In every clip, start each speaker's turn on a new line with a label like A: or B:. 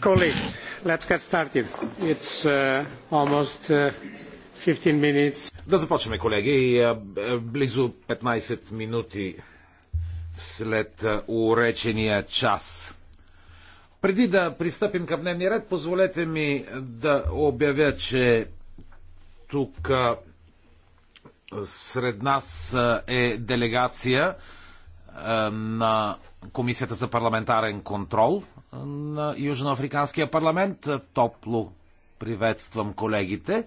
A: Colleagues, let's get started. It's uh, almost
B: uh, 15 minutes. Да започваме, колеги. Близо 15 минути след уречения час. Преди да пристъпим към дневния ред, позволете ми да обявя, че тук сред нас е делегация на Комисията за парламентарен контрол на Южноафриканския парламент. Топло приветствам колегите.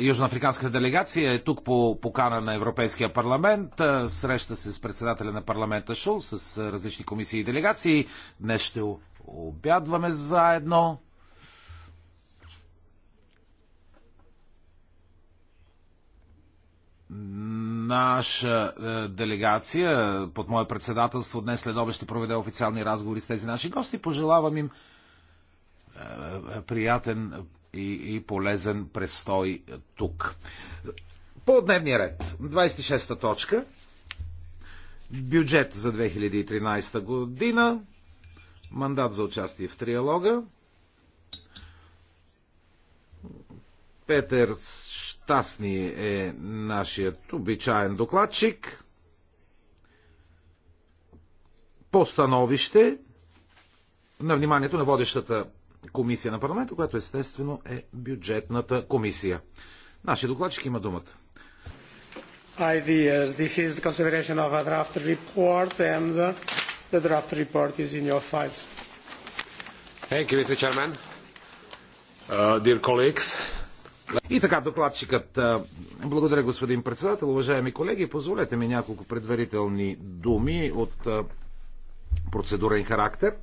B: Южноафриканската делегация е тук по покана на Европейския парламент. Среща се с председателя на парламента Шул, с различни комисии и делегации. Днес ще обядваме заедно. наша е, делегация под мое председателство днес след ще проведе официални разговори с тези наши гости. Пожелавам им е, е, приятен и, и полезен престой тук. По дневния ред, 26-та точка, бюджет за 2013 година, мандат за участие в триалога. Петър Тасни е нашият обичаен докладчик. По становище на вниманието на водещата комисия на парламента, която естествено е бюджетната комисия. Нашия докладчик има думата.
A: Ideas. This is the consideration of a draft report and the draft report is in your files.
B: Thank you, Mr. Chairman. Uh, dear colleagues, и така, докладчикът. Благодаря, господин председател. Уважаеми колеги, позволете ми няколко предварителни думи от процедурен характер,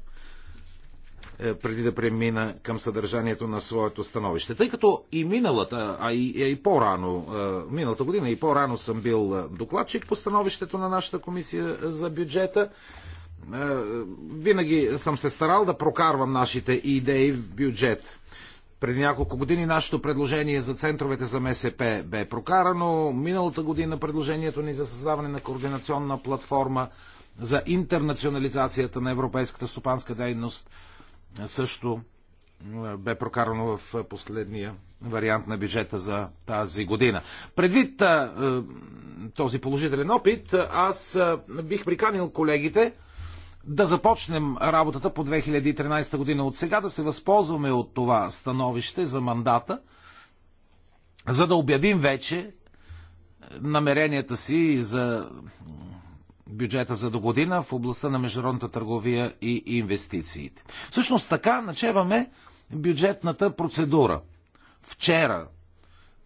B: е, преди да премина към съдържанието на своето становище. Тъй като и миналата, а и, е и по-рано, миналата година и по-рано съм бил докладчик по становището на нашата комисия за бюджета, винаги съм се старал да прокарвам нашите идеи в бюджет. Преди няколко години нашето предложение за центровете за МСП бе прокарано. Миналата година предложението ни за създаване на координационна платформа за интернационализацията на европейската стопанска дейност също е, бе прокарано в последния вариант на бюджета за тази година. Предвид е, е, този положителен опит, аз бих приканил колегите да започнем работата по 2013 година. От сега да се възползваме от това становище за мандата, за да обявим вече намеренията си за бюджета за до година в областта на международната търговия и инвестициите. Всъщност така начеваме бюджетната процедура. Вчера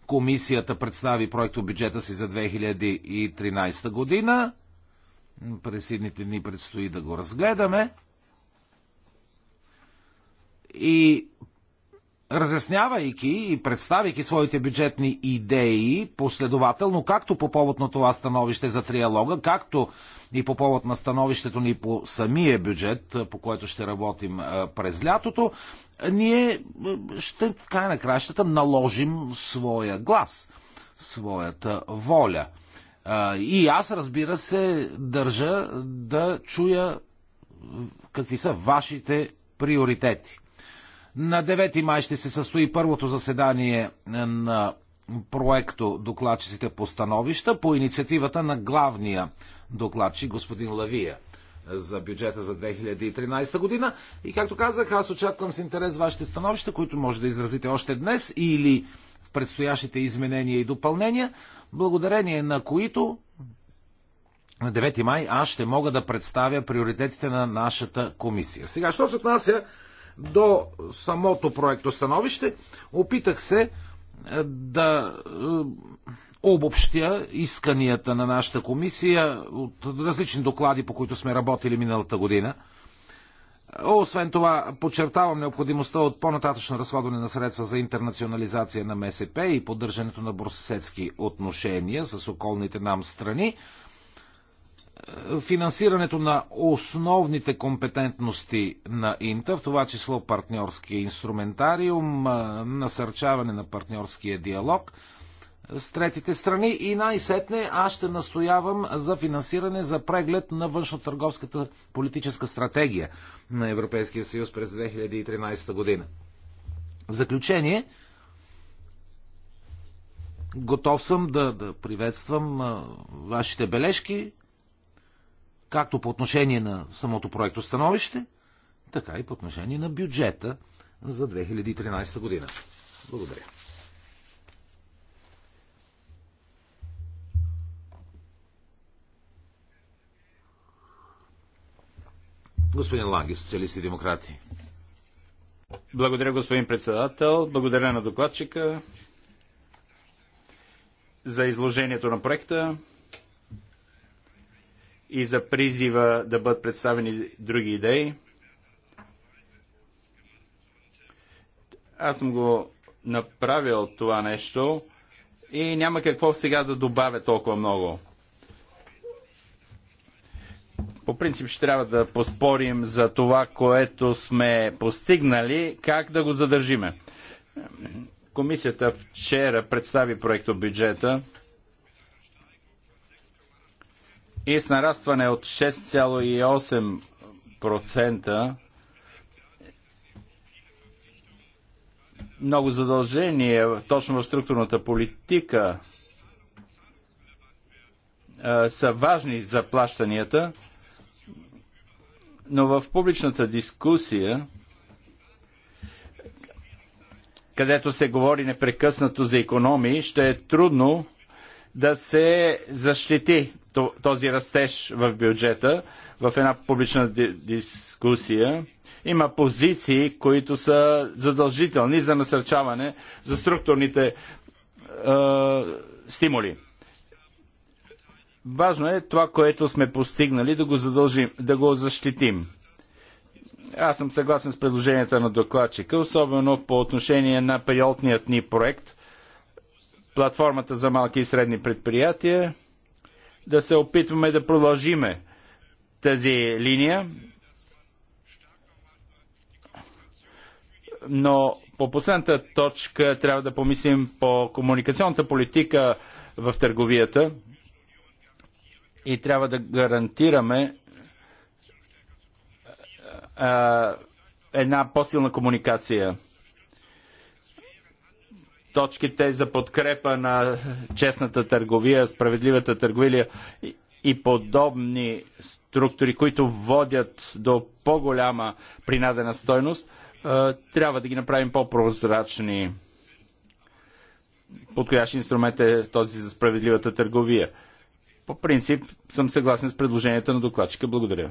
B: комисията представи проекто бюджета си за 2013 година през едните дни предстои да го разгледаме. И разяснявайки и представяйки своите бюджетни идеи последователно, както по повод на това становище за триалога, както и по повод на становището ни по самия бюджет, по който ще работим през лятото, ние ще, край на кращата, наложим своя глас, своята воля – и аз, разбира се, държа да чуя какви са вашите приоритети. На 9 май ще се състои първото заседание на проекто докладчиците по становища по инициативата на главния докладчик господин Лавия за бюджета за 2013 година. И както казах, аз очаквам с интерес вашите становища, които може да изразите още днес или в предстоящите изменения и допълнения благодарение на които на 9 май аз ще мога да представя приоритетите на нашата комисия. Сега, що се отнася до самото проекто становище, опитах се е, да е, обобщя исканията на нашата комисия от различни доклади, по които сме работили миналата година – освен това, подчертавам необходимостта от по-нататъчно разходване на средства за интернационализация на МСП и поддържането на борсетски отношения с околните нам страни. Е, финансирането на основните компетентности на Инта, в това число партньорския инструментариум, е, насърчаване на партньорския диалог с третите страни и най-сетне аз ще настоявам за финансиране за преглед на външно-търговската политическа стратегия – на Европейския съюз през 2013 година. В заключение, готов съм да, да приветствам а, вашите бележки, както по отношение на самото проекто становище, така и по отношение на бюджета за 2013 година. Благодаря. Господин Ланги, социалисти и
C: демократи. Благодаря, господин председател. Благодаря на докладчика за изложението на проекта и за призива да бъдат представени други идеи. Аз съм го направил това нещо и няма какво сега да добавя толкова много по принцип ще трябва да поспорим за това, което сме постигнали, как да го задържиме. Комисията вчера представи проекто бюджета и с нарастване от 6,8% много задължения точно в структурната политика са важни за плащанията – но в публичната дискусия, където се говори непрекъснато за економии, ще е трудно да се защити този растеж в бюджета в една публична дискусия. Има позиции, които са задължителни за насърчаване за структурните е, стимули. Важно е това, което сме постигнали, да го, задължим, да го защитим. Аз съм съгласен с предложенията на докладчика, особено по отношение на периодният ни проект, платформата за малки и средни предприятия, да се опитваме да продължиме тази линия, но по последната точка трябва да помислим по комуникационната политика в търговията – и трябва да гарантираме а, една по-силна комуникация. Точките за подкрепа на честната търговия, справедливата търговия и, подобни структури, които водят до по-голяма принадена стойност, трябва да ги направим по-прозрачни. Подходящ инструмент е този за справедливата търговия. По принцип съм съгласен с предложенията на докладчика. Благодаря.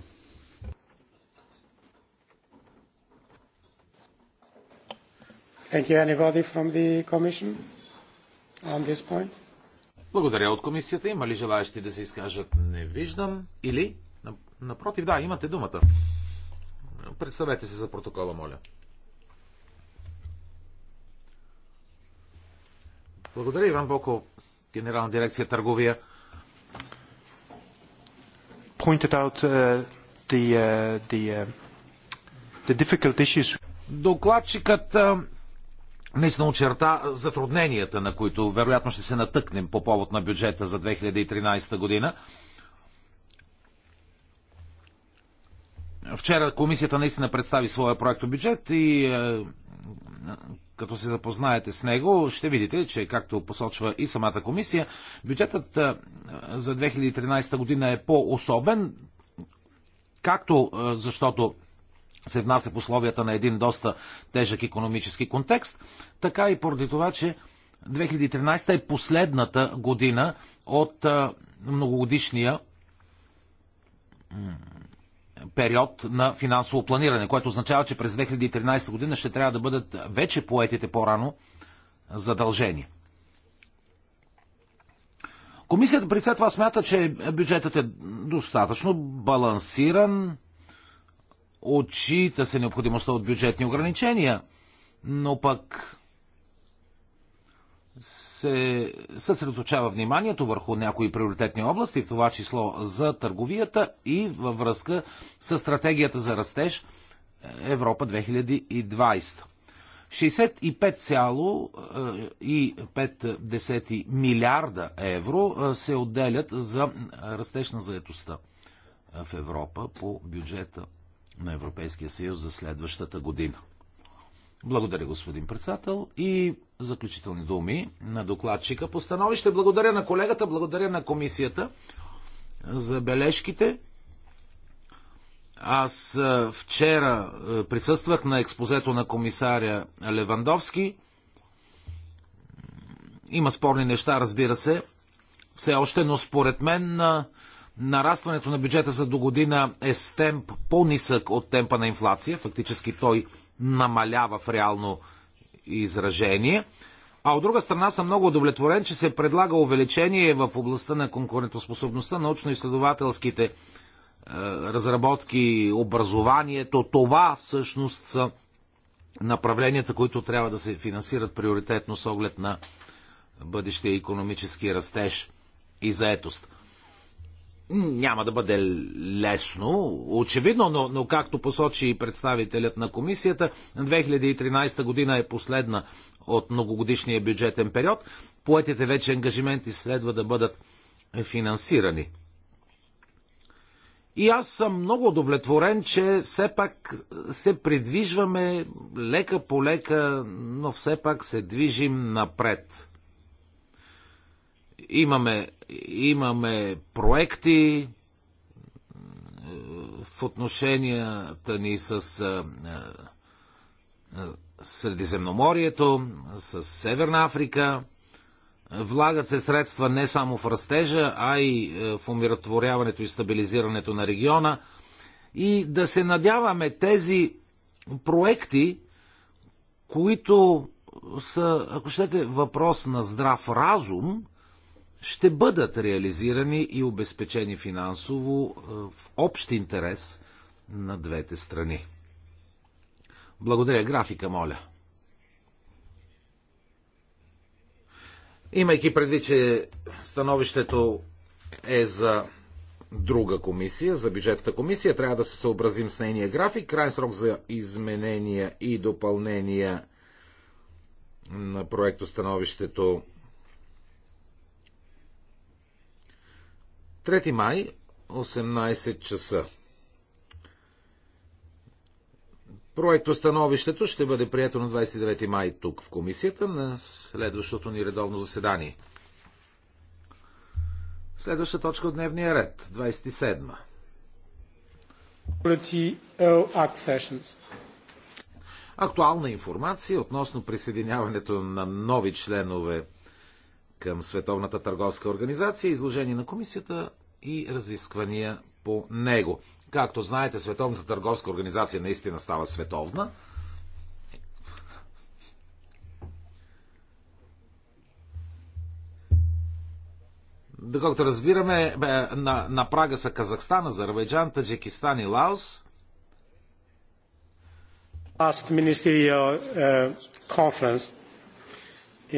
A: Thank you. Anybody from the commission
B: on this point? Благодаря от комисията. Има ли желаящи да се изкажат? Не виждам. Или? Напротив, да, имате думата. Представете се за протокола, моля. Благодаря, Иван Боко, генерална дирекция търговия pointed out uh, the, uh, the, uh, the difficult issues. Докладчикът наистина очерта затрудненията, на които вероятно ще се натъкнем по повод на бюджета за 2013 година. Вчера комисията наистина представи своя проект бюджет и като се запознаете с него, ще видите, че както посочва и самата комисия, бюджетът за 2013 година е по-особен, както защото се внася в условията на един доста тежък економически контекст, така и поради това, че 2013 е последната година от многогодишния период на финансово планиране, което означава, че през 2013 година ще трябва да бъдат вече поетите по-рано задължения. Комисията при след това смята, че бюджетът е достатъчно балансиран, отчита се необходимостта от бюджетни ограничения, но пък се съсредоточава вниманието върху някои приоритетни области, в това число за търговията и във връзка с стратегията за растеж е, Европа 2020. 65,5 е, милиарда евро е, се отделят за растеж на заетостта в Европа по бюджета на Европейския съюз за следващата година. Благодаря, господин председател. И заключителни думи на докладчика. По становище благодаря на колегата, благодаря на комисията за бележките. Аз е, вчера е, присъствах на експозето на комисаря Левандовски. Има спорни неща, разбира се, все още, но според мен е, нарастването на бюджета за до година е с темп по-нисък от темпа на инфлация. Фактически той намалява в реално изражение. А от друга страна съм много удовлетворен, че се предлага увеличение в областта на конкурентоспособността, научно-изследователските е, разработки, образованието. Това всъщност са направленията, които трябва да се финансират приоритетно с оглед на бъдещия економически растеж и заетост няма да бъде лесно, очевидно, но, но както посочи и представителят на комисията, 2013 година е последна от многогодишния бюджетен период. Поетите вече ангажименти следва да бъдат финансирани. И аз съм много удовлетворен, че все пак се придвижваме лека по лека, но все пак се движим напред. Имаме имаме проекти в отношенията ни с Средиземноморието, с Северна Африка. Влагат се средства не само в растежа, а и в умиротворяването и стабилизирането на региона. И да се надяваме тези проекти, които са, ако щете, въпрос на здрав разум, ще бъдат реализирани и обезпечени финансово е, в общ интерес на двете страни. Благодаря. Графика, моля. Имайки преди, че становището е за друга комисия, за бюджетната комисия, трябва да се съобразим с нейния график. Крайен срок за изменения и допълнения на проекто становището 3 май, 18 часа. Проекто становището ще бъде прието на 29 май тук в комисията на следващото ни редовно заседание. Следваща точка от дневния ред, 27. Актуална информация относно присъединяването на нови членове към Световната търговска организация, изложение на комисията и разисквания по него. Както знаете, Световната търговска организация наистина става световна. Доколкото разбираме, на, на прага са Казахстан, Азербайджан, Таджикистан и Лаос. Last ministerial uh, conference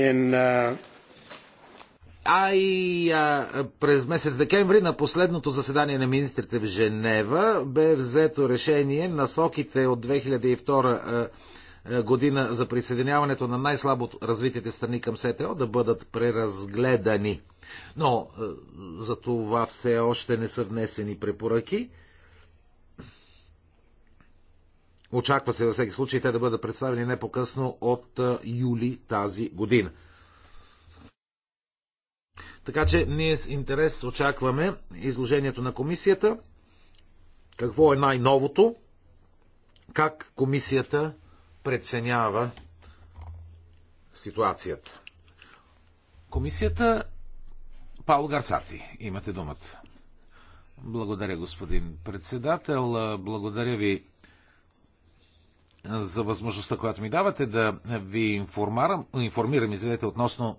B: in uh, а и а, през месец декември на последното заседание на министрите в Женева бе взето решение насоките от 2002 а, година за присъединяването на най-слабо развитите страни към СТО да бъдат преразгледани. Но а, за това все още не са внесени препоръки. Очаква се във всеки случай те да бъдат представени не по-късно от а, юли тази година. Така че ние с интерес очакваме изложението на комисията. Какво е най-новото? Как комисията преценява ситуацията? Комисията Паул Гарсати, имате думата. Благодаря, господин председател. Благодаря ви за възможността, която ми давате да ви информирам, информирам извинете, относно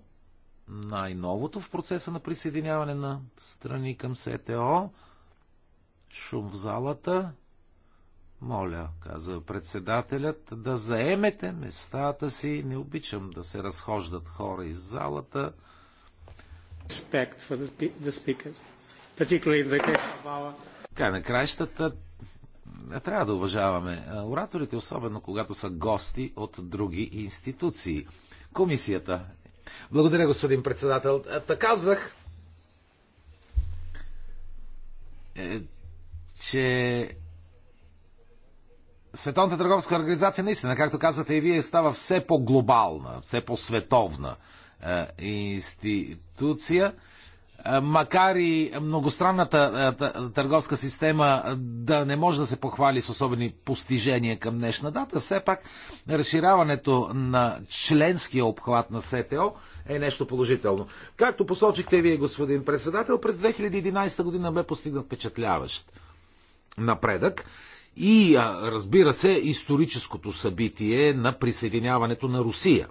B: най-новото в процеса на присъединяване на страни към СТО. Шум в залата. Моля, каза председателят, да заемете местата си. Не обичам да се разхождат хора из залата. Така на краищата трябва да уважаваме ораторите, особено когато са гости от други институции. Комисията благодаря, господин председател. Е, Та казвах, е, че Световната търговска организация наистина, както казвате и вие, става все по-глобална, все по-световна е, институция. Е, макар и многостранната е, търговска система е, да не може да се похвали с особени постижения към днешна дата, все пак разширяването на членския обхват на СТО е нещо положително. Както посочихте вие, господин председател, през 2011 година бе постигнат впечатляващ напредък и, разбира се, историческото събитие на присъединяването на Русия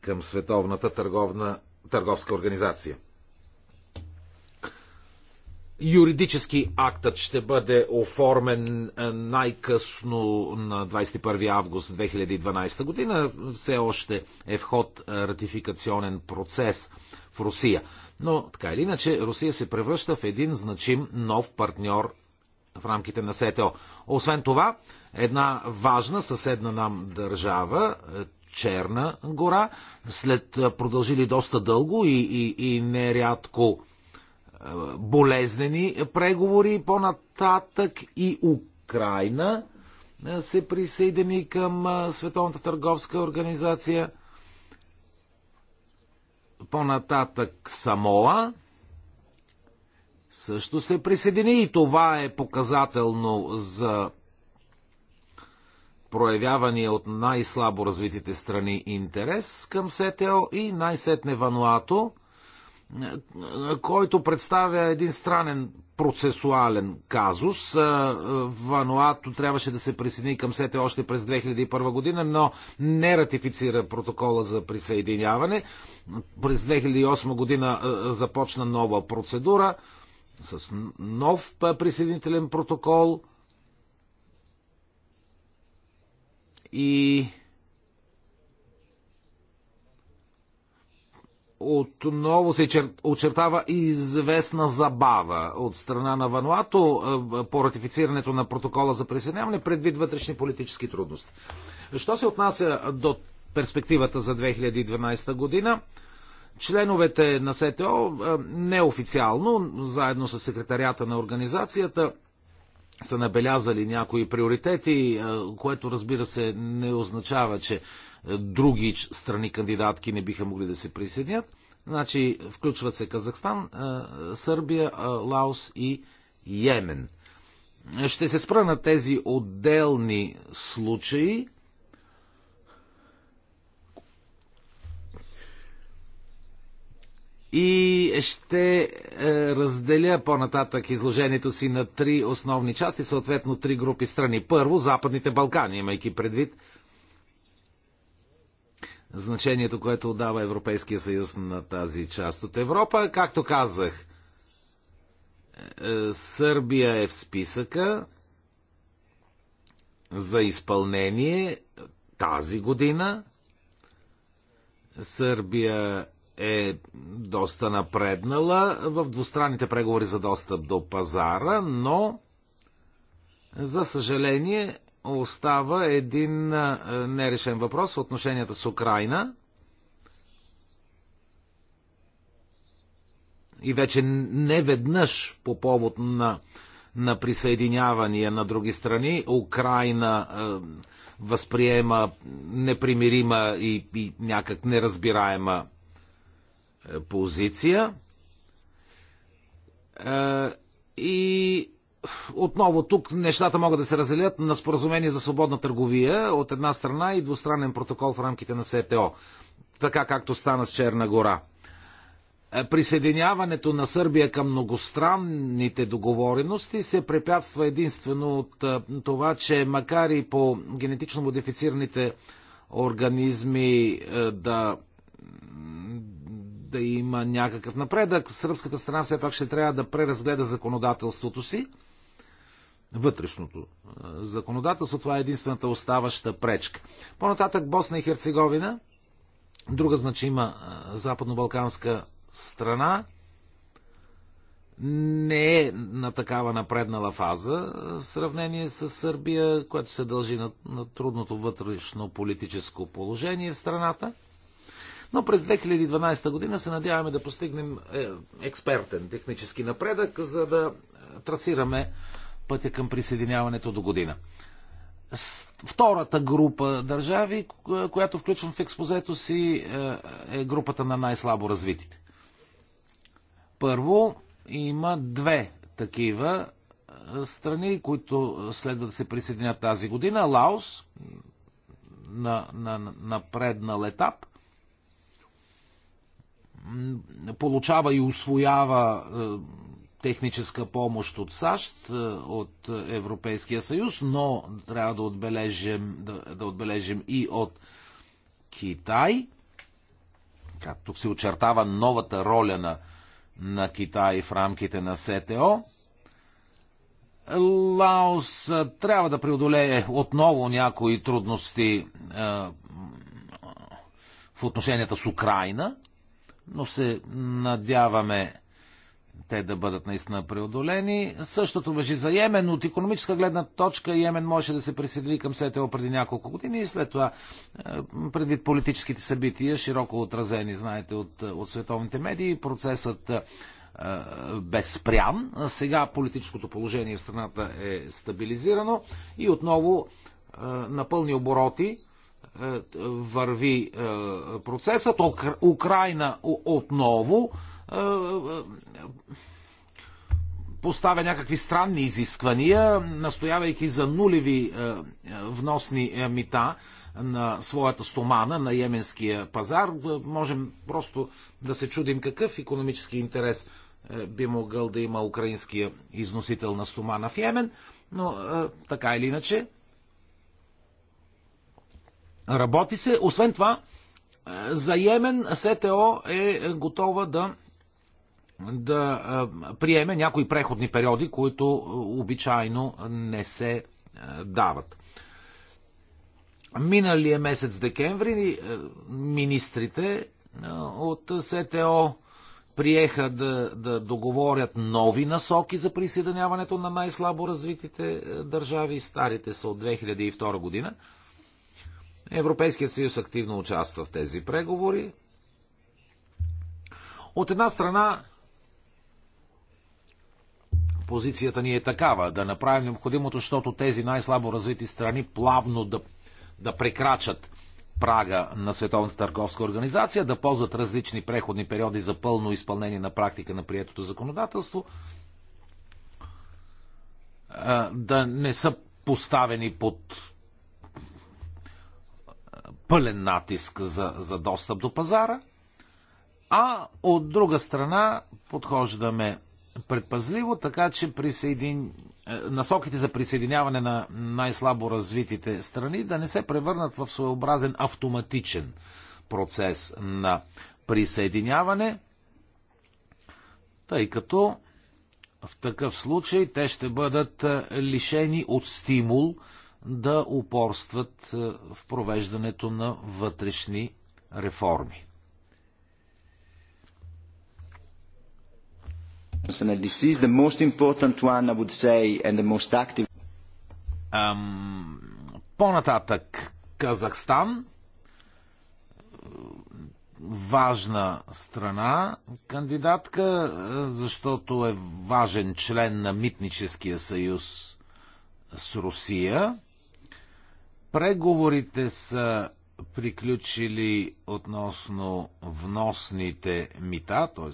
B: към Световната търговна, търговска организация – Юридически актът ще бъде оформен е, най-късно на 21 август 2012 година. Все още е вход е, ратификационен процес в Русия. Но така или иначе, Русия се превръща в един значим нов партньор в рамките на СТО. Освен това, една важна съседна нам държава, е, Черна гора, след продължили доста дълго и, и, и нерядко е, болезнени преговори по-нататък и Украина е, се присъедини към е, Световната търговска организация. По-нататък Самоа също се присъедини и това е показателно за проявявания от най-слабо развитите страни интерес към СТО и най-сетне Вануато който представя един странен процесуален казус. Вануато трябваше да се присъедини към СЕТЕ още през 2001 година, но не ратифицира протокола за присъединяване. През 2008 година започна нова процедура с нов присъединителен протокол и отново се очертава известна забава от страна на Вануато е, по ратифицирането на протокола за присъединяване предвид вътрешни политически трудности. Що се отнася до перспективата за 2012 година, членовете на СТО е, неофициално, заедно с секретарията на организацията, са набелязали някои приоритети, е, което разбира се не означава, че други страни кандидатки не биха могли да се присъединят. Значи, включват се Казахстан, Сърбия, Лаос и Йемен. Ще се спра на тези отделни случаи. И ще е, разделя по-нататък изложението си на три основни части, съответно три групи страни. Първо, Западните Балкани, имайки предвид значението, което отдава Европейския съюз на тази част от Европа. Както казах, е, е, Сърбия е в списъка за изпълнение тази година. Сърбия е доста напреднала в двустранните преговори за достъп до пазара, но за съжаление остава един нерешен въпрос в отношенията с Украина. И вече не веднъж по повод на, на присъединявания на други страни, Украина е, възприема непримирима и, и някак неразбираема позиция. Е, и отново тук нещата могат да се разделят на споразумение за свободна търговия от една страна и двустранен протокол в рамките на СТО, така както стана с Черна гора. Е, присъединяването на Сърбия към многостранните договорености се препятства единствено от е, това, че макар и по генетично модифицираните организми е, да, да има някакъв напредък, сръбската страна все пак ще трябва да преразгледа законодателството си вътрешното е, законодателство. Това е единствената оставаща пречка. По-нататък Босна и Херцеговина, друга значима е, западно-балканска страна, не е на такава напреднала фаза е, в сравнение с Сърбия, което се дължи на, на трудното вътрешно политическо положение в страната. Но през 2012 година се надяваме да постигнем е, експертен технически напредък, за да трасираме пътя към присъединяването до година. Втората група държави, която включвам в експозето си, е, е групата на най-слабо развитите. Първо, има две такива е, страни, които следва да се присъединят тази година. Лаос на, на, на преднал етап получава и освоява е, техническа помощ от САЩ, е, от Европейския съюз, но трябва да отбележим, да, да отбележим и от Китай. Както се очертава новата роля на, на Китай в рамките на СТО. Лаос е, трябва да преодолее отново някои трудности е, в отношенията с Украина, но се надяваме те да бъдат наистина преодолени. Същото беше за Йемен. От економическа гледна точка Йемен може да се присъедини към СТО преди няколко години и след това, е, предвид политическите събития, широко отразени, знаете, от, от световните медии, процесът е, безпрям. Сега политическото положение в страната е стабилизирано и отново е, на пълни обороти върви процесът. Украина отново поставя някакви странни изисквания, настоявайки за нулеви е, е, вносни мита на своята стомана на йеменския пазар. Можем просто да се чудим какъв економически интерес е, би могъл да има украинския износител на стомана в Йемен, но така или иначе работи се. Освен това, за Йемен СТО е готова да да приеме някои преходни периоди, които обичайно не се дават. Миналия е месец декември министрите от СТО приеха да, да договорят нови насоки за присъединяването на най-слабо развитите държави. Старите са от 2002 година. Европейският съюз активно участва в тези преговори. От една страна позицията ни е такава, да направим необходимото, защото тези най-слабо развити страни плавно да, да прекрачат прага на Световната търговска организация, да ползват различни преходни периоди за пълно изпълнение на практика на приетото законодателство, да не са поставени под пълен натиск за, за достъп до пазара, а от друга страна подхождаме предпазливо, така че присъедин... Е, насоките за присъединяване на най-слабо развитите страни да не се превърнат в своеобразен автоматичен процес на присъединяване, тъй като в такъв случай те ще бъдат е, лишени от стимул да упорстват е, в провеждането на вътрешни реформи. This is the most important
C: one, I would say, and the most
B: active. Ам, по-нататък Казахстан, важна страна кандидатка, защото е важен член на Митническия съюз с Русия. Преговорите са приключили относно вносните мита, т.е.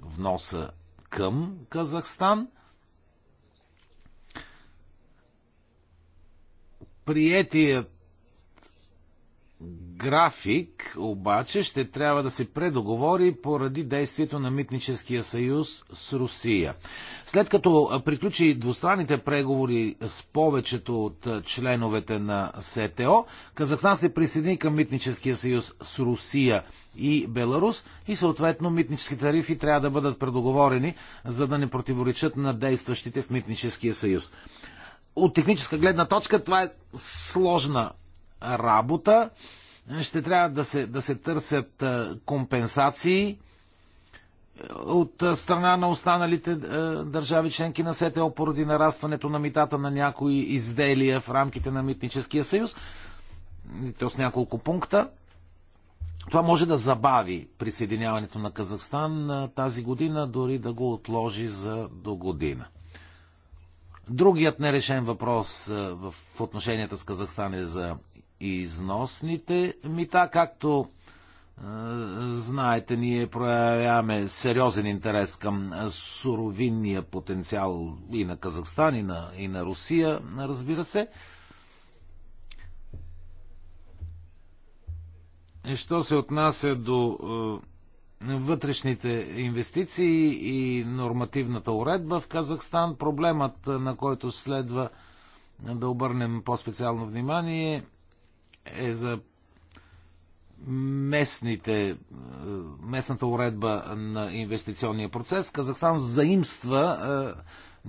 B: вноса към Казахстан. Приетият график обаче ще трябва да се предоговори поради действието на Митническия съюз с Русия. След като приключи двустранните преговори с повечето от членовете на СТО, Казахстан се присъедини към Митническия съюз с Русия и Беларус и съответно митнически тарифи трябва да бъдат предоговорени, за да не противоречат на действащите в Митническия съюз. От техническа гледна точка това е сложна работа. Ще трябва да се, да се търсят е, компенсации е, от е, страна на останалите държави членки на СТО поради нарастването на митата на някои изделия в рамките на Митническия съюз, то с няколко пункта. Това може да забави присъединяването на Казахстан тази година, дори да го отложи за до година. Другият нерешен въпрос в отношенията с Казахстан е за и износните мита, както е, Знаете, ние проявяваме сериозен интерес към е, суровинния потенциал и на Казахстан, и на, и на Русия, разбира се. Е, що се отнася до е, вътрешните инвестиции и нормативната уредба в Казахстан, проблемът, на който следва да обърнем по-специално внимание, е за местните, е, местната уредба на инвестиционния процес. Казахстан заимства е,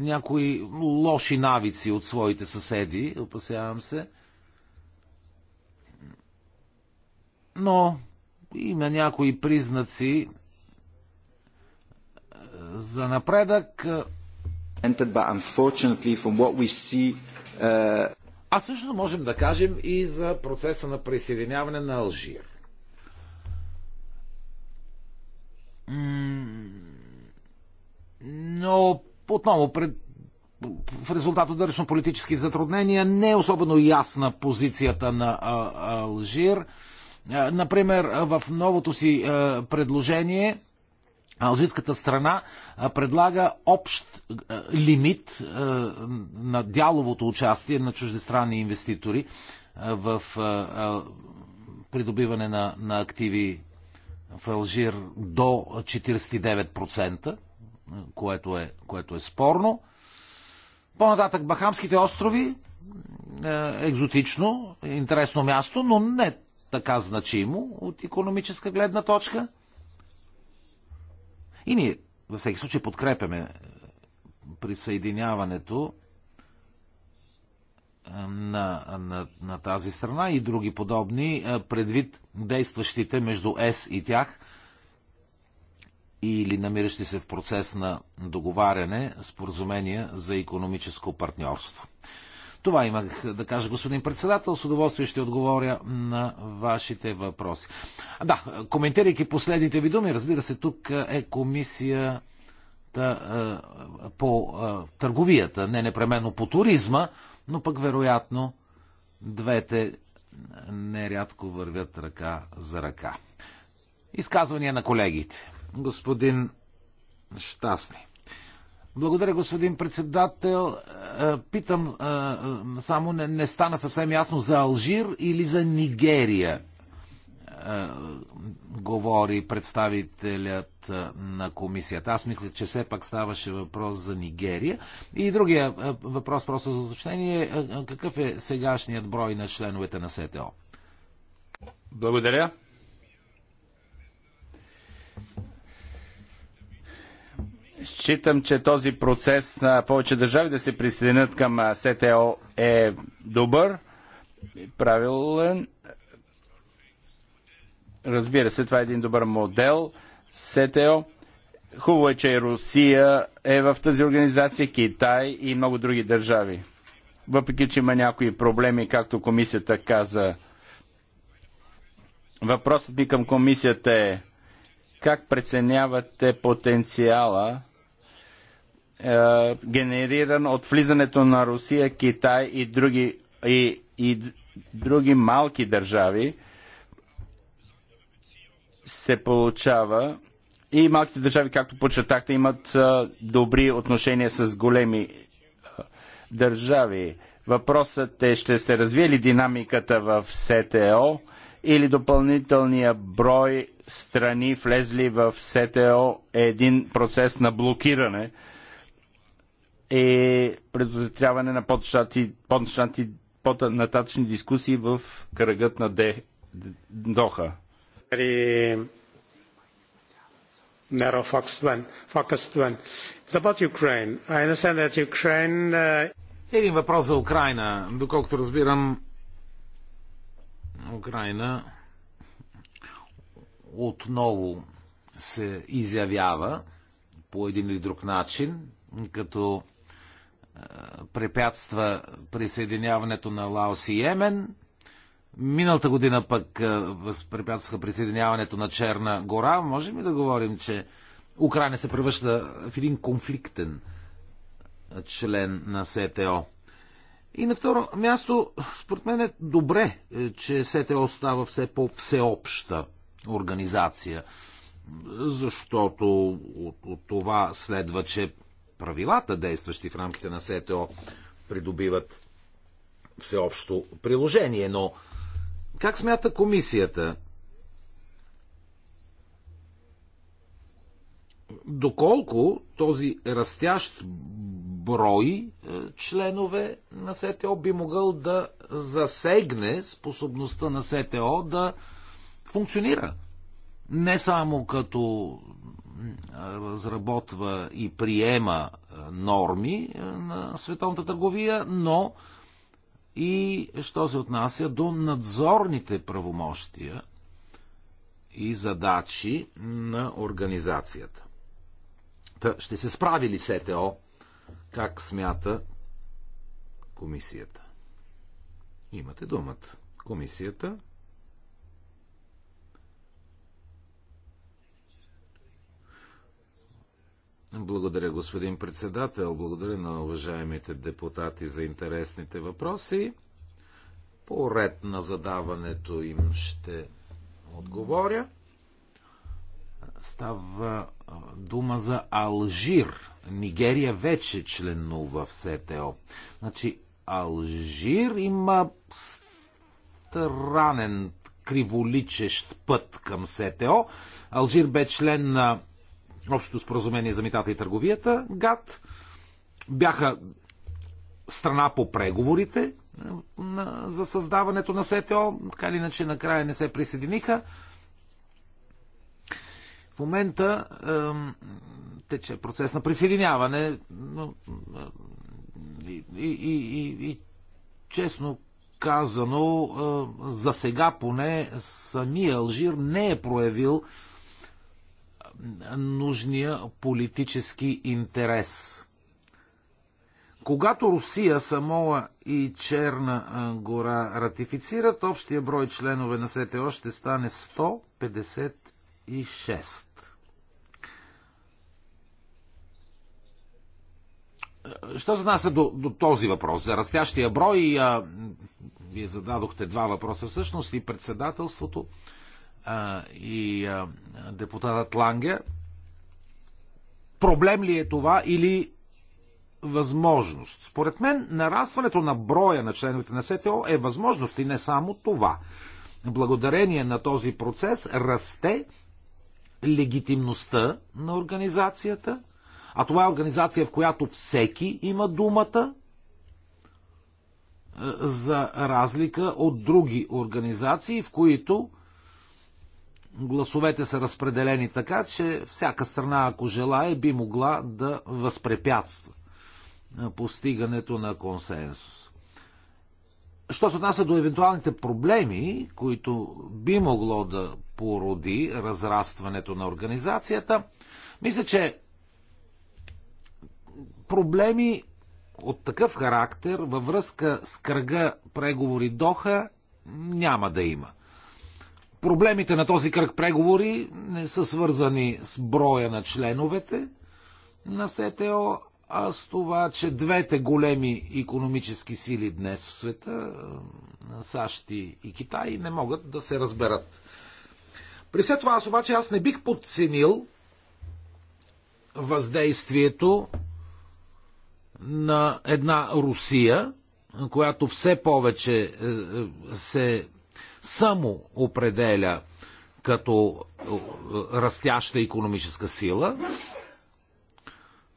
B: някои лоши навици от своите съседи, опасявам се. Но има някои признаци е, за напредък. But unfortunately from what we see uh... А също можем да кажем и за процеса на присъединяване на Алжир. Но отново пред в резултат от държавно-политически затруднения не е особено ясна позицията на Алжир. Например, в новото си предложение Алжирската страна предлага общ лимит на дяловото участие на чуждестранни инвеститори в придобиване на, на активи в Алжир до 49%, което е, което е спорно. По-нататък Бахамските острови, екзотично, интересно място, но не така значимо от економическа гледна точка – и ние във всеки случай подкрепяме е, присъединяването е, на, на, на тази страна и други подобни, е, предвид действащите между ЕС и тях или намиращи се в процес на договаряне споразумения за економическо партньорство. Това имах да кажа, господин председател. С удоволствие ще отговоря на вашите въпроси. Да, коментирайки последните ви думи, разбира се, тук е комисия е, по е, търговията, не непременно по туризма, но пък вероятно двете нерядко вървят ръка за ръка. Изказвания на колегите. Господин Щастни. Благодаря, господин председател. Е, е, питам, е, само не, не стана съвсем ясно за Алжир или за Нигерия говори представителят на комисията. Аз мисля, че все пак ставаше въпрос за Нигерия. И другия въпрос, просто за уточнение, какъв е сегашният брой на членовете на СТО? Благодаря.
C: Считам, че този процес на повече държави да се присъединят към СТО е добър, правилен. Разбира се, това е един добър модел. СТО. Хубаво е, че и Русия е в тази организация, Китай и много други държави. Въпреки, че има някои проблеми, както комисията каза, въпросът ми към комисията е как преценявате потенциала е, генериран от влизането на Русия, Китай и други, и, и други малки държави, се получава и малките държави, както почетахте, имат е, добри отношения с големи е, държави. Въпросът е, ще се развие ли динамиката в СТО или допълнителния брой страни влезли в СТО е един процес на блокиране – е предотвратяване на по-нататъчни дискусии в кръгът
A: на Де, Доха. Uh,
B: един въпрос за Украина. Доколкото разбирам, Украина отново се изявява по един или друг начин като препятства присъединяването на Лаос и Йемен. Миналата година пък възпрепятстваха присъединяването на Черна гора. Можем ли да говорим, че Украина се превръща в един конфликтен член на СТО? И на второ място, според мен е добре, е, че СТО става все по-всеобща организация, защото от, от това следва, че правилата, действащи в рамките на СТО, придобиват всеобщо приложение. Но как смята комисията? Доколко този растящ брой е, членове на СТО би могъл да засегне способността на СТО да функционира? Не само като разработва и приема е, норми е, на световната търговия, но и що се отнася до надзорните правомощия и задачи на организацията. Та, ще се справи ли СТО, как смята комисията? Имате думата. Комисията Благодаря, господин председател. Благодаря на уважаемите депутати за интересните въпроси. По ред на задаването им ще отговоря. Става дума за Алжир. Нигерия вече членува в СТО. Значи Алжир има странен криволичещ път към СТО. Алжир бе член на общото споразумение за митата и търговията, ГАТ, бяха страна по преговорите е, за създаването на СТО, така или иначе накрая не се присъединиха. В момента тече процес на присъединяване но, е, и, и, и, и честно казано, е, за сега поне самия Алжир не е проявил нужния политически интерес. Когато Русия, Самоа и Черна гора ратифицират, общия брой членове на СТО ще стане 156. Що се отнася до, до този въпрос, за растящия брой, а, вие зададохте два въпроса всъщност и председателството. А, и депутатът Ланге. Проблем ли е това или възможност? Според мен, нарастването на броя на членовете на СТО е възможност и не само това. Благодарение на този процес расте легитимността на организацията, а това е организация, в която всеки има думата, е, за разлика от други организации, в които гласовете са разпределени така, че всяка страна, ако желая, би могла да възпрепятства постигането на консенсус. Що се отнася до евентуалните проблеми, които би могло да породи разрастването на организацията, мисля, че проблеми от такъв характер във връзка с кръга преговори Доха няма да има. Проблемите на този кръг преговори не са свързани с броя на членовете на СТО, а с това, че двете големи економически сили днес в света, САЩ и Китай, не могат да се разберат. При все това аз обаче аз не бих подценил въздействието на една Русия, която все повече е, е, се само определя като е, растяща економическа сила,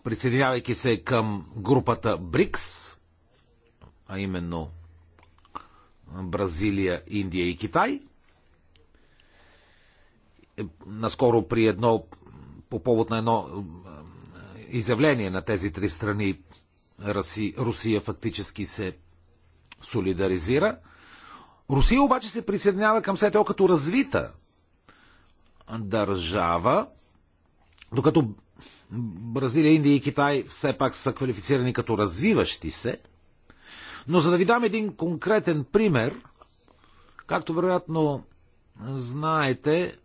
B: присъединявайки се към групата БРИКС, а именно Бразилия, Индия и Китай. Е, наскоро при едно, по повод на едно е, изявление на тези три страни, Русия фактически се солидаризира – Русия обаче се присъединява към СТО като развита държава, докато Бразилия, Индия и Китай все пак са квалифицирани като развиващи се. Но за да ви дам един конкретен пример, както вероятно знаете,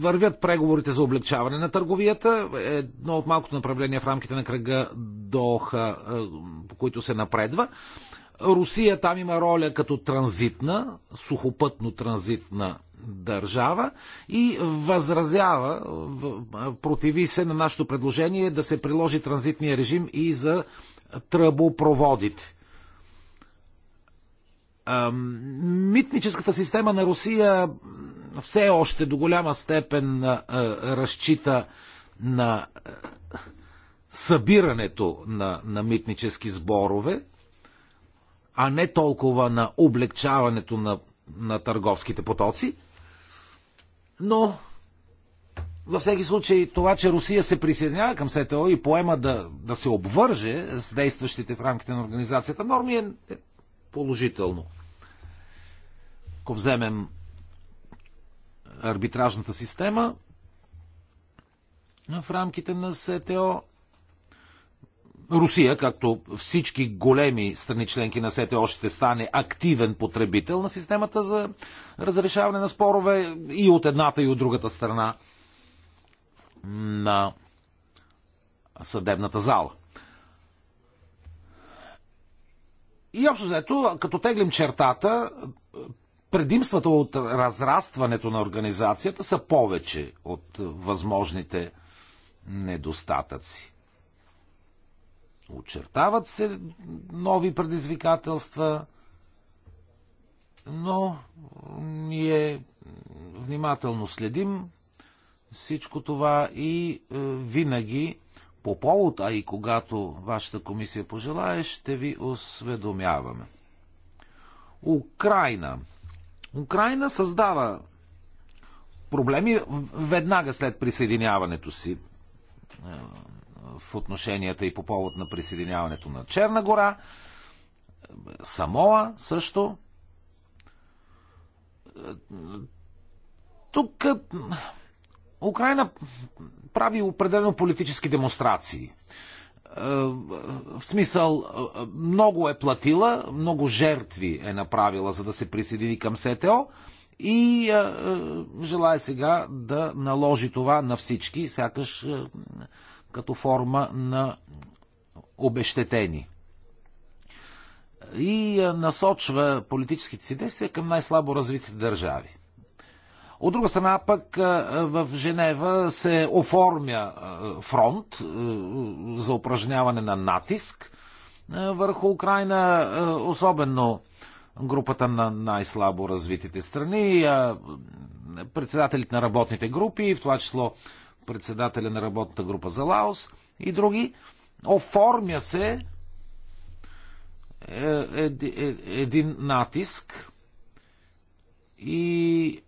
B: вървят преговорите за облегчаване на търговията. Едно от малкото направления в рамките на кръга Доха, е, по които се напредва. Русия там има роля като транзитна, сухопътно транзитна държава и възразява, противи се на нашето предложение да се приложи транзитния режим и за тръбопроводите. Митническата система на Русия все още до голяма степен разчита на събирането на, на митнически сборове, а не толкова на облегчаването на, на търговските потоци. Но във всеки случай това, че Русия се присъединява към СТО и поема да, да се обвърже с действащите в рамките на организацията норми е, е положително. Ако вземем арбитражната система в рамките на СТО, Русия, както всички големи страни членки на СТО, ще стане активен потребител на системата за разрешаване на спорове и от едната и от другата страна на съдебната зала. И общо взето, като теглим чертата, предимствата от разрастването на организацията са повече от възможните недостатъци очертават се нови предизвикателства, но ние внимателно следим всичко това и е, винаги по повод, а и когато вашата комисия пожелае, ще ви осведомяваме. Украина. Украина създава проблеми веднага след присъединяването си е, в отношенията и по повод на присъединяването на Черна гора. Самоа също. Тук е, Украина прави определено политически демонстрации. Е, в смисъл, е, много е платила, много жертви е направила, за да се присъедини към СТО и желая сега да наложи това на всички, сякаш като форма на обещетени. И е, насочва политическите си действия към най-слабо развитите държави. От друга страна пък е, в Женева се оформя е, фронт за упражняване на натиск върху Украина, особено групата на най-слабо развитите страни, председателите на работните групи, в това число председателя на работната група за Лаос и други, оформя се е, е, е, един натиск и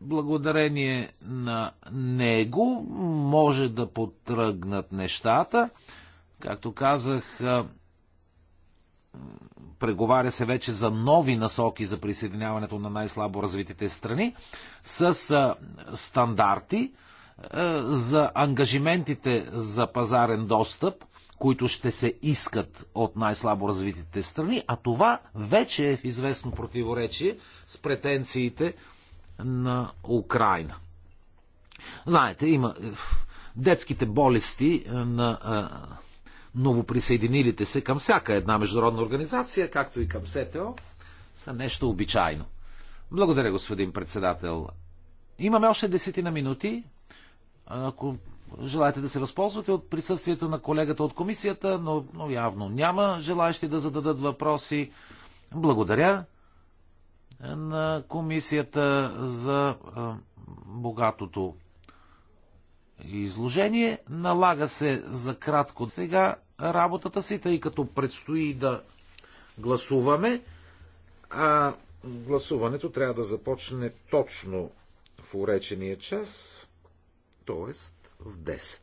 B: благодарение на него може да потръгнат нещата. Както казах, преговаря се вече за нови насоки за присъединяването на най-слабо развитите страни с стандарти за ангажиментите за пазарен достъп, които ще се искат от най-слабо развитите страни, а това вече е в известно противоречие с претенциите на Украина. Знаете, има е, детските болести е, на е, новоприсъединилите се към всяка една международна организация, както и към СТО, са нещо обичайно. Благодаря, господин председател. Имаме още десетина минути. Ако желаете да се възползвате от присъствието на колегата от комисията, но, но явно няма желаящи да зададат въпроси. Благодаря на комисията за богатото изложение. Налага се за кратко сега работата си, тъй като предстои да гласуваме. А гласуването трябва да започне точно в уречения час, т.е. в 10.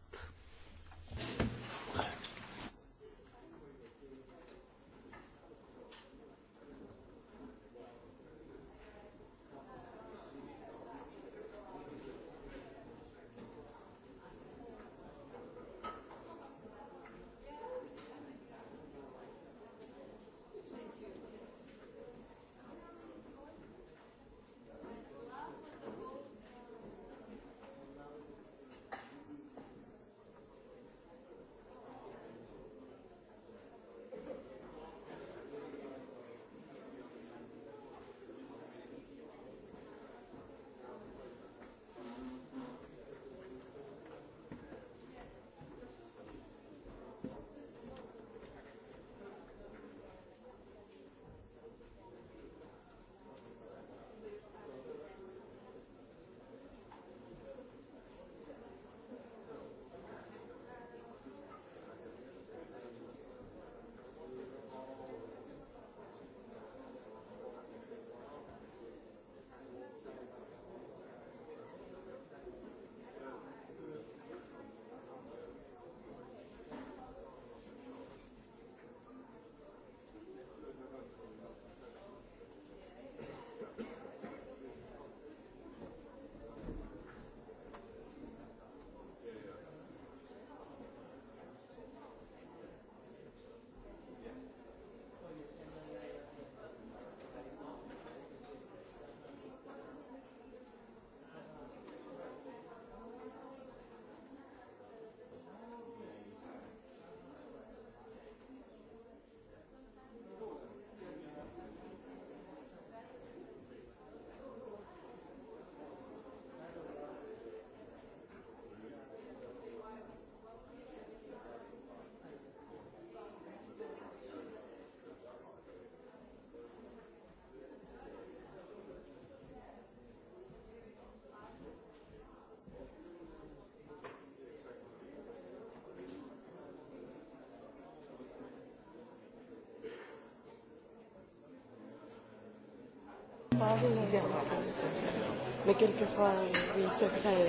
A: Mais quelquefois, oui, c'est vrai.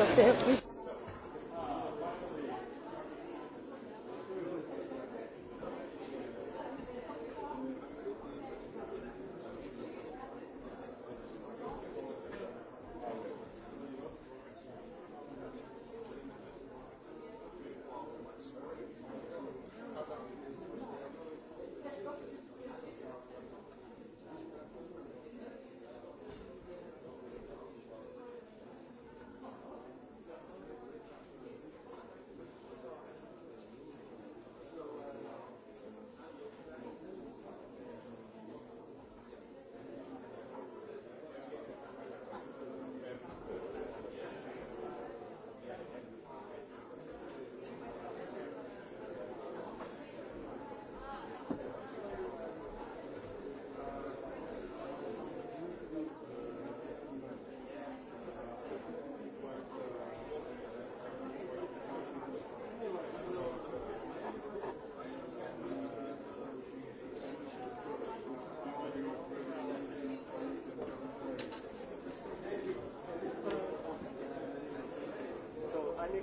D: Até a próxima.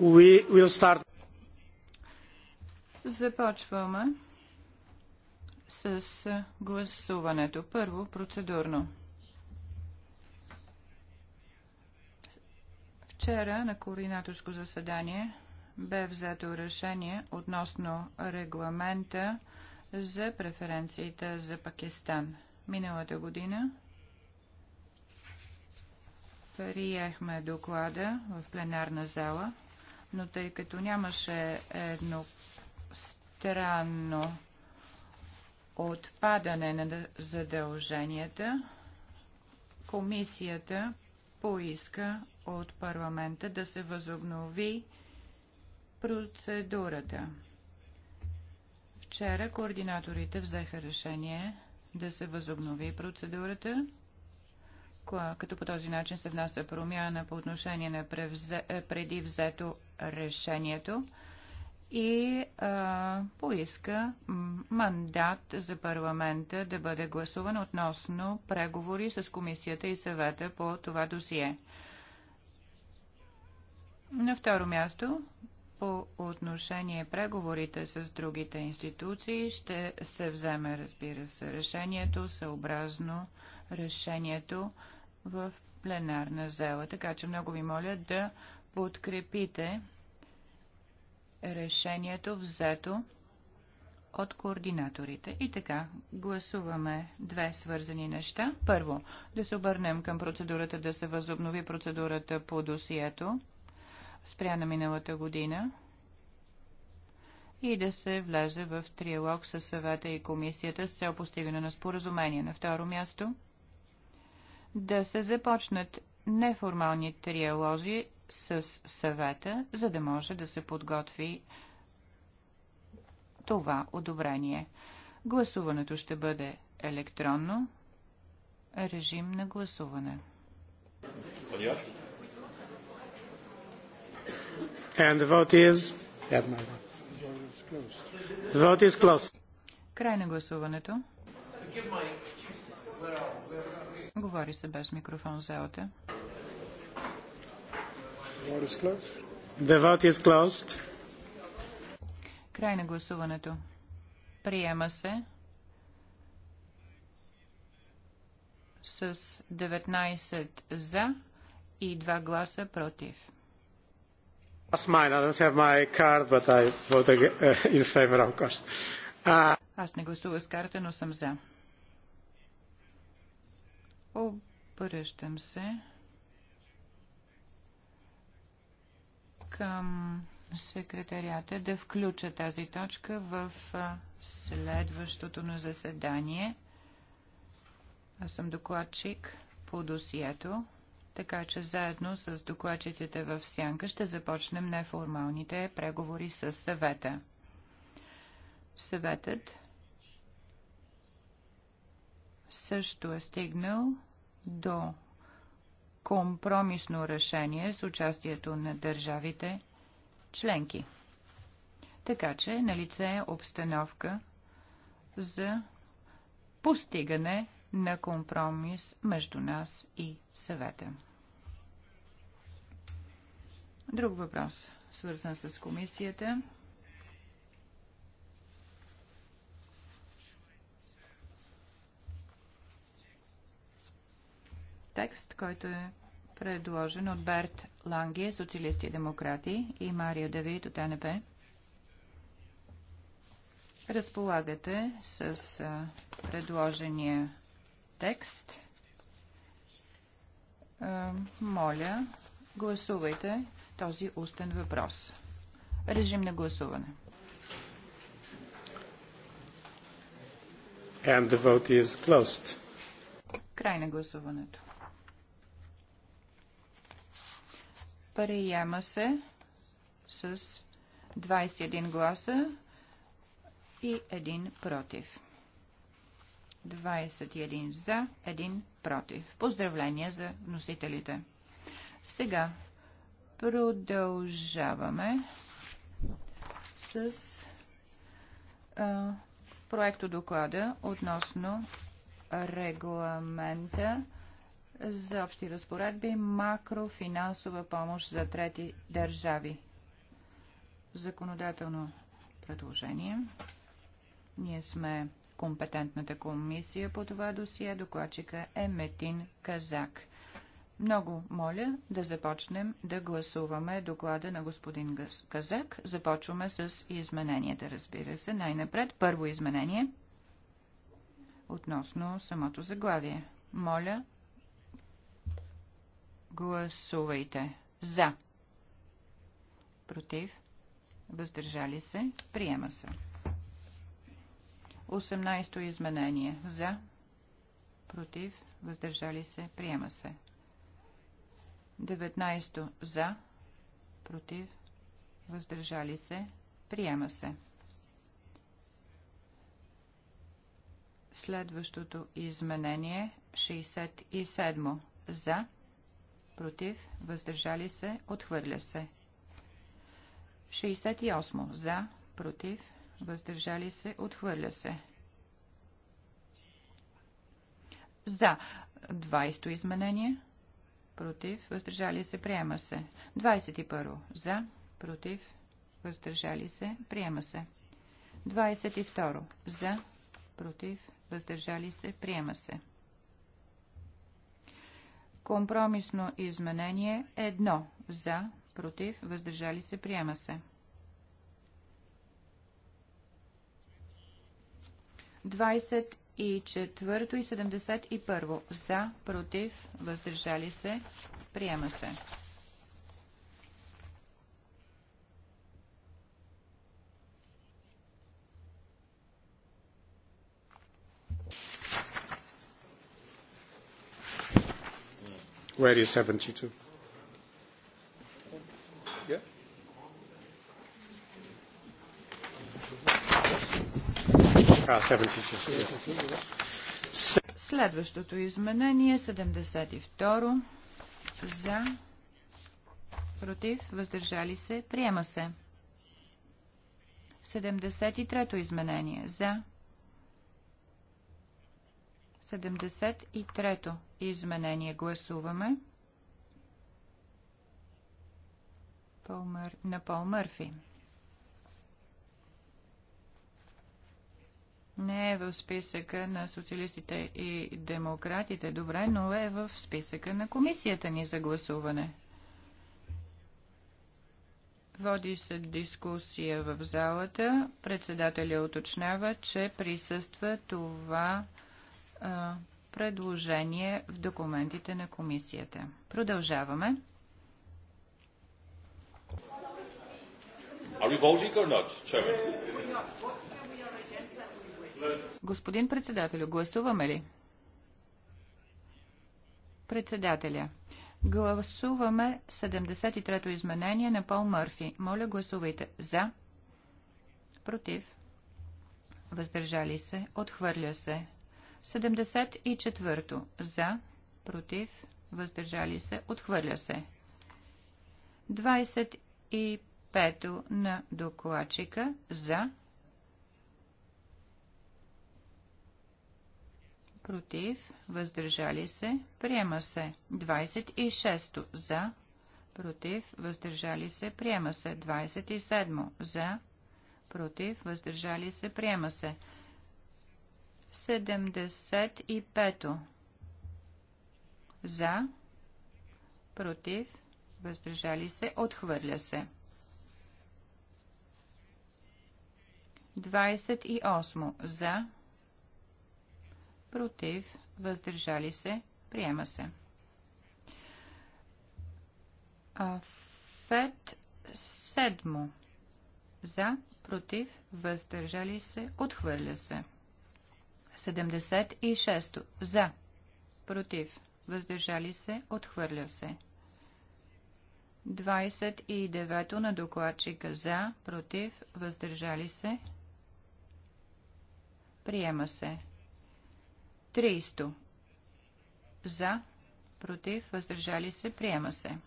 A: we will start.
E: Започваме с гласуването. Първо, процедурно. Вчера на координаторско заседание бе взето решение относно регламента за преференциите за Пакистан. Миналата година приехме доклада в пленарна зала, но тъй като нямаше едно странно отпадане на задълженията, комисията поиска от парламента да се възобнови процедурата. Вчера координаторите взеха решение да се възобнови процедурата като по този начин се внася промяна по отношение на превзе, е, преди взето решението и а, поиска мандат за парламента да бъде гласуван относно преговори с комисията и съвета по това досие. На второ място, по отношение преговорите с другите институции, ще се вземе, разбира се, решението съобразно решението в пленарна зала. Така че много ви моля да подкрепите решението взето от координаторите. И така, гласуваме две свързани неща. Първо, да се обърнем към процедурата да се възобнови процедурата по досието спряна миналата година и да се влезе в триалог с съвета и комисията с цел постигане на споразумение. На второ място – да се започнат неформални триалози с съвета, за да може да се подготви това одобрение. Гласуването ще бъде електронно. Режим на гласуване. And the vote is...
A: The vote is closed.
E: Край на гласуването. Говори се без микрофон в залата. The vote is closed. Край на гласуването. Приема се с 19 за и 2 гласа против. Uh, Аз не гласувах с карта, но съм за. Обръщам се към секретарията да включа тази точка в следващото на заседание. Аз съм докладчик по досието, така че заедно с докладчиците в Сянка ще започнем неформалните преговори с съвета. Съветът също е стигнал до компромисно решение с участието на държавите членки. Така че на лице е обстановка за постигане на компромис между нас и съвета. Друг въпрос, свързан с комисията текст, който е предложен от Берт Ланге, социалисти и демократи, и Марио Давид от НП. Разполагате с предложения текст. Моля, гласувайте този устен въпрос. Режим на гласуване.
A: And the vote is closed.
E: Край на гласуването. Приема се с 21 гласа и 1 против. 21 за, 1 против. Поздравления за носителите. Сега продължаваме с а, проектодоклада относно регламента за общи разпоредби, макрофинансова помощ за трети държави. Законодателно предложение. Ние сме компетентната комисия по това досие. Докладчика е Метин Казак. Много моля да започнем да гласуваме доклада на господин Казак. Започваме с измененията, разбира се. Най-напред първо изменение относно самото заглавие. Моля гласувайте. За. Против. Въздържали се. Приема се. 18-то изменение. За. Против. Въздържали се. Приема се. 19-то. За. Против. Въздържали се. Приема се. Следващото изменение 67 за против, въздържали се, отхвърля се. 68. За, против, въздържали се, отхвърля се. За 20-то изменение, против, въздържали се, приема се. 21. За, против, въздържали се, приема се. 22. За, против, въздържали се, приема се. Компромисно изменение едно. за, против, въздържали се, приема се. 24 и 71 за, против, въздържали се, приема се.
A: where is 72? Yeah. А, ah, 72. Yes.
E: Следващото изменение 72 за против въздържали се приема се 73-то изменение за 73-то изменение гласуваме. Полмър... На Пол Мърфи. Не е в списъка на социалистите и демократите, добре, но е в списъка на комисията ни за гласуване. Води се дискусия в залата. Председателя уточнява, че присъства това предложение в документите на комисията. Продължаваме. Господин председателю, гласуваме ли? Председателя. Гласуваме 73-то изменение на Пол Мърфи. Моля, гласувайте за, против, въздържали се, отхвърля се. 74. За, против, въздържали се, отхвърля се. 25 на докладчика за, против, въздържали се, приема се. 26 за, против, въздържали се, приема се. 27 за, против, въздържали се, приема се. 75 за, против, въздържали се, отхвърля се. 28 за, против, въздържали се, приема се. Афет 7 за, против, въздържали се, отхвърля се. 76. За. Против. Въздържали се. Отхвърля се. 29 на докладчика за, против, въздържали се. Приема се. 30. За, против, въздържали се. Приема се.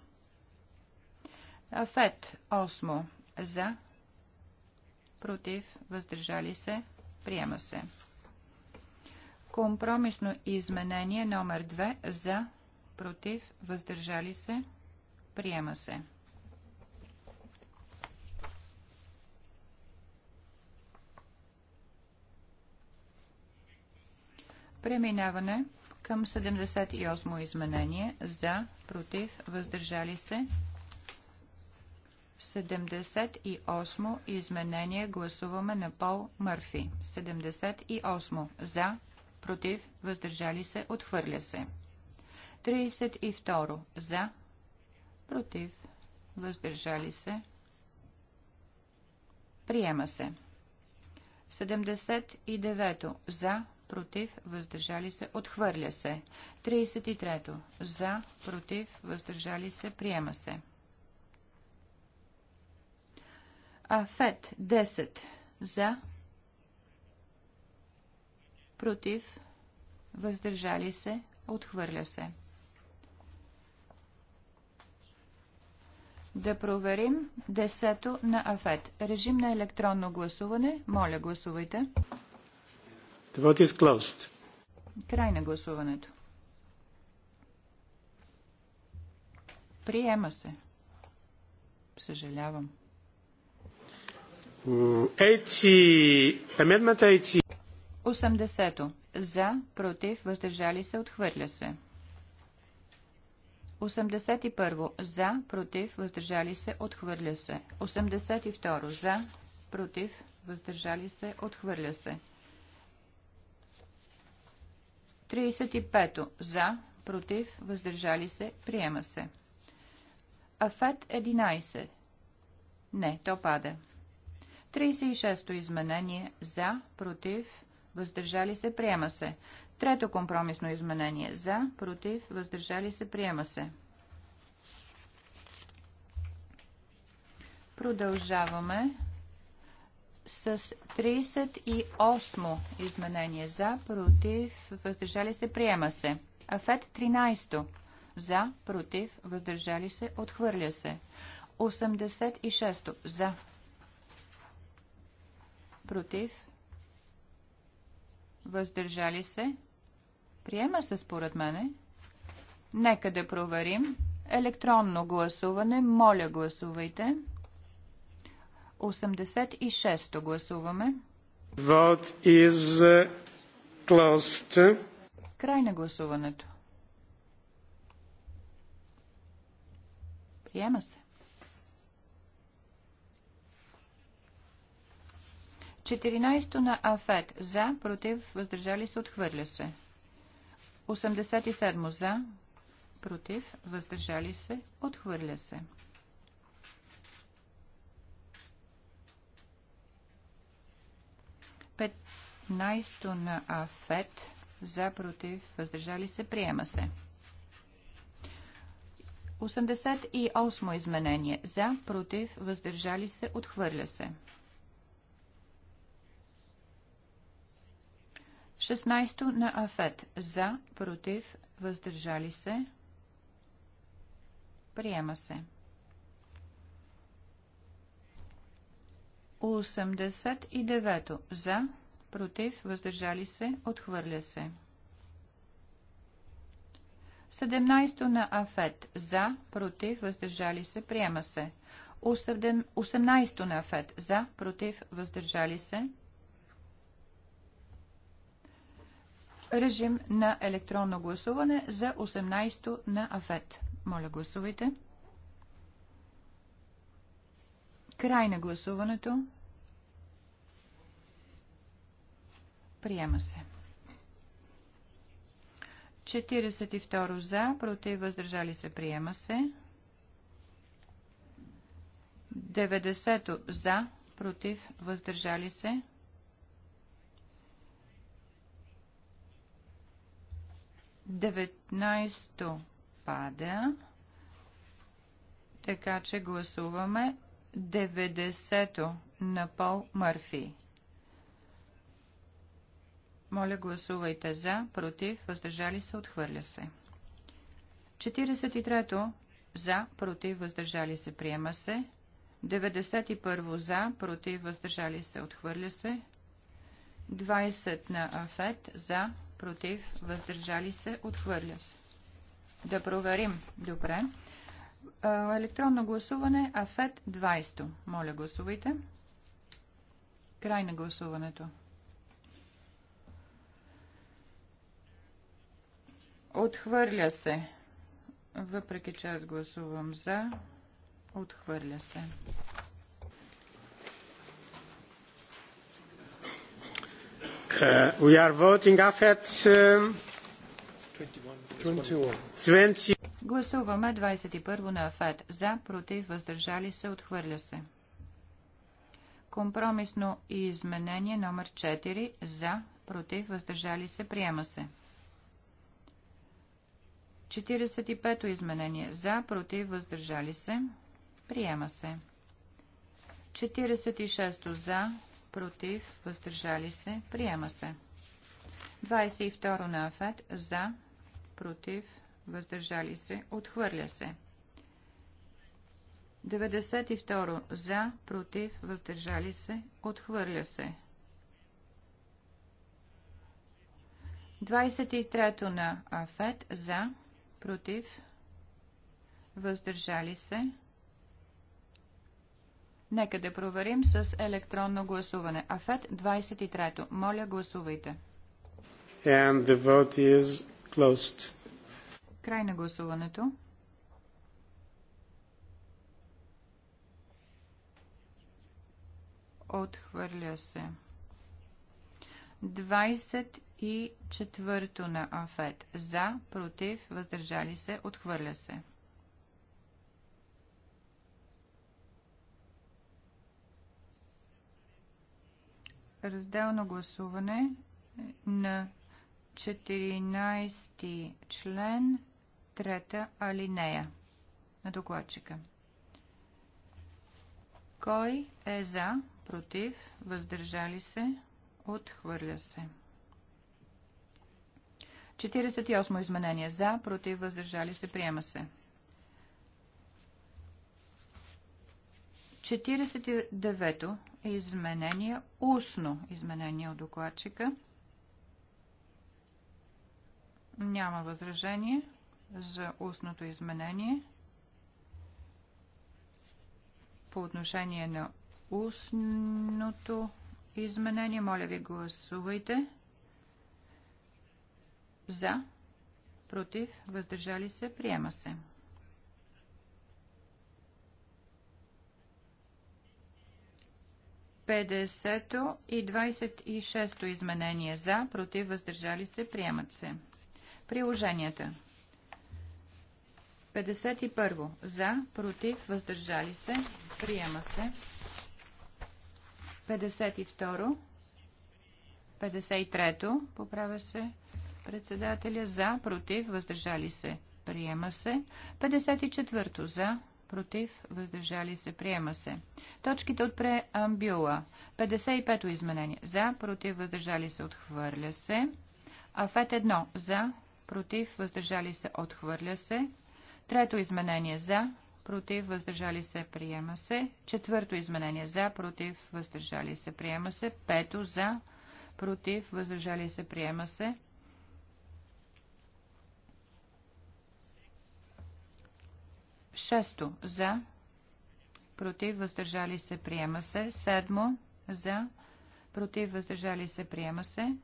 E: Афет 8. За, против, въздържали се. Приема се. Компромисно изменение номер 2 за, против, въздържали се, приема се. Преминаване към 78 изменение за, против, въздържали се. 78 изменение гласуваме на Пол Мърфи. 78 за, против, въздържали се, отхвърля се. 32. За, против, въздържали се, приема се. 79. За, против, въздържали се, отхвърля се. 33. За, против, въздържали се, приема се. Афет 10. За, против, въздържали се, отхвърля се. Да проверим десето на Афет. Режим на електронно гласуване. Моля, гласувайте. Край на гласуването. Приема се. Съжалявам.
A: Ети, Amendment
E: 80. За, против, въздържали се, отхвърля се. 81. За, против, въздържали се, отхвърля се. 82. За, против, въздържали се, отхвърля се. 35. За, против, въздържали се, приема се. Афет 11. Не, то пада. 36 изменение за, против, въздържали се, приема се. Трето компромисно изменение за, против, въздържали се, приема се. Продължаваме с 38 изменение за, против, въздържали се, приема се. Афет 13 за, против, въздържали се, отхвърля се. 86 за, против, въздържали се. Приема се според мене. Нека да проверим. Електронно гласуване. Моля, гласувайте. 86-то гласуваме.
A: Vote is uh, closed.
E: Край на гласуването. Приема се. 14 на Афет. За, против, въздържали се, отхвърля се. 87 за, против, въздържали се, отхвърля се. Петнайсто на Афет. За, против, въздържали се, приема се. 88 изменение. За, против, въздържали се, отхвърля се. 16 на Афет. За, против, въздържали се. Приема се. 89 за, против, въздържали се, отхвърля се. 17 на Афет. За, против, въздържали се, приема се. 18 на Афет. За, против, въздържали се, режим на електронно гласуване за 18-то на АФЕТ. Моля, гласувайте. Край на гласуването. Приема се. 42 за, против въздържали се, приема се. 90 за, против въздържали се, приема се. 19 то пада, така че гласуваме 90-то на Пол Мърфи. Моля, гласувайте за, против, въздържали се, отхвърля се. 43-то за, против, въздържали се, приема се. 91 за, против, въздържали се, отхвърля се. 20 на Афет за, против, въздържали се, отхвърля се. Да проверим. Добре. Електронно гласуване АФЕТ 20. Моля, гласувайте. Край на гласуването. Отхвърля се. Въпреки че аз гласувам за, отхвърля се.
A: Uh, we are voting AFET um,
E: Гласуваме 21 на АФЕТ. За, против, въздържали се, отхвърля се. Компромисно изменение номер 4. За, против, въздържали се, приема се. 45-то изменение. За, против, въздържали се, приема се. 46-то за, против, въздържали се, приема се. 22 на Афет, за, против, въздържали се, отхвърля се. 92 за, против, въздържали се, отхвърля се. 23 на Афет, за, против, въздържали се, отхвърля се. Нека да проверим с електронно гласуване. Афет 23. Моля, гласувайте.
A: And the vote is closed.
E: Край на гласуването. Отхвърля се. 24 на Афет. За, против, въздържали се, отхвърля се. разделно гласуване на 14 член, трета алинея на докладчика. Кой е за, против, въздържали се, отхвърля се. 48 изменение за, против, въздържали се, приема се. 49 то изменение, устно изменение от докладчика. Няма възражение за устното изменение. По отношение на устното изменение, моля ви гласувайте за, против, въздържали се, приема се. 50 и 26 изменение за, против, въздържали се, приемат се. Приложенията. 51. За, против, въздържали се, приема се. 52. 53. Поправя се председателя. За, против, въздържали се, приема се. 54. За, против, въздържали се, приема се. Точките от преамбюла. 55-то изменение. За, против, въздържали се, отхвърля се. Афет 1. За, против, въздържали се, отхвърля се. Трето изменение. За, против, въздържали се, приема се. Четвърто изменение. За, против, въздържали се, приема се. Пето. За, против, въздържали се, приема се. Шесто за, против, въздържали се, приема се. Седмо за, против, въздържали се, приема се.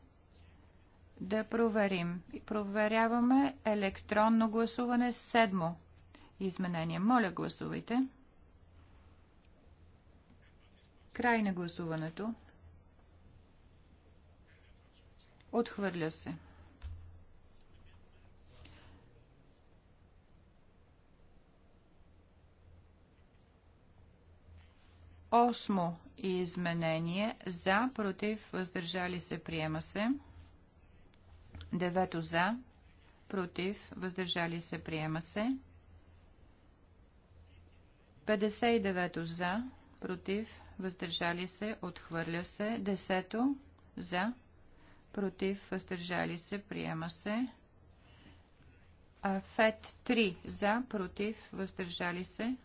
E: Да проверим. Проверяваме електронно гласуване седмо изменение. Моля, гласувайте. Край на гласуването. Отхвърля се. Осмо изменение за, против, въздържали се, приема се. Девето за, против, въздържали се, приема се. 59 за, против, въздържали се, отхвърля се. Десето за, против, въздържали се, приема се. Фет 3 за, против, въздържали се,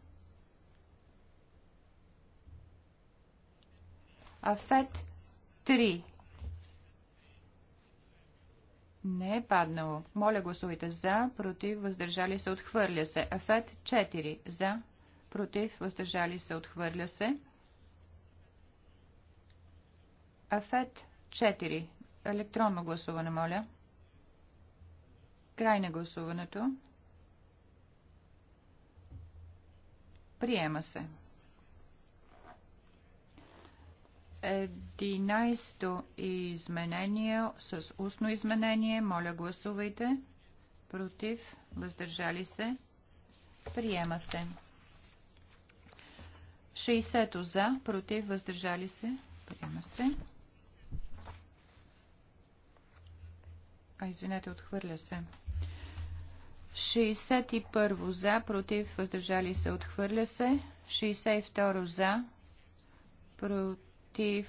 E: Афет 3. Не е паднало. Моля гласувайте за, против, въздържали се, отхвърля се. Афет 4. За, против, въздържали се, отхвърля се. Афет 4. Електронно гласуване, моля. Край на гласуването. Приема се. 11 изменение с устно изменение. Моля, гласувайте. Против. Въздържали се. Приема се. 60-то за. Против. Въздържали се. Приема се. А, извинете, отхвърля се. 61 за, против, въздържали се, отхвърля се. 62 за, против против,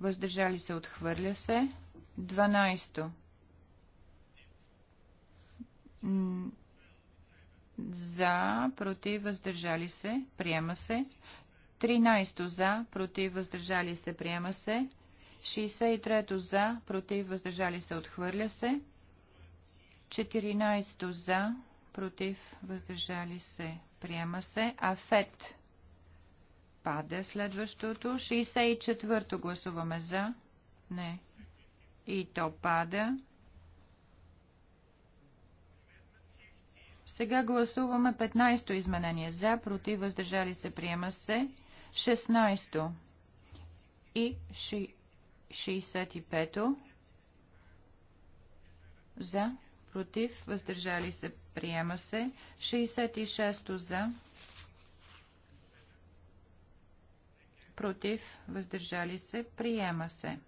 E: въздържали се, отхвърля се. 12 за, против, въздържали се, приема се. 13 за, против, въздържали се, приема се. 63 за, против, въздържали се, отхвърля се. 14 за, против, въздържали се, приема се. Афет Пада следващото. 64-то гласуваме за. Не. И то пада. Сега гласуваме 15-то изменение. За, против, въздържали се, приема се. 16-то и 65-то. За, против, въздържали се, приема се. 66-то за, против, въздържали се, приема се.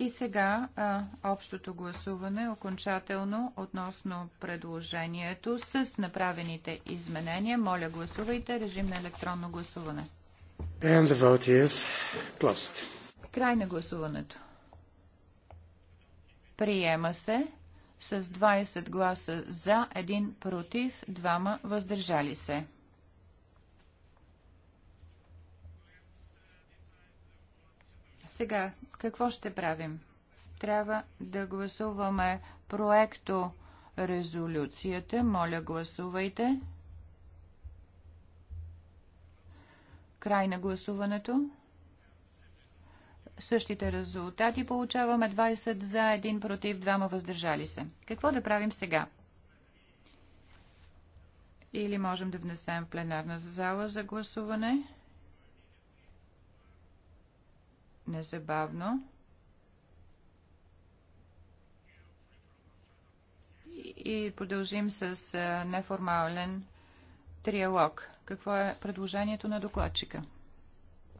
E: И сега а, общото гласуване окончателно относно предложението с направените изменения. Моля, гласувайте. Режим на електронно гласуване.
A: And the vote is closed.
E: Край на гласуването. Приема се с 20 гласа за, 1 против, 2 въздържали се. Сега, какво ще правим? Трябва да гласуваме проекто резолюцията. Моля, гласувайте. Край на гласуването. Същите резултати получаваме 20 за, 1 против, 2 въздържали се. Какво да правим сега? Или можем да внесем пленарна зала за гласуване? незабавно. И продължим с неформален триалог. Какво е предложението на докладчика?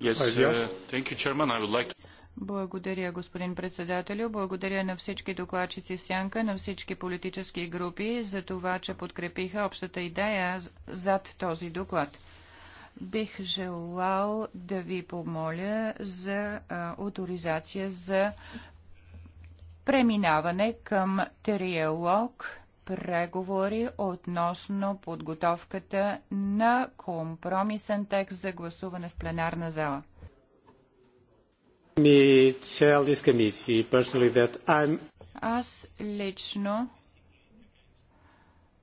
D: Uh,
E: Благодаря, господин председателю. Благодаря на всички докладчици в сянка, на всички политически групи за това, че подкрепиха общата идея зад този доклад бих желал да ви помоля за авторизация за преминаване към триалог преговори относно подготовката на компромисен текст за гласуване в пленарна зала. Аз лично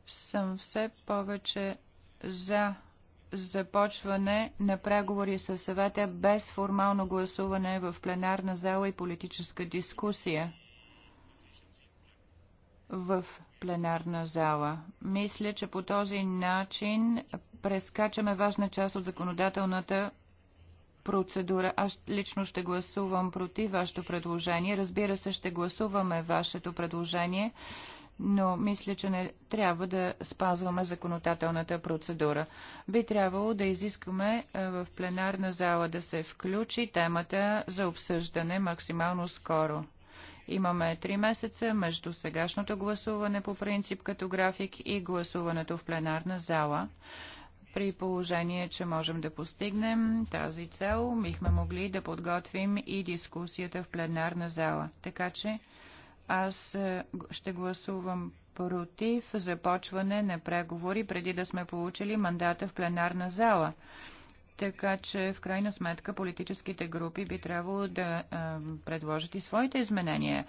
E: съм все повече за започване на преговори със съвета без формално гласуване в пленарна зала и политическа дискусия в пленарна зала. Мисля, че по този начин прескачаме важна част от законодателната процедура. Аз лично ще гласувам против вашето предложение. Разбира се, ще гласуваме вашето предложение но мисля, че не трябва да спазваме законодателната процедура. Би трябвало да изискаме е, в пленарна зала да се включи темата за обсъждане максимално скоро. Имаме три месеца между сегашното гласуване по принцип като график и гласуването в пленарна зала. При положение, че можем да постигнем тази цел, бихме могли да подготвим и дискусията в пленарна зала. Така че аз е, ще гласувам против започване на преговори, преди да сме получили мандата в пленарна зала. Така че, в крайна сметка, политическите групи би трябвало да а, е, предложат и своите изменения.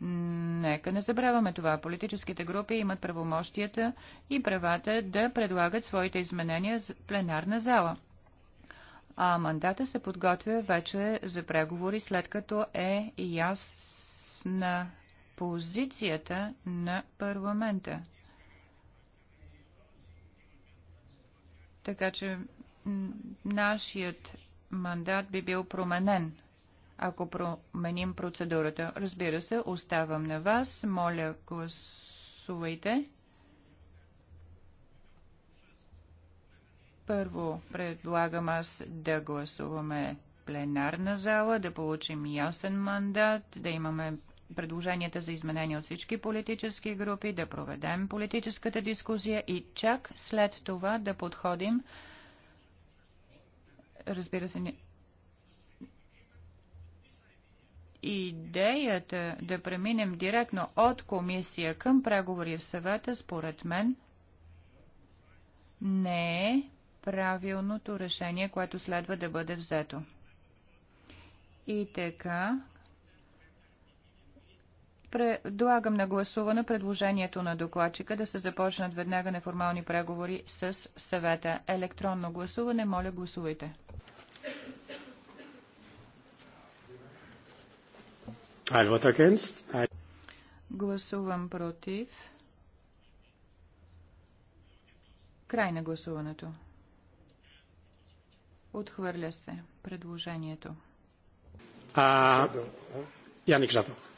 E: Нека не забравяме това. Политическите групи имат правомощията и правата да предлагат своите изменения в пленарна зала. А мандата се подготвя вече за преговори, след като е ясна позицията на парламента. Така че нашият мандат би бил променен, ако променим процедурата. Разбира се, оставам на вас. Моля, гласувайте. Първо предлагам аз да гласуваме пленарна зала, да получим ясен мандат, да имаме предложенията за изменения от всички политически групи, да проведем политическата дискусия и чак след това да подходим. Разбира се, идеята да преминем директно от комисия към преговори в съвета, според мен, не е правилното решение, което следва да бъде взето. И така, Предлагам на гласуване предложението на докладчика да се започнат веднага неформални преговори с съвета. Електронно гласуване, моля гласувайте. Гласувам против. Край на гласуването. Отхвърля се предложението.
A: А, Яник Жадов.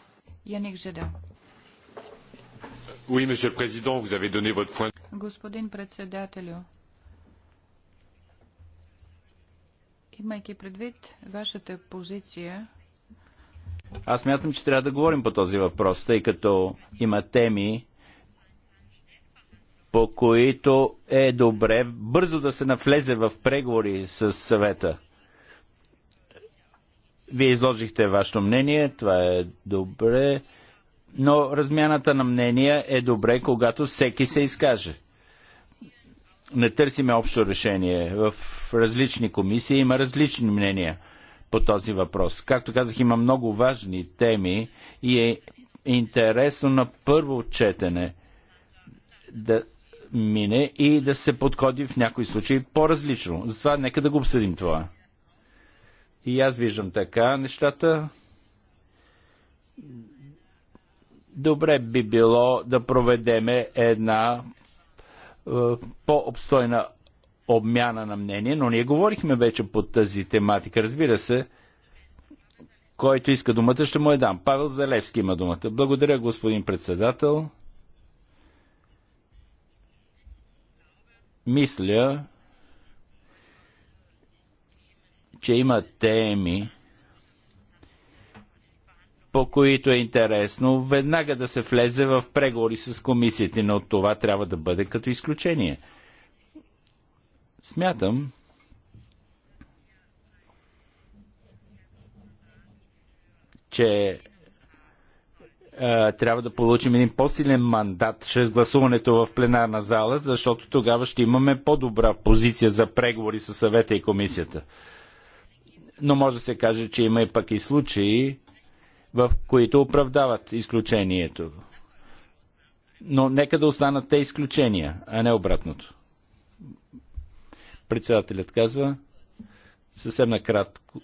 E: Господин председателю, имайки предвид вашата позиция,
C: аз мятам, че трябва да говорим по този въпрос, тъй като има теми, по които е добре бързо да се навлезе в преговори с съвета. Вие изложихте вашето мнение, това е добре, но размяната на мнения е добре, когато всеки се изкаже. Не търсиме общо решение. В различни комисии има различни мнения по този въпрос. Както казах, има много важни теми и е интересно на първо четене да мине и да се подходи в някои случаи по-различно. Затова нека да го обсъдим това. И аз виждам така нещата. Добре би било да проведеме една е, по-обстойна обмяна на мнение, но ние говорихме вече по тази тематика. Разбира се, който иска думата, ще му я дам. Павел Залевски има думата. Благодаря, господин председател. Мисля, че има теми, по които е интересно веднага да се влезе в преговори с комисиите, но това трябва да бъде като изключение. Смятам, че е, трябва да получим един по-силен мандат чрез гласуването в пленарна зала, защото тогава ще имаме по-добра позиция за преговори с съвета и комисията но може да се каже, че има и пък и случаи, в които оправдават изключението. Но нека да останат те изключения, а не обратното. Председателят казва съвсем накратко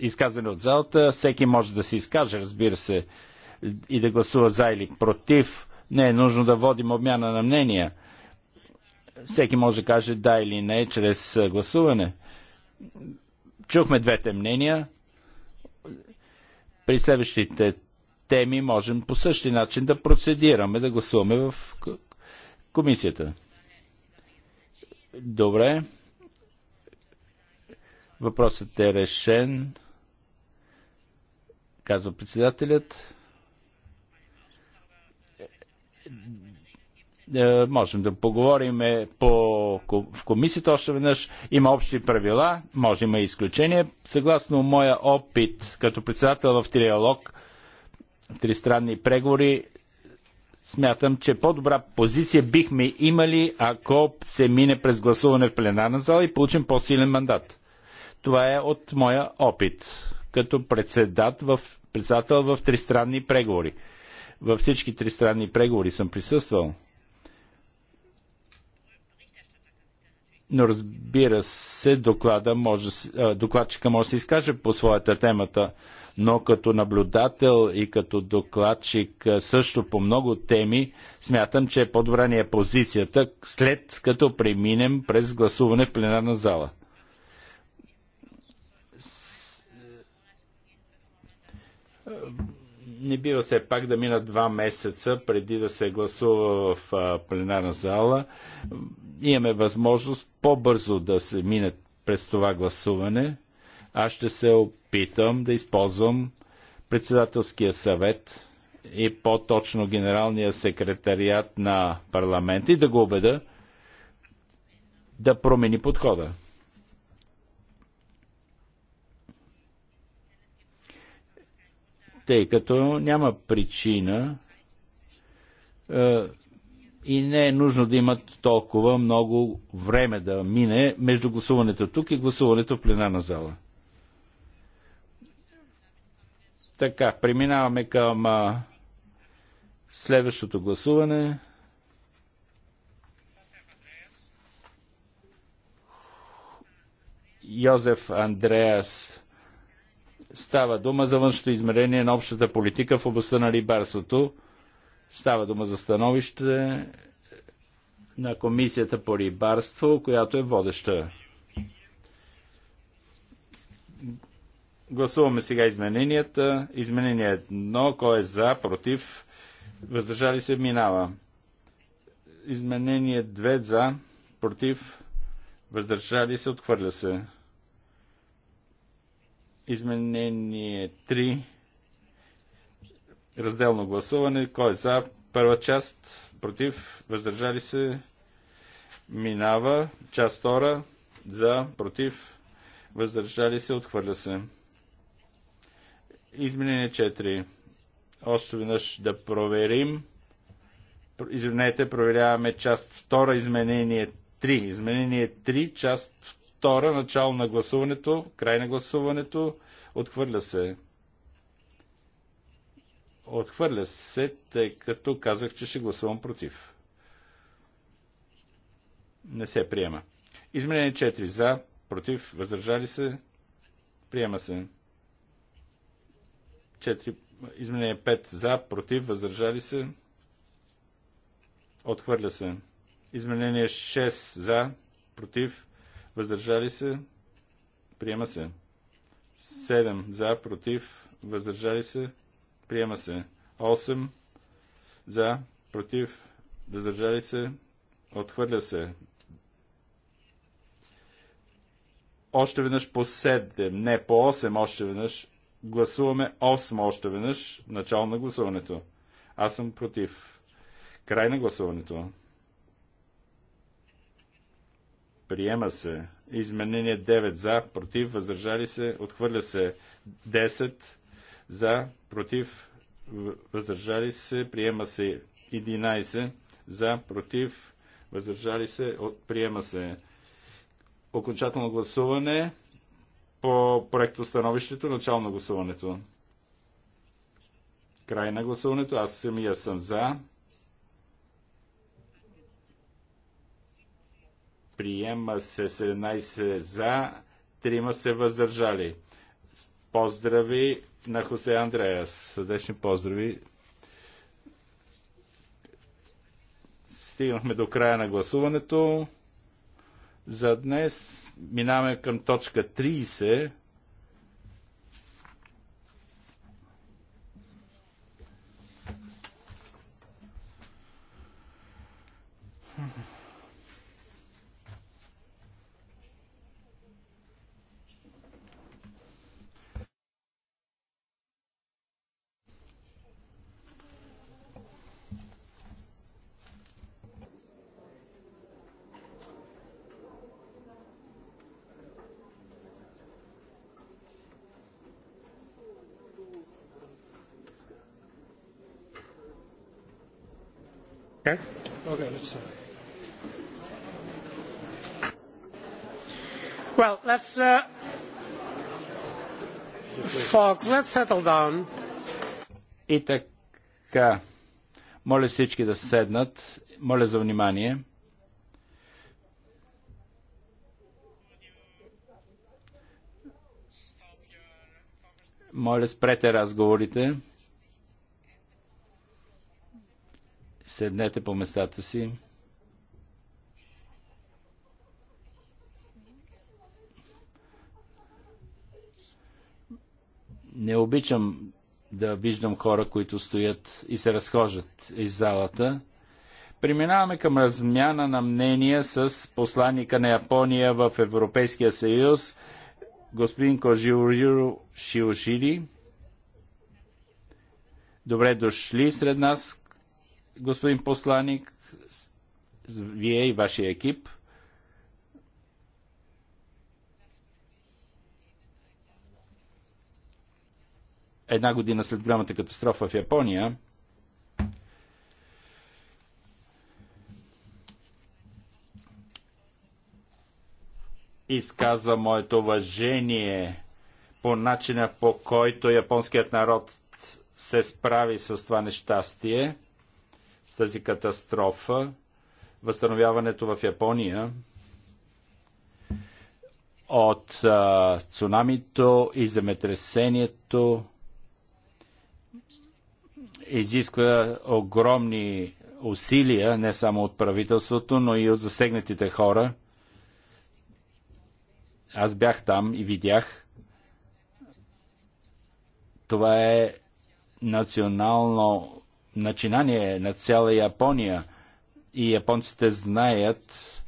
C: изказване от залата. Всеки може да се изкаже, разбира се, и да гласува за или против. Не е нужно да водим обмяна на мнения. Всеки може да каже да или не чрез гласуване. Чухме двете мнения. При следващите теми можем по същия начин да процедираме, да гласуваме в комисията. Добре. Въпросът е решен, казва председателят е, можем да поговорим е, по, в комисията още веднъж. Има общи правила, може има и изключение. Съгласно моя опит като председател в триалог, в тристранни преговори, смятам, че по-добра позиция бихме имали, ако се мине през гласуване в пленарна зала и получим по-силен мандат. Това е от моя опит като председат в, председател в тристранни преговори. Във всички тристранни преговори съм присъствал. Но разбира се, доклада може, докладчика може да се изкаже по своята темата, но като наблюдател и като докладчик също по много теми, смятам, че е по-добра ни е позицията, след като преминем през гласуване в пленарна зала. не бива се пак да минат два месеца преди да се гласува в пленарна зала имаме възможност по-бързо да се мине през това гласуване. Аз ще се опитам да използвам председателския съвет и по-точно генералния секретариат на парламента и да го убеда да промени подхода. Тъй като няма причина е, и не е нужно да имат толкова много време да мине между гласуването тук и гласуването в пленарна зала. Така, преминаваме към а, следващото гласуване. Йозеф Андреас става дума за външното измерение на общата политика в областта на рибарството Става дума за становище на Комисията по рибарство, която е водеща. Гласуваме сега измененията. Изменение едно, кой е за, против, въздържали се, минава. Изменение 2 за, против, въздържали се, отхвърля се. Изменение 3 Разделно гласуване. Кой е за? Първа част. Против. Въздържали се. Минава. Част втора. За. Против. Въздържали се. Отхвърля се. Изменение 4. Още веднъж да проверим. Извинете, проверяваме част втора, изменение 3. Изменение 3, част втора, начало на гласуването, край на гласуването, отхвърля се. Отхвърля се, тъй като казах, че ще гласувам против. Не се приема. Изменение 4. За, против, въздържали се. Приема се. 4. Изменение 5. За, против, въздържали се. Отхвърля се. Изменение 6. За, против, въздържали се. Приема се. 7. За, против, въздържали се. Приема се. 8 за, против, въздържали се, отхвърля се. Още веднъж по 7, не по 8, още веднъж. Гласуваме 8 още веднъж, начало на гласуването. Аз съм против. Край на гласуването. Приема се. Изменение 9 за, против, въздържали се, отхвърля се 10 за, против, въздържали се, приема се 11 за, против, въздържали се, приема се окончателно гласуване по проекто становището, начало на гласуването. Край на гласуването. Аз самия съм за. Приема се 17 за, 3 се въздържали. Поздрави на Хосе Андреас. Сърдечни поздрави. Стигнахме до края на гласуването. За днес минаваме към точка 30.
A: folks, let's settle down. И
C: така, моля всички да седнат. Моля за внимание. Моля, спрете разговорите. Седнете по местата си. Не обичам да виждам хора, които стоят и се разхождат из залата. Преминаваме към размяна на мнения с посланника на Япония в Европейския съюз, господин Кожиориро Шиошири. Добре дошли сред нас, господин посланник, вие и вашия екип. една година след голямата катастрофа в Япония, изказва моето уважение по начина по който японският народ се справи с това нещастие, с тази катастрофа, възстановяването в Япония от а, цунамито и земетресението изисква огромни усилия, не само от правителството, но и от засегнатите хора. Аз бях там и видях. Това е национално начинание на цяла Япония. И японците знаят,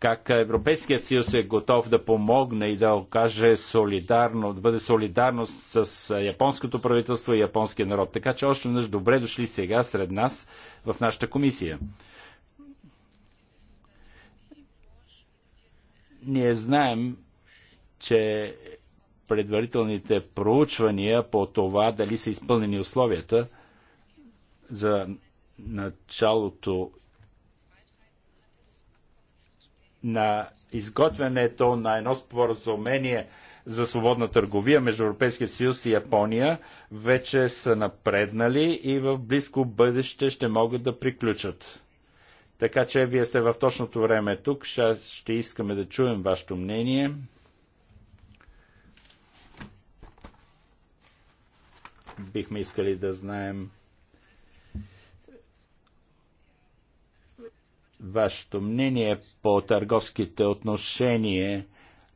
C: как Европейският съюз е готов да помогне и да окаже солидарно, да бъде солидарност с японското правителство и японския народ. Така че още веднъж добре дошли сега сред нас в нашата комисия. Ние знаем, че предварителните проучвания по това дали са изпълнени условията за началото на изготвянето на едно споразумение за свободна търговия между Европейския съюз и Япония вече са напреднали и в близко бъдеще ще могат да приключат. Така че вие сте в точното време тук. Ще искаме да чуем вашето мнение. Бихме искали да знаем вашето мнение по търговските отношения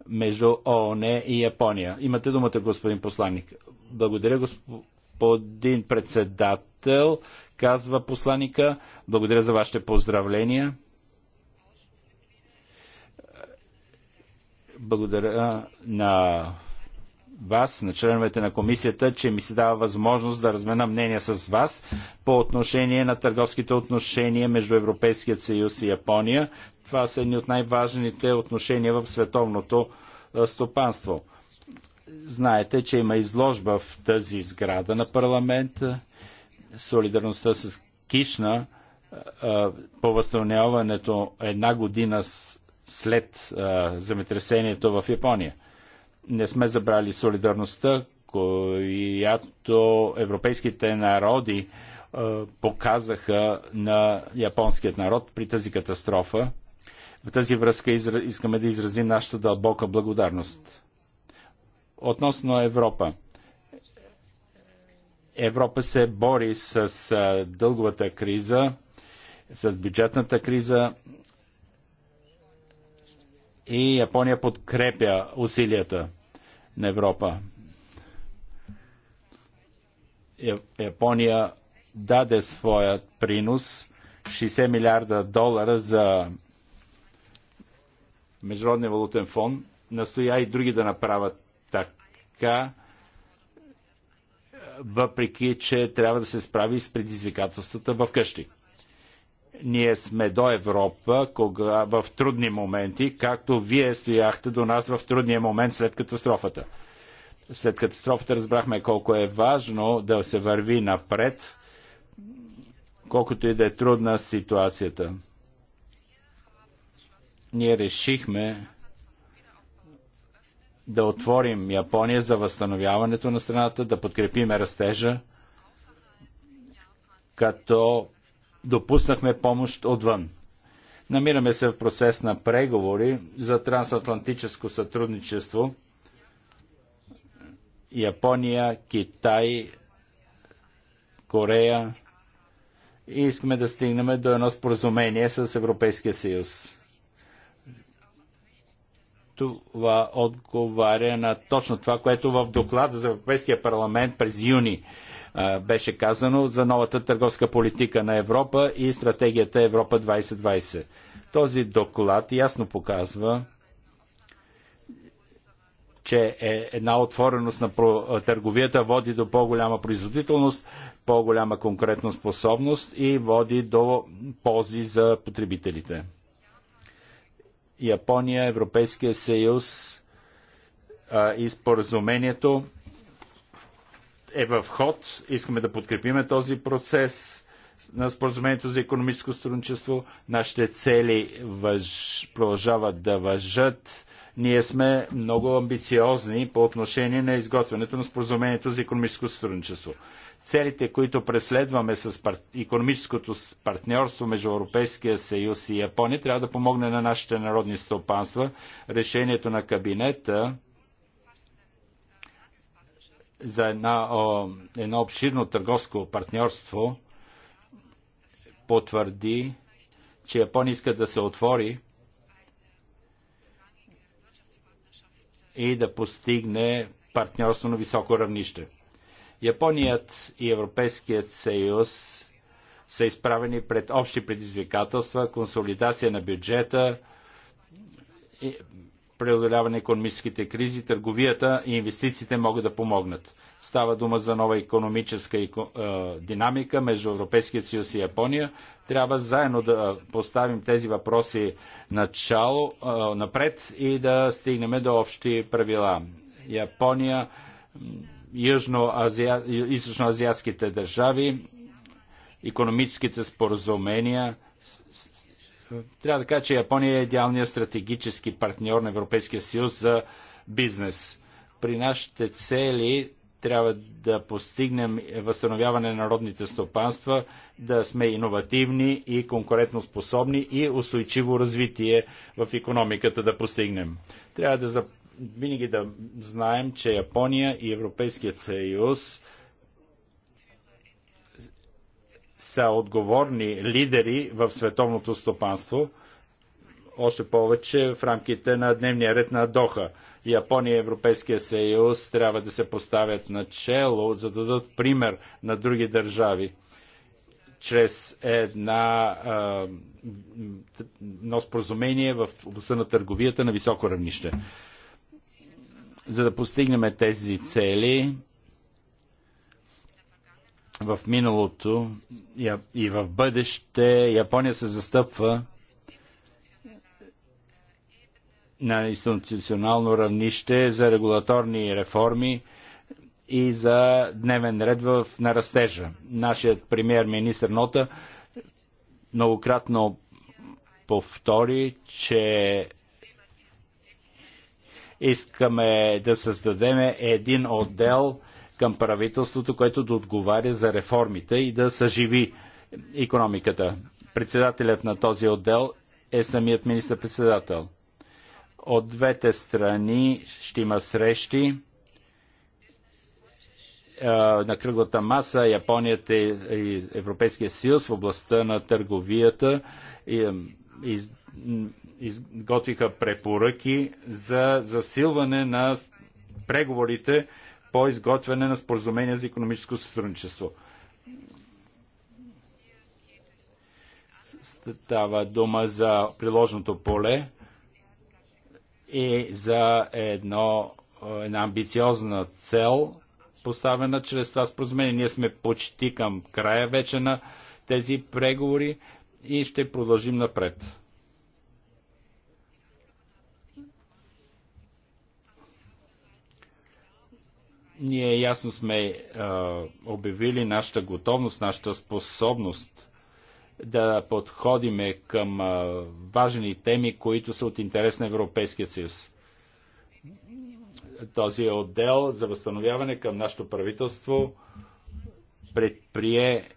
C: между ООН и Япония. Имате думата, господин посланник. Благодаря, господин председател, казва посланника. Благодаря за вашите поздравления. Благодаря на вас, на членовете на комисията, че ми се дава възможност да размена мнения с вас по отношение на търговските отношения между Европейският съюз и Япония. Това са едни от най-важните отношения в световното стопанство. Знаете, че има изложба в тази сграда на парламента. Солидарността с Кишна по възстановяването една година след земетресението в Япония не сме забрали солидарността, която европейските народи е, показаха на японският народ при тази катастрофа. В тази връзка искаме да изразим нашата дълбока благодарност. Относно Европа. Европа се бори с е, дълговата криза, с бюджетната криза, и Япония подкрепя усилията на Европа. Япония даде своят принос 60 милиарда долара за Международния валутен фонд. Настоя и други да направят така, въпреки че трябва да се справи с предизвикателствата в къщи. Ние сме до Европа кога, в трудни моменти, както вие стояхте до нас в трудния момент след катастрофата. След катастрофата разбрахме колко е важно да се върви напред, колкото и да е трудна ситуацията. Ние решихме да отворим Япония за възстановяването на страната, да подкрепим растежа, като допуснахме помощ отвън. Намираме се в процес на преговори за трансатлантическо сътрудничество. Япония, Китай, Корея и искаме да стигнем до едно споразумение с Европейския съюз. Това отговаря на точно това, което в доклада за Европейския парламент през юни беше казано за новата търговска политика на Европа и стратегията Европа 2020. Този доклад ясно показва, че е една отвореност на търговията води до по-голяма производителност, по-голяма конкретна способност и води до ползи за потребителите. Япония, Европейския съюз и споразумението е в ход. Искаме да подкрепиме този процес на споразумението за економическо сътрудничество. Нашите цели въж... продължават да въжат. Ние сме много амбициозни по отношение на изготвянето на споразумението за економическо сътрудничество. Целите, които преследваме с пар... економическото партньорство между Европейския съюз и Япония, трябва да помогне на нашите народни стопанства. Решението на кабинета за една, о, едно обширно търговско партньорство потвърди, че Япония иска да се отвори и да постигне партньорство на високо равнище. Японият и Европейският съюз са изправени пред общи предизвикателства, консолидация на бюджета, преодоляване на економическите кризи, търговията и инвестициите могат да помогнат. Става дума за нова економическа динамика между Европейския съюз и Япония. Трябва заедно да поставим тези въпроси начало, напред и да стигнем до общи правила. Япония, южноазия... източноазиатските държави, економическите споразумения – трябва да кажа, че Япония е идеалният стратегически партньор на Европейския съюз за бизнес. При нашите цели трябва да постигнем възстановяване на народните стопанства, да сме иновативни и конкурентоспособни и устойчиво развитие в економиката да постигнем. Трябва да винаги да знаем, че Япония и Европейският съюз са отговорни лидери в световното стопанство, още повече в рамките на дневния ред на Доха. Япония и Европейския съюз трябва да се поставят начело, за да дадат пример на други държави чрез една, а, едно споразумение в областта на търговията на високо равнище. За да постигнем тези цели, в миналото и в бъдеще Япония се застъпва на институционално равнище за регулаторни реформи и за дневен ред в, нарастежа. Нашият премьер министр Нота многократно повтори, че искаме да създадем един отдел – към правителството, което да отговаря за реформите и да съживи економиката. Председателят на този отдел е самият министър-председател. От двете страни ще има срещи на кръглата маса Японията и е, е, Европейския съюз в областта на търговията изготвиха препоръки за засилване на преговорите по изготвяне на споразумения за економическо сътрудничество. Става дума за приложното поле и за едно, една амбициозна цел, поставена чрез това споразумение. Ние сме почти към края вече на тези преговори и ще продължим напред. Ние ясно сме а, обявили нашата готовност, нашата способност да подходиме към а, важни теми, които са от интерес на Европейския съюз. Този отдел за възстановяване към нашето правителство предприе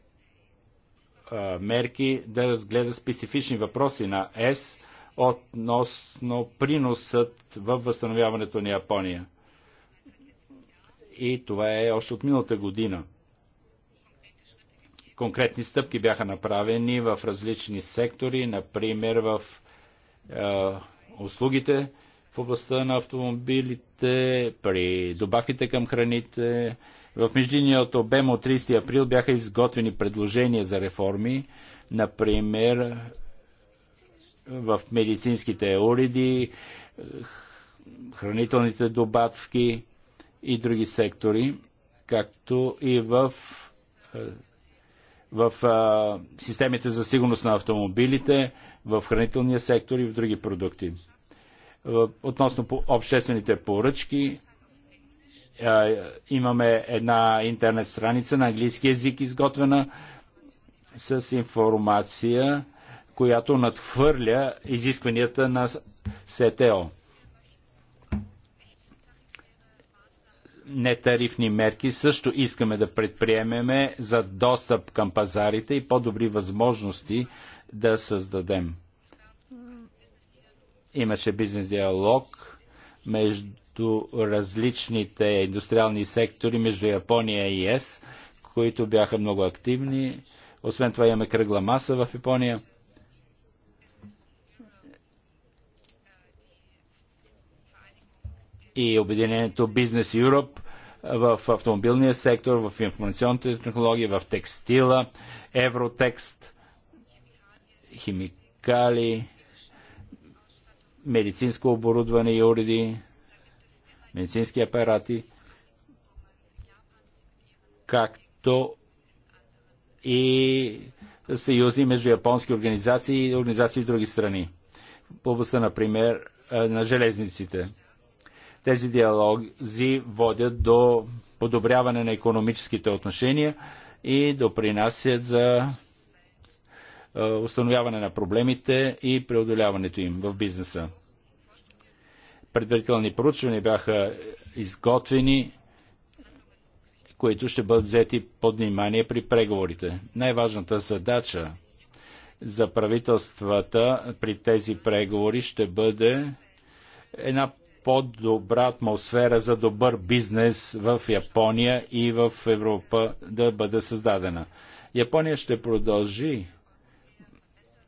C: а, мерки да разгледа специфични въпроси на ЕС относно приносът във възстановяването на Япония. И това е още от миналата година. Конкретни стъпки бяха направени в различни сектори, например в е, услугите в областта на автомобилите, при добавките към храните. В от обем от 30 април бяха изготвени предложения за реформи, например в медицинските уреди, хранителните добавки, и други сектори, както и в, е, в в е, системите за сигурност на автомобилите, в хранителния сектор и в други продукти. Е, относно по обществените поръчки, имаме една интернет страница на английски язик, изготвена с информация, която надхвърля изискванията на СТО. нетарифни мерки също искаме да предприемеме за достъп към пазарите и по-добри възможности да създадем. Имаше бизнес диалог между различните индустриални сектори, между Япония и ЕС, които бяха много активни. Освен това имаме кръгла маса в Япония – и обединението Business Europe в автомобилния сектор, в информационните технологии, в текстила, Евротекст, химикали, медицинско оборудване и уреди, медицински апарати, както и съюзи между японски организации и организации в други страни. В областта, например, на железниците – тези диалози водят до подобряване на економическите отношения и допринасят за установяване на проблемите и преодоляването им в бизнеса. Предварителни проучвания бяха изготвени, които ще бъдат взети под внимание при преговорите. Най-важната задача за правителствата при тези преговори ще бъде една по-добра атмосфера за добър бизнес в Япония и в Европа да бъде създадена. Япония ще продължи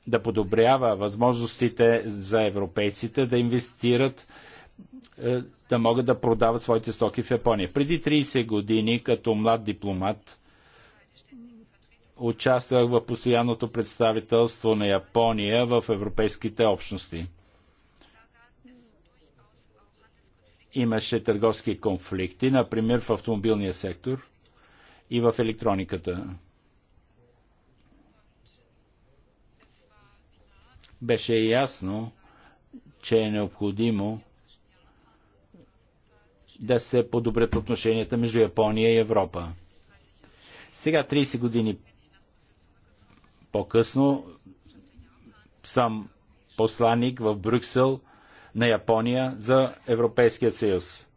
C: да подобрява възможностите за европейците да инвестират, е, да могат да продават своите стоки в Япония. Преди 30 години, като млад дипломат, участвах в постоянното представителство на Япония в европейските общности. имаше търговски конфликти, например в автомобилния сектор и в електрониката. Беше ясно, че е необходимо да се подобрят отношенията между Япония и Европа. Сега, 30 години по-късно, съм посланник в Брюксел на Япония за Европейския съюз.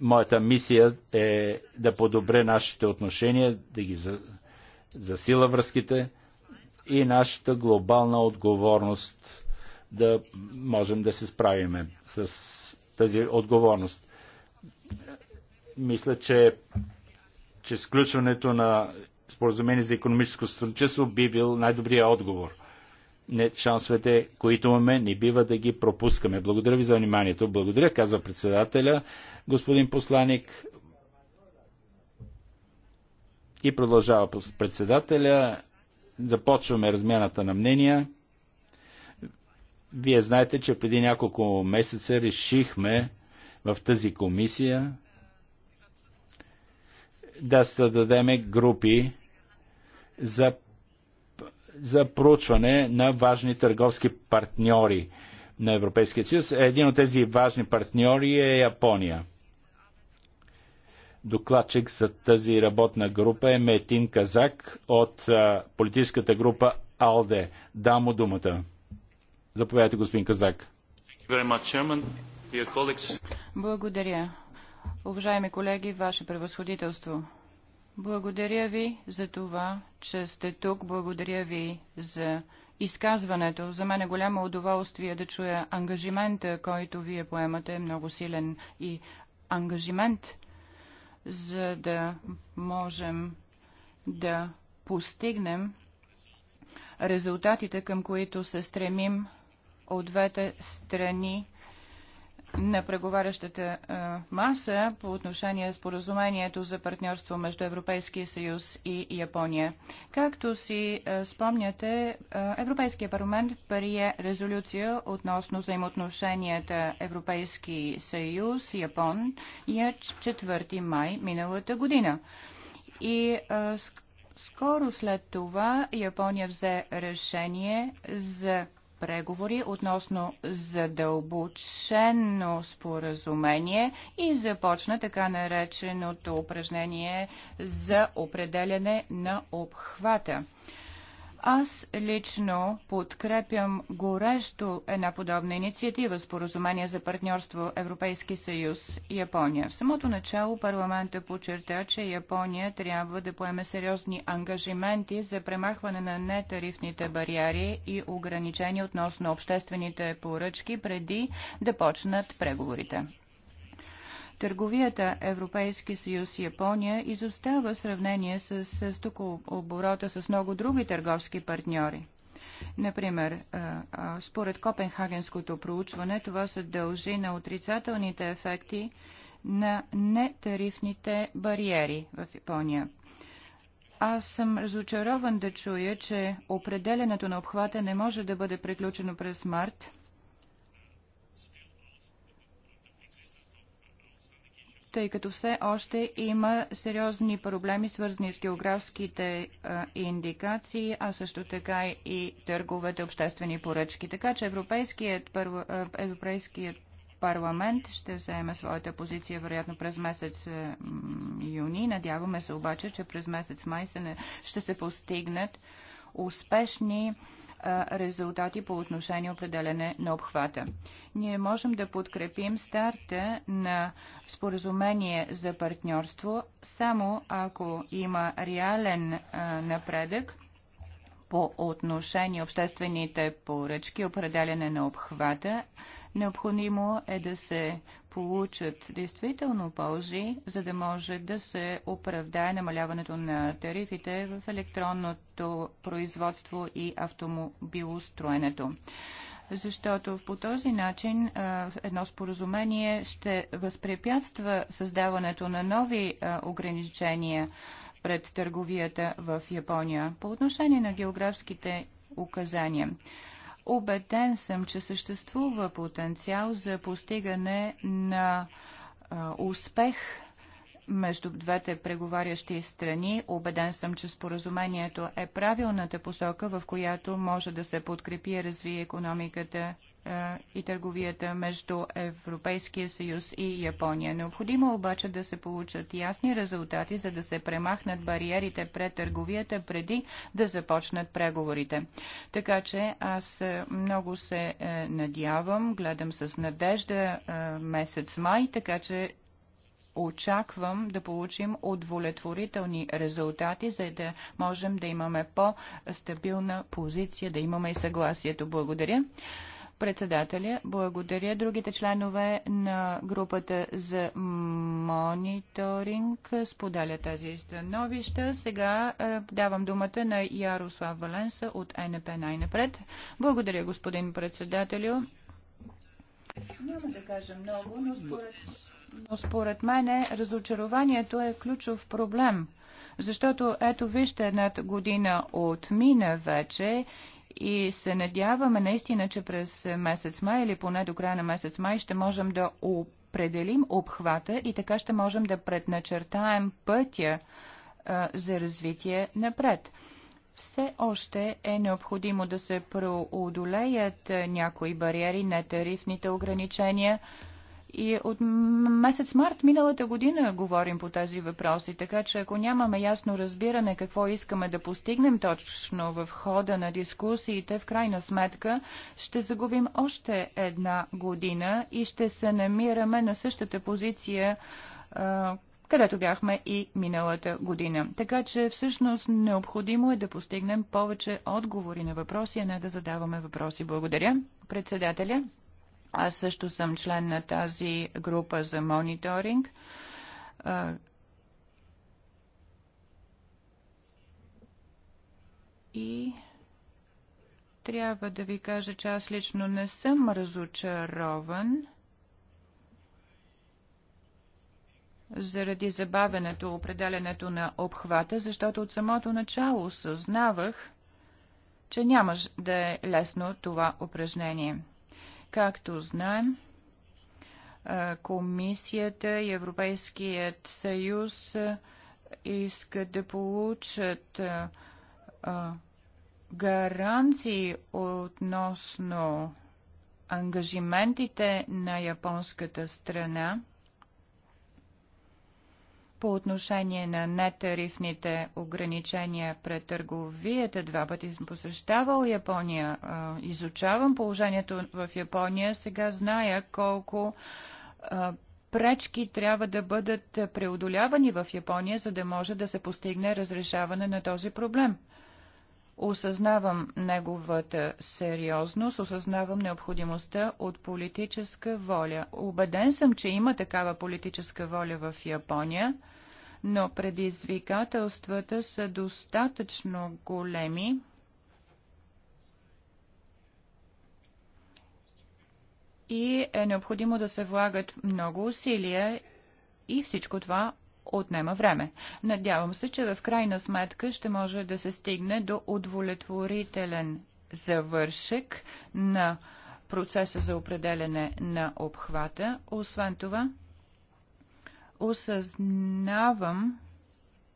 C: Моята мисия е да подобря нашите отношения, да ги засила връзките и нашата глобална отговорност да можем да се справиме с тази отговорност. Мисля, че, че сключването на споразумение за економическо сътрудничество би бил най-добрият отговор – шансовете, които имаме, не бива да ги пропускаме. Благодаря ви за вниманието. Благодаря, казва председателя, господин посланик. И продължава председателя. Започваме размяната на мнения. Вие знаете, че преди няколко месеца решихме в тази комисия да създадеме групи за за проучване на важни търговски партньори на Европейския съюз. Един от тези важни партньори е Япония. Докладчик за тази работна група е Метин Казак от политическата група АЛДЕ. Дам му думата.
D: Заповядайте, господин Казак.
E: Благодаря. Уважаеми колеги, Ваше превъзходителство, благодаря ви за това, че сте тук. Благодаря ви за изказването. За мен е голямо удоволствие да чуя ангажимента, който вие поемате, е много силен и ангажимент, за да можем да постигнем резултатите, към които се стремим от двете страни на преговарящата маса по отношение споразумението за партньорство между Европейския съюз и Япония. Както си спомняте, Европейския парламент прие резолюция относно взаимоотношенията Европейски съюз Япон и е 4 май миналата година. И скоро след това Япония взе решение за преговори относно задълбочено споразумение и започна така нареченото упражнение за определяне на обхвата. Аз лично подкрепям горещо една подобна инициатива споразумение за партньорство Европейски съюз и Япония. В самото начало парламента подчерта, че Япония трябва да поеме сериозни ангажименти за премахване на нетарифните бариери и ограничения относно обществените поръчки преди да почнат преговорите. Търговията Европейски съюз и Япония изостава сравнение с, с стокооборота с много други търговски партньори. Например, според Копенхагенското проучване, това се дължи на отрицателните ефекти на нетарифните бариери в Япония. Аз съм разочарован да чуя, че определенето на обхвата не може да бъде приключено през март – тъй като все още има сериозни проблеми, свързани с географските индикации, а също така и търговете, обществени поръчки. Така че Европейският, първо, европейският парламент ще заеме своята позиция вероятно през месец юни. Надяваме се обаче, че през месец май ще се постигнат успешни резултати по отношение определене на обхвата. Ние можем да подкрепим старта на споразумение за партньорство само ако има реален напредък по отношение обществените поръчки, определене на обхвата, необходимо е да се получат действително ползи, за да може да се оправдае намаляването на тарифите в електронното производство и автомобилостроенето защото по този начин едно споразумение ще възпрепятства създаването на нови ограничения пред търговията в Япония по отношение на географските указания. Убеден съм, че съществува потенциал за постигане на а, успех между двете преговарящи страни. Обеден съм, че споразумението е правилната посока, в която може да се подкрепи и развие економиката и търговията между Европейския съюз и Япония. Необходимо обаче да се получат ясни резултати, за да се премахнат бариерите пред търговията преди да започнат преговорите. Така че аз много се надявам, гледам с надежда месец май, така че очаквам да получим удовлетворителни резултати, за да можем да имаме по-стабилна позиция, да имаме и съгласието. Благодаря. Председателя, благодаря. Другите членове на групата за мониторинг споделя тази становища. Сега е, давам думата на Ярослав Валенса от НП най-напред. Благодаря, господин председателю. Няма да кажа много, но според, но според мен разочарованието е ключов проблем. Защото ето вижте, една година отмина вече и се надяваме наистина, че през месец май или поне до края на месец май ще можем да определим обхвата и така ще можем да предначертаем пътя а, за развитие напред все още е необходимо да се преодолеят някои бариери нетарифните тарифните ограничения, и от месец март миналата година говорим по тези въпроси, така че ако нямаме ясно разбиране какво искаме да постигнем точно в хода на дискусиите, в крайна сметка ще загубим още една година и ще се намираме на същата позиция, където бяхме и миналата година. Така че всъщност необходимо е да постигнем повече отговори на въпроси, а не да задаваме въпроси. Благодаря. Председателя. Аз също съм член на тази група за мониторинг. И трябва да ви кажа, че аз лично не съм разочарован заради забавенето, определенето на обхвата, защото от самото начало съзнавах, че няма да е лесно това упражнение. Както знаем, Комисията и Европейският съюз искат да получат гаранции относно ангажиментите на японската страна – по отношение на нетарифните ограничения пред търговията. Два пъти съм посещавал Япония, изучавам положението в Япония. Сега зная колко пречки трябва да бъдат преодолявани в Япония, за да може да се постигне разрешаване на този проблем. Осъзнавам неговата сериозност, осъзнавам необходимостта от политическа воля. Обеден съм, че има такава политическа воля в Япония но предизвикателствата са достатъчно големи, и е необходимо да се влагат много усилия и всичко това отнема време. Надявам се, че в крайна сметка ще може да се стигне до удовлетворителен завършек на процеса за определене на обхвата. Освен това, осъзнавам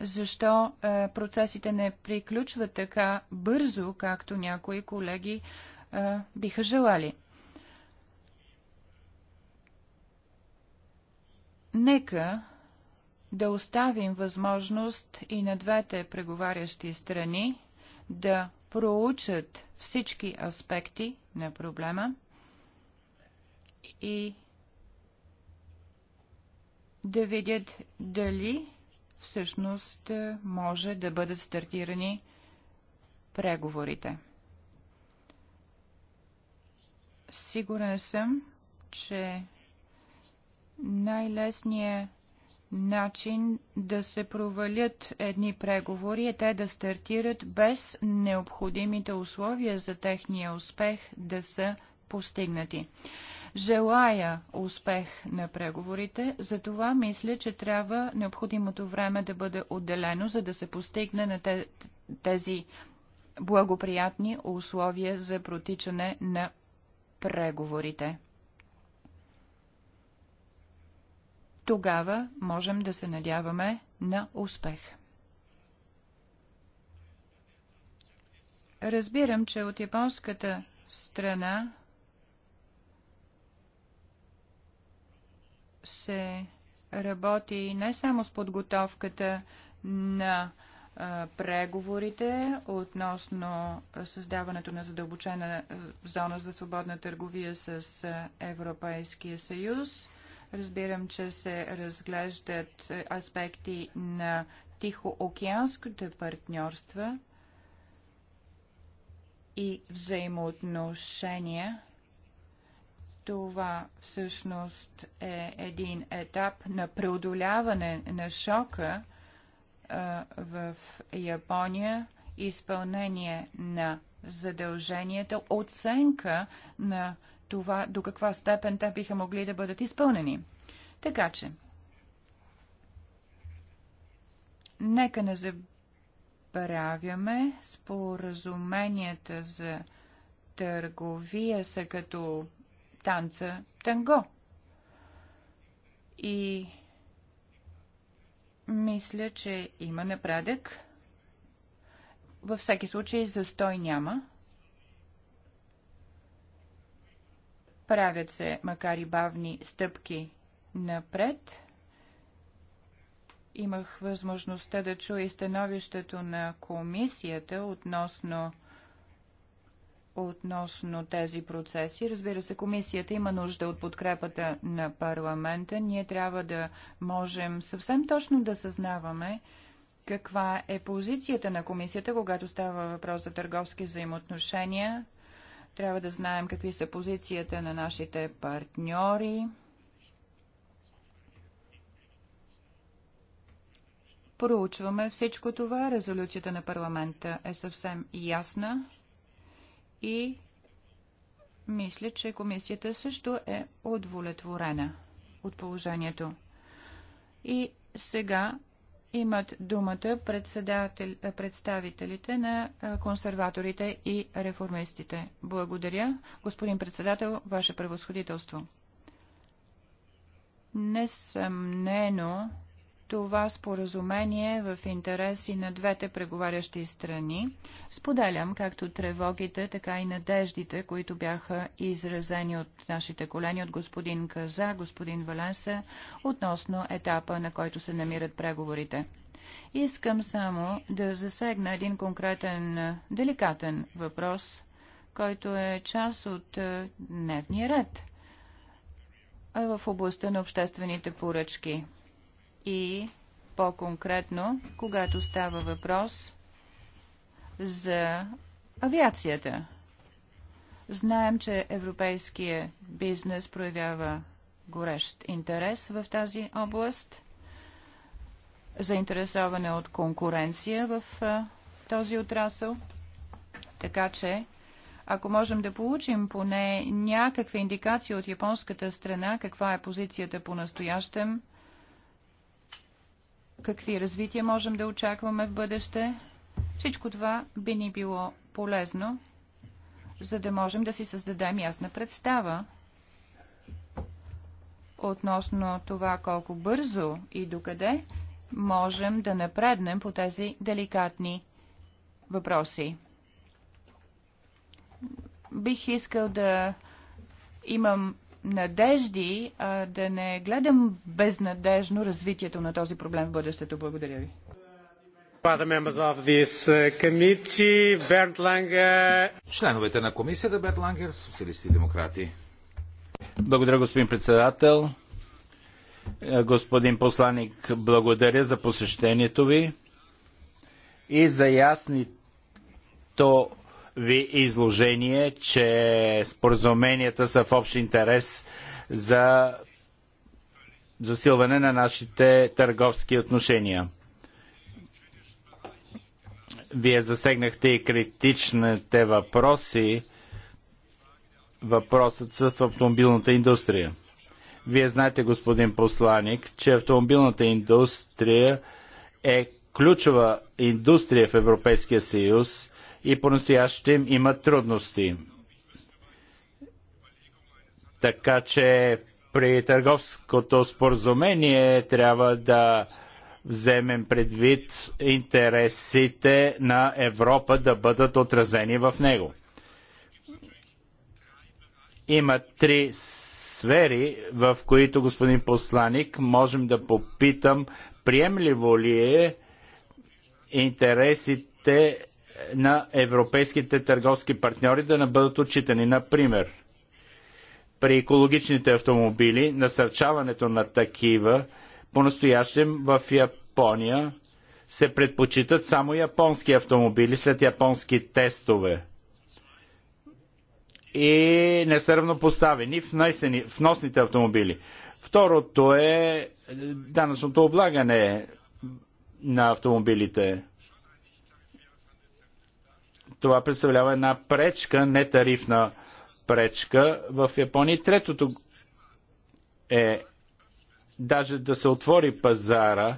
E: защо е, процесите не приключват така бързо, както някои колеги е, биха желали. Нека да оставим възможност и на двете преговарящи страни да проучат всички аспекти на проблема и да видят дали всъщност е, може да бъдат стартирани преговорите. Сигурен съм, че най-лесният начин да се провалят едни преговори е те да стартират без необходимите условия за техния успех да са постигнати. Желая успех на преговорите, за това мисля, че трябва необходимото време да бъде отделено, за да се постигне на тези благоприятни условия за протичане на преговорите. Тогава можем да се надяваме на успех. Разбирам, че от японската страна се работи не само с подготовката на преговорите относно създаването на задълбочена зона за свободна търговия с Европейския съюз. Разбирам, че се разглеждат аспекти на тихоокеанските партньорства и взаимоотношения това всъщност е един етап на преодоляване на шока в Япония, изпълнение на задълженията, оценка на това до каква степен те биха могли да бъдат изпълнени. Така че, нека не забравяме споразуменията за търговия са като танца танго. И мисля, че има напредък. Във всеки случай застой няма. Правят се, макар и бавни, стъпки напред. Имах възможността да чуя становището на комисията относно относно тези процеси. Разбира се, комисията има нужда от подкрепата на парламента. Ние трябва да можем съвсем точно да съзнаваме каква е позицията на комисията, когато става въпрос за търговски взаимоотношения. Трябва да знаем какви са позицията на нашите партньори. Проучваме всичко това. Резолюцията на парламента е съвсем ясна и мисля, че комисията също е удовлетворена от положението. И сега имат думата представителите на консерваторите и реформистите. Благодаря, господин председател, ваше превосходителство. Несъмнено, това споразумение е в интереси на двете преговарящи страни. Споделям както тревогите, така и надеждите, които бяха изразени от нашите колени, от господин Каза, господин Валенса, относно етапа, на който се намират преговорите. Искам само да засегна един конкретен, деликатен въпрос, който е част от е, дневния ред в областта на обществените поръчки – и по-конкретно, когато става въпрос за авиацията. Знаем, че европейския бизнес проявява горещ интерес в тази област, заинтересоване от конкуренция в този отрасъл. Така че, ако можем да получим поне някаква индикация от японската страна, каква е позицията по настоящем, какви развития можем да очакваме в бъдеще. Всичко това би ни било полезно, за да можем да си създадем ясна представа относно това колко бързо и докъде можем да напреднем по тези деликатни въпроси. Бих искал да имам надежди, а да не гледам безнадежно развитието на този проблем в бъдещето. Благодаря ви.
B: Uh, Членовете на комисията Берт Лангер, социалисти и демократи. Благодаря, господин председател. Е,
C: господин посланник, благодаря за посещението ви и за ясни то ви изложение, че споразуменията са в общ интерес за засилване на нашите търговски отношения. Вие засегнахте и критичните въпроси, въпросът с автомобилната индустрия. Вие знаете, господин посланик, че автомобилната индустрия е ключова индустрия в Европейския съюз и по-настоящем имат трудности. Така че при търговското споразумение трябва да вземем предвид интересите на Европа да бъдат отразени в него. Има три сфери, в които, господин посланик, можем да попитам, приемливо ли е интересите на европейските търговски партньори да не бъдат отчитани. Например, при екологичните автомобили, насърчаването на такива, по-настоящем в Япония се предпочитат само японски автомобили след японски тестове.
A: И
C: не са равнопоставени вносните автомобили. Второто е данъчното облагане на автомобилите. Това представлява една пречка, не тарифна пречка в Япония. Третото е даже да се отвори пазара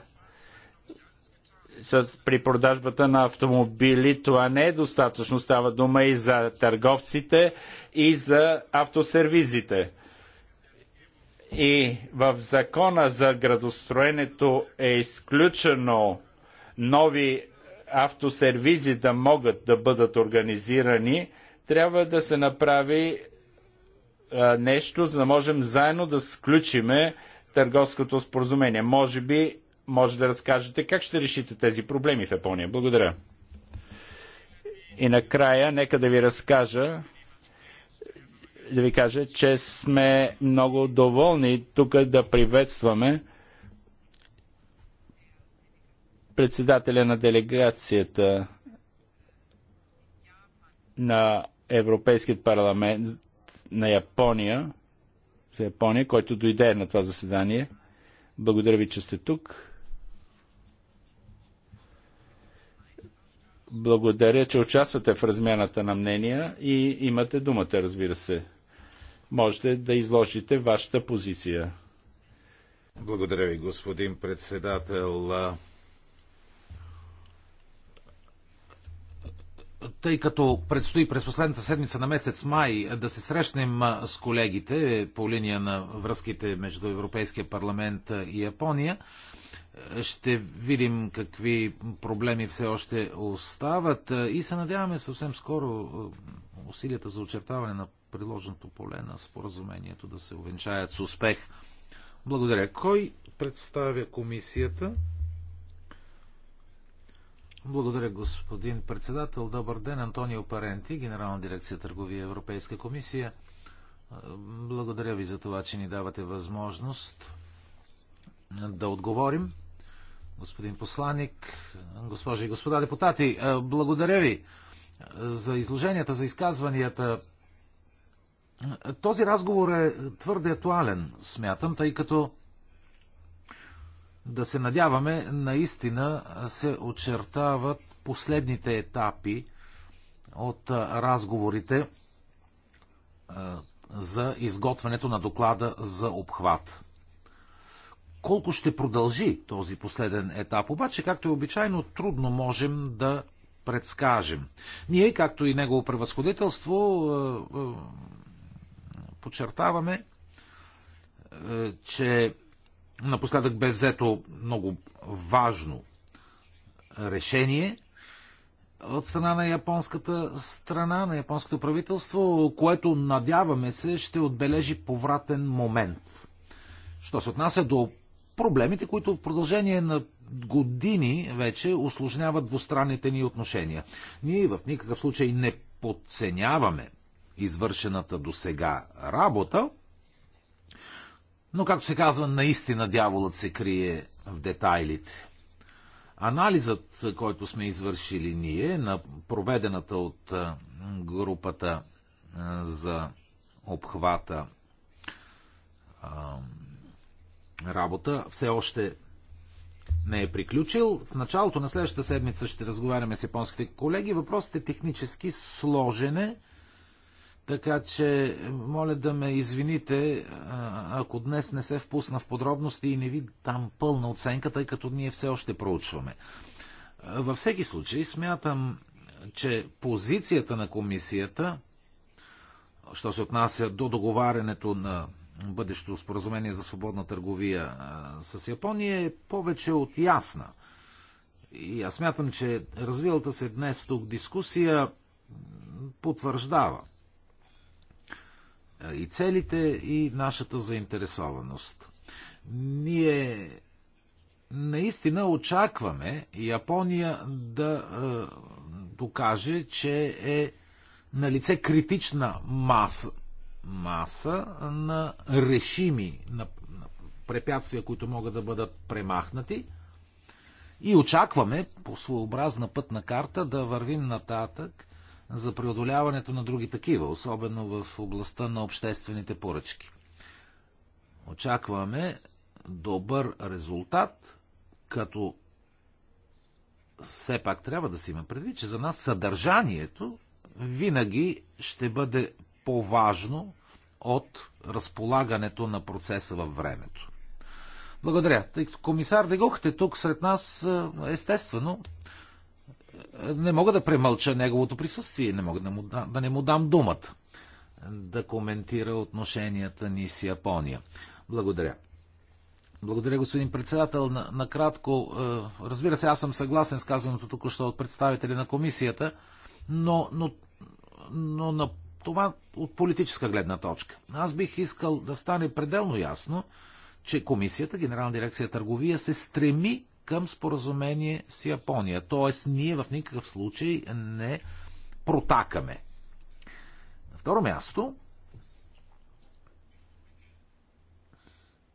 C: с, при продажбата на автомобили. Това не е достатъчно. Става дума и за търговците, и за автосервизите. И в закона за градостроенето е изключено нови автосервизи да могат да бъдат организирани, трябва да се направи а, нещо, за да можем заедно да сключиме търговското споразумение. Може би може да разкажете как ще решите тези проблеми в Япония. Благодаря. И накрая, нека да ви разкажа, да ви кажа, че сме много доволни тук да приветстваме председателя на делегацията на Европейският парламент на Япония, за Япония, който дойде на това заседание. Благодаря ви, че сте тук. Благодаря, че участвате в размяната на мнения и имате думата, разбира се. Можете да изложите вашата позиция. Благодаря ви,
B: господин председател. тъй като предстои през последната седмица на месец май да се срещнем с колегите по линия на връзките между Европейския парламент и Япония, ще видим какви проблеми все още остават и се надяваме съвсем скоро усилията за очертаване на приложното поле на споразумението да се увенчаят с успех. Благодаря. Кой представя комисията? Благодаря, господин председател. Добър ден, Антонио Паренти, Генерална дирекция Търговия Европейска комисия. Благодаря ви за това, че ни давате възможност да отговорим. Господин посланник, госпожи и господа депутати, благодаря ви за изложенията, за изказванията. Този разговор е твърде актуален, смятам, тъй като да се надяваме, наистина се очертават последните етапи от разговорите за изготвянето на доклада за обхват. Колко ще продължи този последен етап, обаче, както е обичайно, трудно можем да предскажем. Ние, както и негово превъзходителство, подчертаваме, че Напоследък бе взето много важно решение от страна на японската страна, на японското правителство, което надяваме се ще отбележи повратен момент. Що се отнася до проблемите, които в продължение на години вече осложняват двустранните ни отношения. Ние в никакъв случай не подценяваме извършената до сега работа, но, както се казва, наистина дяволът се крие в детайлите. Анализът, който сме извършили ние на проведената от групата за обхвата работа, все още не е приключил. В началото на следващата седмица ще разговаряме с японските колеги. Въпросът е технически сложене. Така че, моля да ме извините, ако днес не се впусна в подробности и не ви там пълна оценка, тъй като ние все още проучваме. Във всеки случай, смятам, че позицията на комисията, що се отнася до договарянето на бъдещото споразумение за свободна търговия с Япония, е повече от ясна. И аз смятам, че развилата се днес тук дискусия потвърждава и целите, и нашата заинтересованост. Ние наистина очакваме Япония да е, докаже, че е на лице критична маса, маса на решими на, на препятствия, които могат да бъдат премахнати. И очакваме по своеобразна пътна карта да вървим нататък за преодоляването на други такива, особено в областта на обществените поръчки. Очакваме добър резултат, като все пак трябва да си има предвид, че за нас съдържанието винаги ще бъде по-важно от разполагането на процеса във времето. Благодаря. Тъй като комисар е тук сред нас, естествено, не мога да премълча неговото присъствие, не мога да, му, да, да не му дам думата да коментира отношенията ни с Япония. Благодаря. Благодаря, господин председател. Накратко, е, разбира се, аз съм съгласен с казаното току-що от представители на комисията, но, но, но на това от политическа гледна точка. Аз бих искал да стане пределно ясно, че комисията, Генерална дирекция търговия, се стреми към споразумение с Япония. Тоест, ние в никакъв случай не протакаме. На второ място,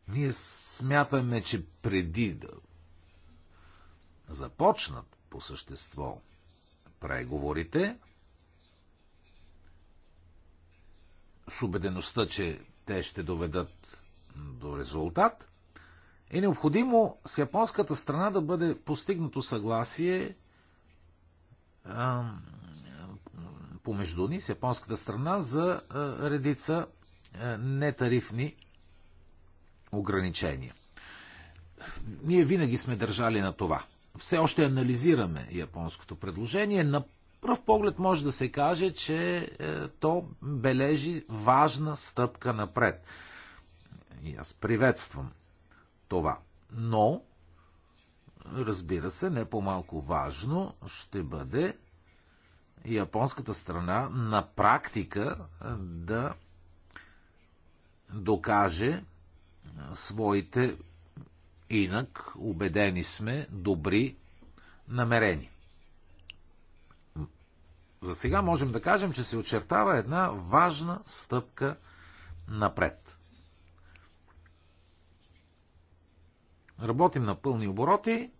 B: ние смятаме, че преди да започнат по същество преговорите, с убедеността, че те ще доведат до резултат, е необходимо с японската страна да бъде постигнато съгласие а, помежду ни, с японската страна, за а, редица а, нетарифни ограничения. Ние винаги сме държали на това. Все още анализираме японското предложение. На пръв поглед може да се каже, че е, то бележи важна стъпка напред. И аз приветствам това. Но, разбира се, не по-малко важно ще бъде японската страна на практика е, да докаже е, своите инак, убедени сме, добри намерени. За сега можем да кажем, че се очертава една важна стъпка напред. Работим на пълни обороти.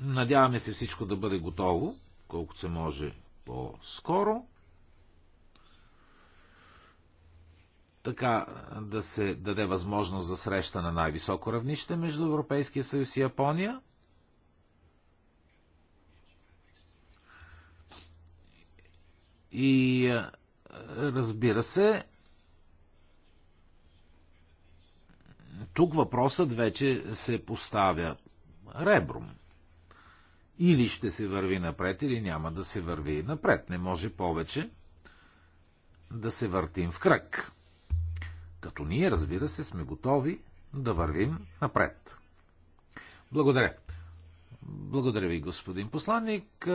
B: Надяваме се всичко да бъде готово, колкото се може по-скоро. Така да се даде възможност за среща на най-високо равнище между Европейския съюз и Япония. И разбира се, Тук въпросът вече се поставя ребром. Или ще се върви напред, или няма да се върви напред. Не може повече да се въртим в кръг. Като ние, разбира се, сме готови да вървим напред. Благодаря. Благодаря ви, господин посланник.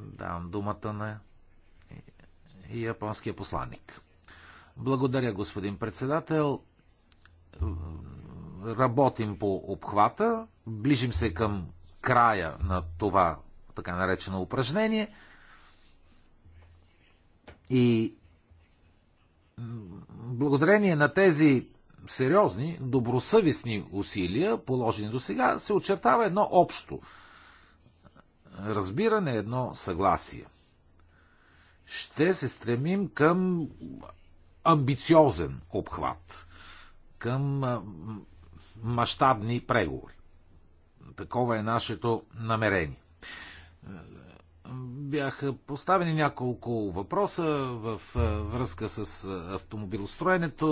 B: Давам думата на японския посланник. Благодаря, господин председател. Работим по обхвата, ближим се към края на това така наречено упражнение и благодарение на тези сериозни, добросъвестни усилия, положени до сега, се очертава едно общо разбиране, едно съгласие. Ще се стремим към амбициозен обхват към мащабни преговори. Такова е нашето намерение. Бяха поставени няколко въпроса в връзка с автомобилостроенето,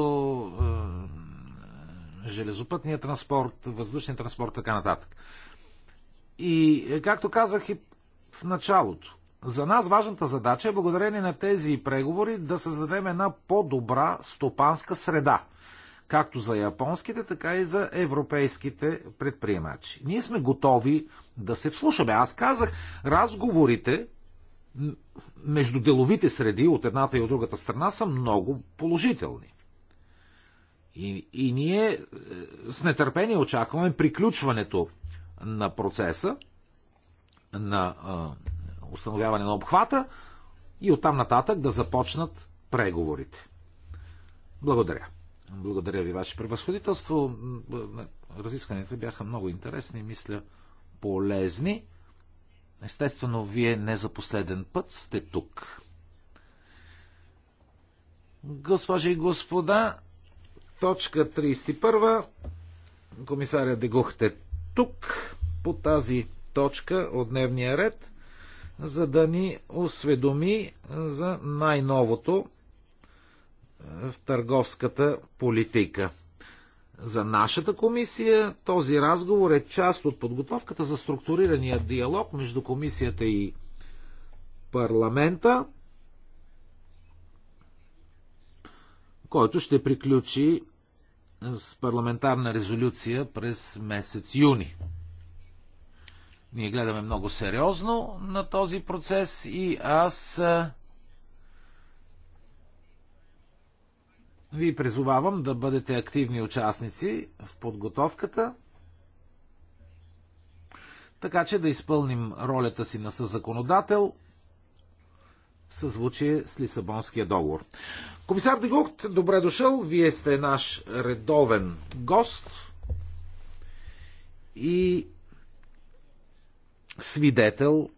B: железопътния транспорт, въздушния транспорт, така нататък. И, е, както казах и в началото, за нас важната задача е благодарение на тези преговори да създадем една по-добра стопанска среда, както за японските, така и за европейските предприемачи. Ние сме готови да се вслушаме. Аз казах, разговорите между деловите среди от едната и от другата страна са много положителни. И, и ние е, с нетърпение очакваме приключването на процеса на установяване на обхвата и оттам нататък да започнат преговорите. Благодаря. Благодаря ви, Ваше превъзходителство. Разисканията бяха много интересни, мисля, полезни. Естествено, вие не за последен път сте тук. Госпожи и господа, точка 31. Комисаря Дегухте тук по тази точка от дневния ред – за да ни осведоми за най-новото е, в търговската политика. За нашата комисия този разговор е част от подготовката за структурирания диалог между комисията и парламента, който ще приключи с парламентарна резолюция през месец юни. Ние гледаме много сериозно на този процес и аз ви призовавам да бъдете активни участници в подготовката, така че да изпълним ролята си на съзаконодател в съзвучие с Лисабонския договор. Комисар Дегухт, добре дошъл. Вие сте наш редовен гост и свидетел,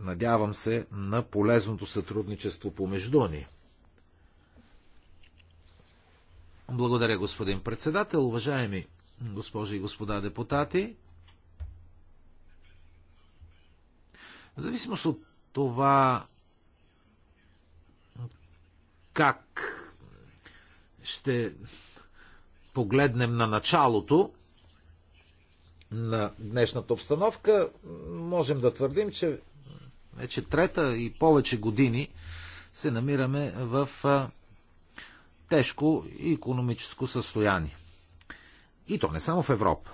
B: надявам се, на полезното сътрудничество помежду ни. Благодаря, господин председател. Уважаеми госпожи и господа депутати, в зависимост от това как ще погледнем на началото, на днешната обстановка, можем да твърдим, че вече трета и повече години се намираме в тежко и економическо състояние. И то не само в Европа.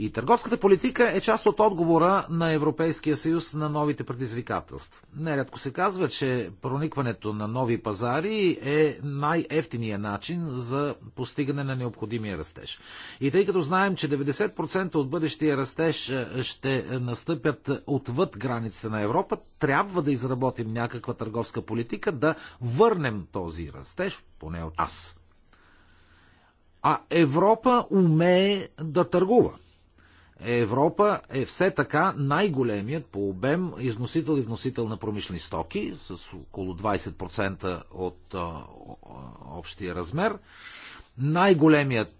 B: И търговската политика е част от отговора на Европейския съюз на новите предизвикателства. Нерядко се казва, че проникването на нови пазари е най ефтиния начин за постигане на необходимия растеж. И тъй като знаем, че 90% от бъдещия растеж е, ще настъпят отвъд границите на Европа, трябва да изработим някаква търговска политика, да върнем този растеж, поне от аз. А Европа умее да търгува. Европа е все така най-големият по обем износител и вносител на промишлени стоки, с около 20% от а, общия размер, най-големият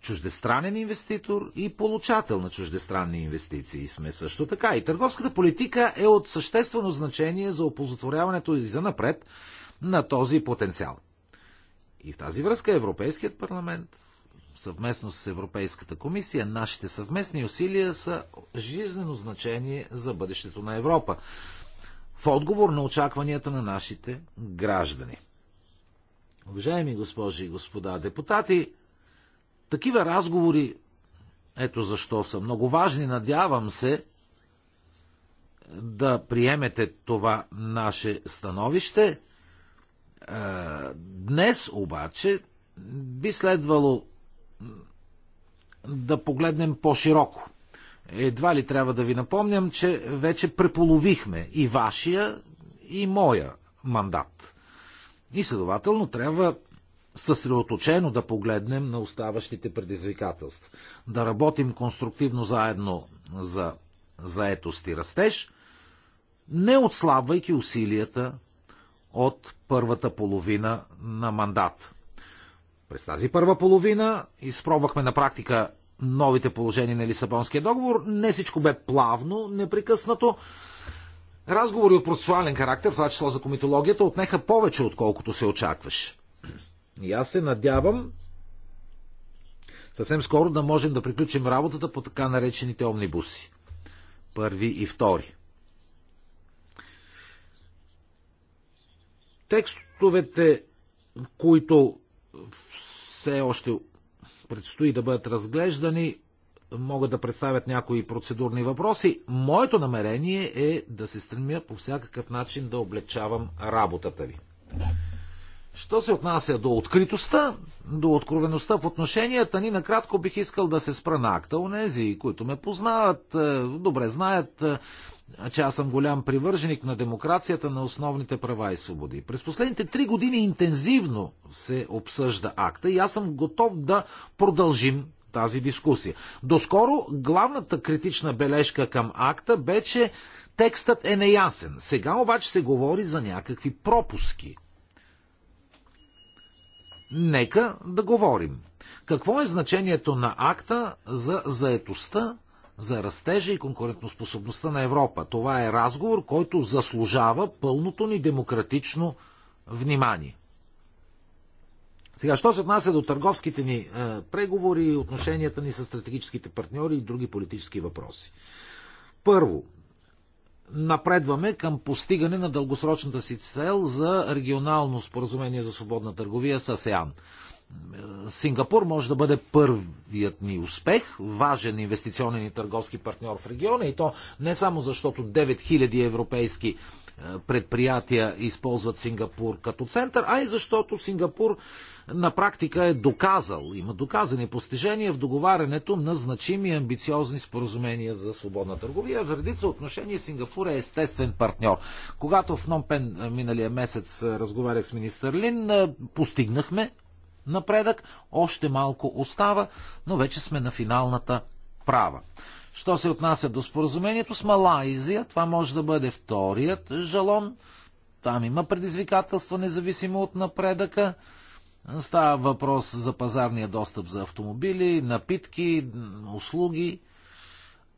B: чуждестранен инвеститор и получател на чуждестранни инвестиции сме също така. И търговската политика е от съществено значение за опозотворяването и за напред на този потенциал. И в тази връзка Европейският парламент съвместно с Европейската комисия, нашите съвместни усилия са жизнено значение за бъдещето на Европа. В отговор на очакванията на нашите граждани. Уважаеми госпожи и господа депутати, такива разговори, ето защо са много важни, надявам се да приемете това наше становище. Е, днес обаче би следвало да погледнем по-широко. Едва ли трябва да ви напомням, че вече преполовихме и вашия, и моя мандат. И следователно трябва съсредоточено да погледнем на оставащите предизвикателства. Да работим конструктивно заедно за заетост и растеж, не отслабвайки усилията от първата половина на мандата. През тази първа половина изпробвахме на практика новите положения на Лисабонския договор. Не всичко бе плавно, непрекъснато. Разговори от процесуален характер, в това число за комитологията, отнеха повече, отколкото се очакваше. И аз се надявам съвсем скоро да можем да приключим работата по така наречените омнибуси. Първи и втори. Текстовете, които все още предстои да бъдат разглеждани, могат да представят някои процедурни въпроси. Моето намерение е да се стремя по всякакъв начин да облегчавам работата ви. Що се отнася до откритостта, до откровеността в отношенията ни, накратко бих искал да се спра на акта. Онези, които ме познават, е, добре знаят, е, че значи аз съм голям привърженик на демокрацията, на основните права и свободи. През последните три години интензивно се обсъжда акта и аз съм готов да продължим тази дискусия. Доскоро главната критична бележка към акта бе, че текстът е неясен. Сега обаче се говори за някакви пропуски. Нека да говорим. Какво е значението на акта за заетостта за растежа и конкурентоспособността на Европа. Това е разговор, който заслужава пълното ни демократично внимание. Сега, що се отнася до търговските ни е, преговори, отношенията ни с стратегическите партньори и други политически въпроси? Първо, напредваме към постигане на дългосрочната си цел за регионално споразумение за свободна търговия с АСЕАН. Сингапур може да бъде първият ни успех, важен инвестиционен и търговски партньор в региона и то не само защото 9000 европейски е, предприятия използват Сингапур като център, а и защото Сингапур на практика е доказал, има доказани постижения в договарянето на значими и амбициозни споразумения за свободна търговия. В редица отношения Сингапур е естествен партньор. Когато в Номпен миналия месец е, разговарях с министър Лин, е, постигнахме напредък. Още малко остава, но вече сме на финалната права. Що се отнася до споразумението с Малайзия, това може да бъде вторият жалон. Там има предизвикателства, независимо от напредъка. Става въпрос за пазарния достъп за автомобили, напитки, услуги.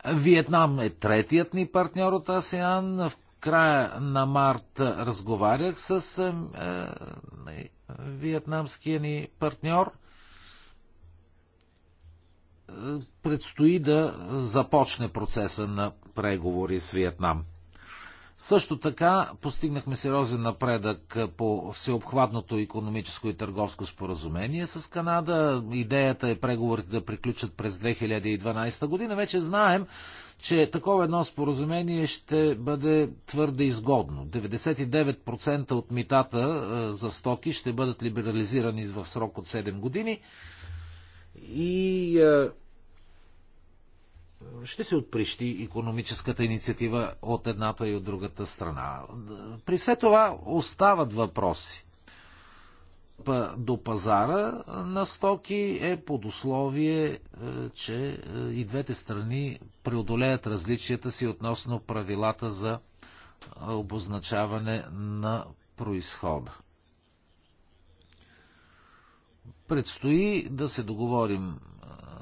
B: Виетнам е третият ни партньор от АСЕАН. В края на март разговарях с е, е виетнамския ни партньор. Е, предстои да започне процеса на преговори с Виетнам. Също така постигнахме сериозен напредък по всеобхватното економическо и търговско споразумение с Канада. Идеята е преговорите да приключат през 2012 година. Вече знаем, че такова едно споразумение ще бъде твърде изгодно. 99% от митата е, за стоки ще бъдат либерализирани в срок от 7 години и е, ще се отприщи економическата инициатива от едната и от другата страна. При все това остават въпроси. До пазара на стоки е под условие, е, че е, и двете страни преодолеят различията си относно правилата за е, обозначаване на происхода. Предстои да се договорим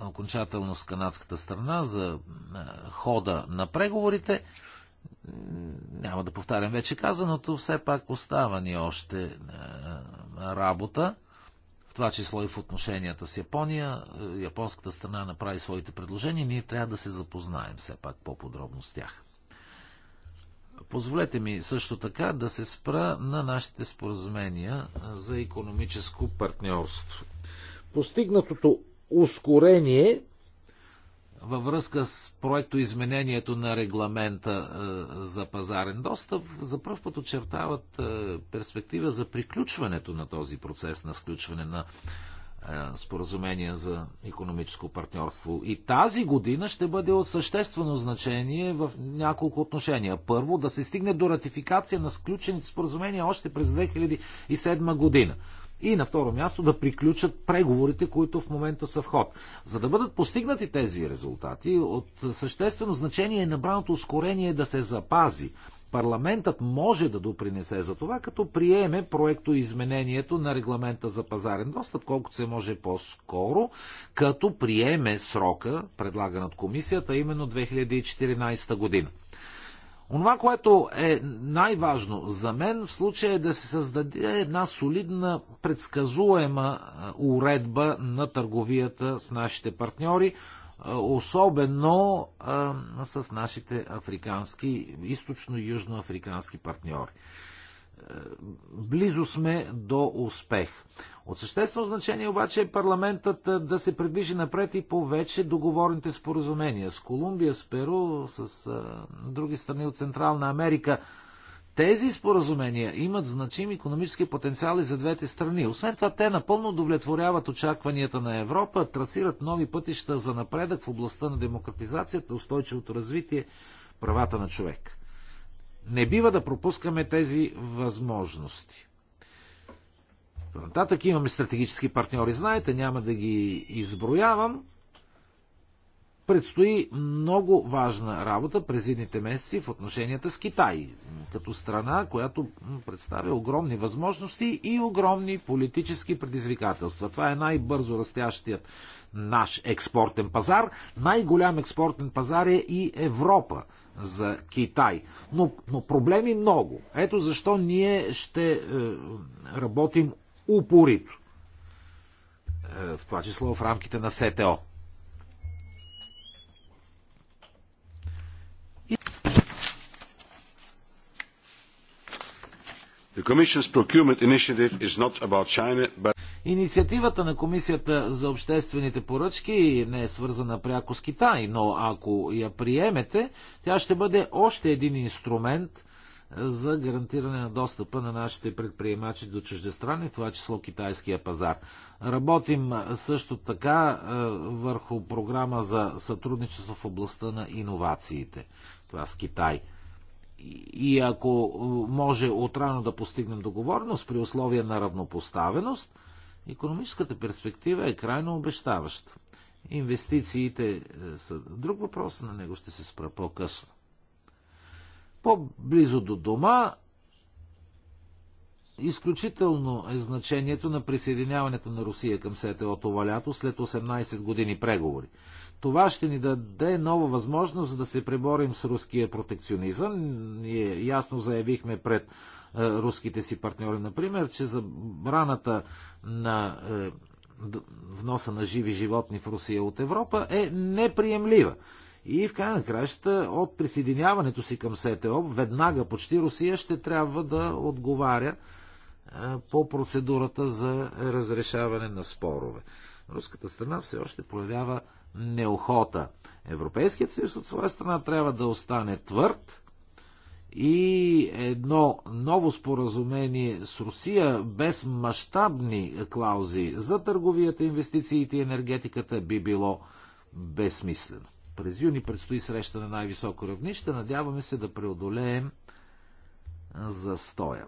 B: окончателно с канадската страна за е, хода на преговорите. Няма да повтарям вече казаното, все пак остава ни още е, работа, в това число и в отношенията с Япония. Е, японската страна направи своите предложения, ние трябва да се запознаем все пак по-подробно с тях. Позволете ми също така да се спра на нашите споразумения за економическо партньорство. Постигнатото ускорение във връзка с проекто изменението на регламента е, за пазарен достъп, за първ път очертават е, перспектива за приключването на този процес на сключване на е, споразумения за економическо партньорство. И тази година ще бъде от съществено значение в няколко отношения. Първо, да се стигне до ратификация на сключените споразумения още през 2007 година. И на второ място да приключат преговорите, които в момента са в ход. За да бъдат постигнати тези резултати, от съществено значение е набраното ускорение да се запази. Парламентът може да допринесе за това, като приеме проекто изменението на регламента за пазарен достъп, колкото се може по-скоро, като приеме срока, предлаган от комисията, именно 2014 година. Онова, което е най-важно за мен в случая е да се създаде една солидна, предсказуема уредба на търговията с нашите партньори, особено с нашите африкански, източно-южноафрикански партньори близо сме до успех. От съществено значение обаче е парламентът да се придвижи напред и по вече договорните споразумения с Колумбия, с Перу, с а, други страни от Централна Америка. Тези споразумения имат значим економически потенциал и за двете страни. Освен това, те напълно удовлетворяват очакванията на Европа, трасират нови пътища за напредък в областта на демократизацията, устойчивото развитие, правата на човек. Не бива да пропускаме тези възможности. Нататък имаме стратегически партньори, знаете, няма да ги изброявам предстои много важна работа през едните месеци в отношенията с Китай, като страна, която представя огромни възможности и огромни политически предизвикателства. Това е най-бързо растящият наш експортен пазар. Най-голям експортен пазар е и Европа за Китай. Но, но проблеми много. Ето защо ние ще е, работим упорито. Е, в това число в рамките на СТО. Инициативата на Комисията за обществените поръчки не е свързана пряко с Китай, но ако я приемете, тя ще бъде още един инструмент е, за гарантиране на достъпа на нашите предприемачи до чуждестранни, това число китайския пазар. Работим е, също така е, върху програма за сътрудничество в областта на иновациите. Това с Китай и ако е, може отрано да постигнем договорност при условия на равнопоставеност, економическата перспектива е крайно обещаваща. Инвестициите е, са друг въпрос, на него ще се спра по-късно. По-близо до дома изключително е значението на присъединяването на Русия към СТО това лято след 18 години преговори. Това ще ни даде нова възможност да се преборим с руския протекционизъм. Ние ясно заявихме пред е, руските си партньори, например, че забраната на е, вноса на живи животни в Русия от Европа е неприемлива. И в край на краща от присъединяването си към СТО, веднага почти Русия ще трябва да отговаря е, по процедурата за разрешаване на спорове. Руската страна все още проявява неохота. Европейският съюз от своя страна трябва да остане твърд и едно ново споразумение с Русия без мащабни клаузи за търговията, инвестициите и енергетиката би било безсмислено. През юни предстои среща на най-високо равнище. Надяваме се да преодолеем застоя.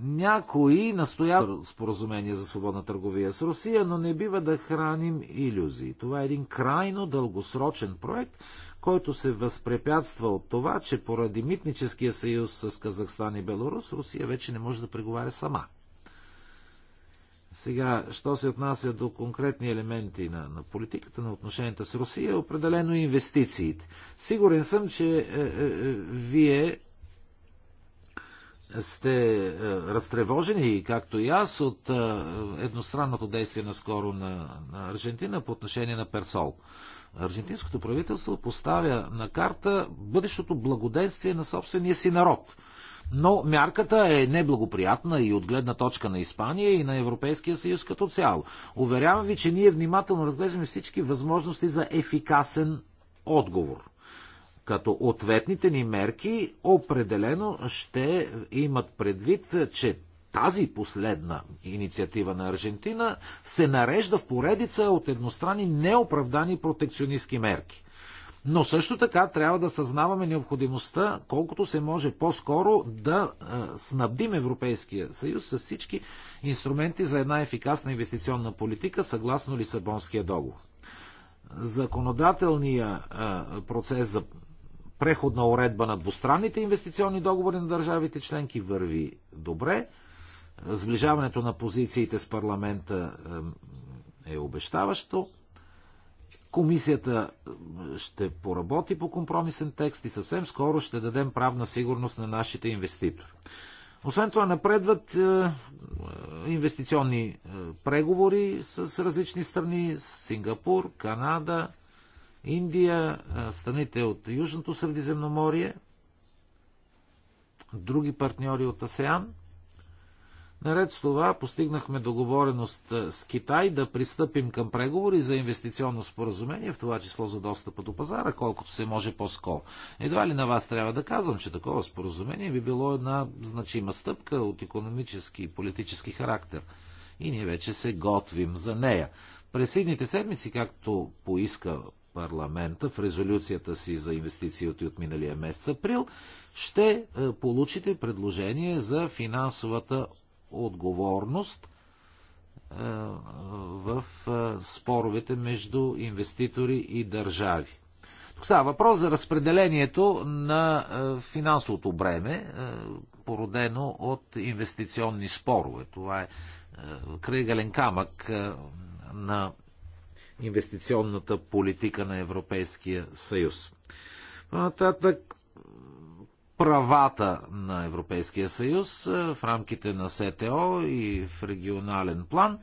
B: Някои настояват споразумение за свободна търговия с Русия, но не бива да храним иллюзии. Това е един крайно дългосрочен проект, който се възпрепятства от това, че поради митническия съюз с Казахстан и Беларус, Русия вече не може да преговаря сама. Сега, що се отнася до конкретни елементи на, на политиката, на отношенията с Русия, е определено инвестициите. Сигурен съм, че е, е, е вие сте е, разтревожени, както и аз, от е, едностранното действие наскоро на, на Аржентина по отношение на Персол. Аржентинското правителство поставя на карта бъдещото благоденствие на собствения си народ. Но мярката е неблагоприятна и от гледна точка на Испания и на Европейския съюз като цяло. Уверявам ви, че ние внимателно разглеждаме всички възможности за ефикасен отговор като ответните ни мерки определено ще имат предвид, че тази последна инициатива на Аржентина се нарежда в поредица от едностранни неоправдани протекционистски мерки. Но също така трябва да съзнаваме необходимостта, колкото се може по-скоро да е, снабдим Европейския съюз с всички инструменти за една ефикасна инвестиционна политика съгласно Лисабонския договор законодателния е, процес за преходна уредба на двустранните инвестиционни договори на държавите членки върви добре. Сближаването на позициите с парламента е обещаващо. Комисията ще поработи по компромисен текст и съвсем скоро ще дадем правна сигурност на нашите инвеститори. Освен това напредват е, е, инвестиционни е, преговори с различни страни Сингапур, Канада, Индия, страните от Южното Средиземноморие, други партньори от АСЕАН. Наред с това постигнахме договореност с Китай да пристъпим към преговори за инвестиционно споразумение, в това число за достъпа до пазара, колкото се може по-скоро. Едва ли на вас трябва да казвам, че такова споразумение би било една значима стъпка от економически и политически характер. И ние вече се готвим за нея. През седмици, както поиска парламента в резолюцията си за инвестициите от миналия месец април, ще е, получите предложение за финансовата отговорност е, в е, споровете между инвеститори и държави. Тук става въпрос за разпределението на финансовото бреме, породено от инвестиционни спорове. Това е кръгален камък на инвестиционната политика на Европейския съюз. Нататък правата на Европейския съюз е, в рамките на СТО и в регионален план.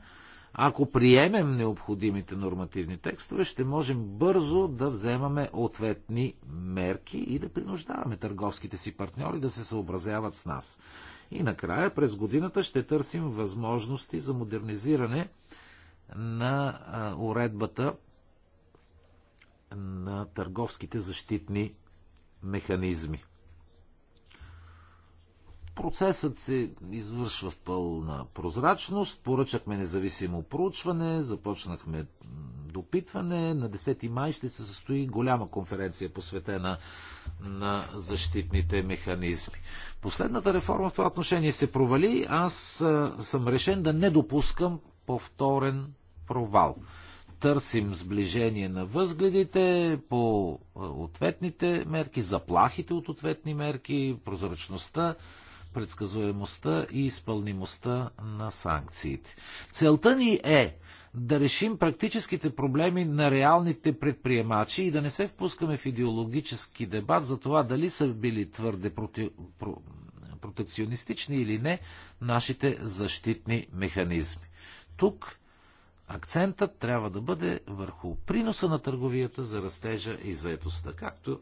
B: Ако приемем необходимите нормативни текстове, ще можем бързо да вземаме ответни мерки и да принуждаваме търговските си партньори да се съобразяват с нас. И накрая през годината ще търсим възможности за модернизиране на уредбата на търговските защитни механизми. Процесът се извършва в пълна прозрачност. Поръчахме независимо проучване, започнахме допитване. На 10 май ще се състои голяма конференция, посветена на защитните механизми. Последната реформа в това отношение се провали. Аз съм решен да не допускам повторен провал. Търсим сближение на възгледите по е, ответните мерки, заплахите от ответни мерки, прозрачността, предсказуемостта и изпълнимостта на санкциите. Целта ни е да решим практическите проблеми на реалните предприемачи и да не се впускаме в идеологически дебат за това дали са били твърде проти... протекционистични или не нашите защитни механизми тук акцентът трябва да бъде върху приноса на търговията за растежа и заетостта, както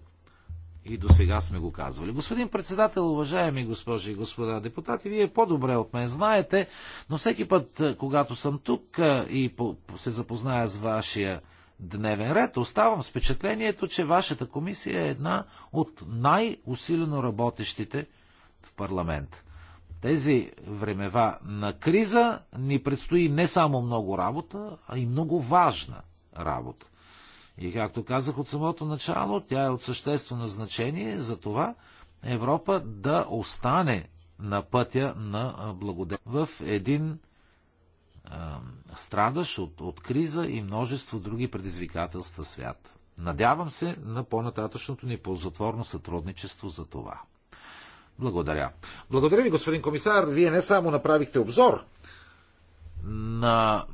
B: и до сега сме го казвали. Господин председател, уважаеми госпожи и господа депутати, вие по-добре от мен знаете, но всеки път, е, когато съм тук е, и се запозная с вашия дневен ред, оставам с впечатлението, че вашата комисия е една от най-усилено работещите в парламента тези времева на криза ни предстои не само много работа, а и много важна работа. И както казах от самото начало, тя е от съществено значение за това Европа да остане на пътя на благодет в един а, страдаш от, от криза и множество други предизвикателства свят. Надявам се на по-нататъчното ни ползотворно сътрудничество за това. Благодаря. Благодаря ви, господин комисар. Вие не само направихте обзор на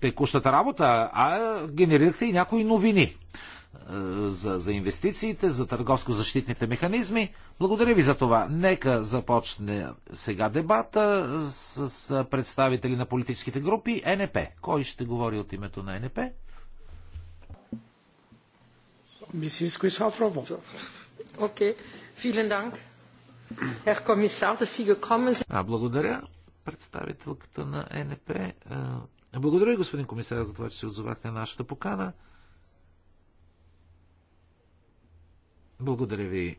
B: текущата работа, а генерирахте и някои новини е, за, за инвестициите, за търговско-защитните механизми. Благодаря ви за това. Нека започне сега дебата с, с представители на политическите групи. Е НП. Кой ще говори от името на е НП? Мисис Куисатрова.
A: Окей. Филен данк.
B: А, благодаря представителката на НП. Благодаря господин комисар, за това, че се отзовахте на нашата покана. Благодаря ви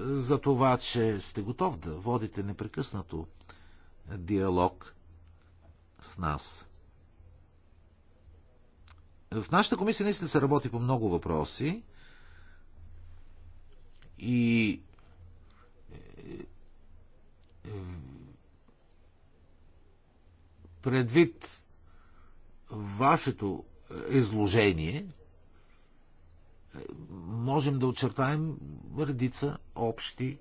B: за това, че сте готов да водите непрекъснато диалог с нас. В нашата комисия наистина се работи по много въпроси и е, е, предвид вашето изложение, можем да очертаем редица общи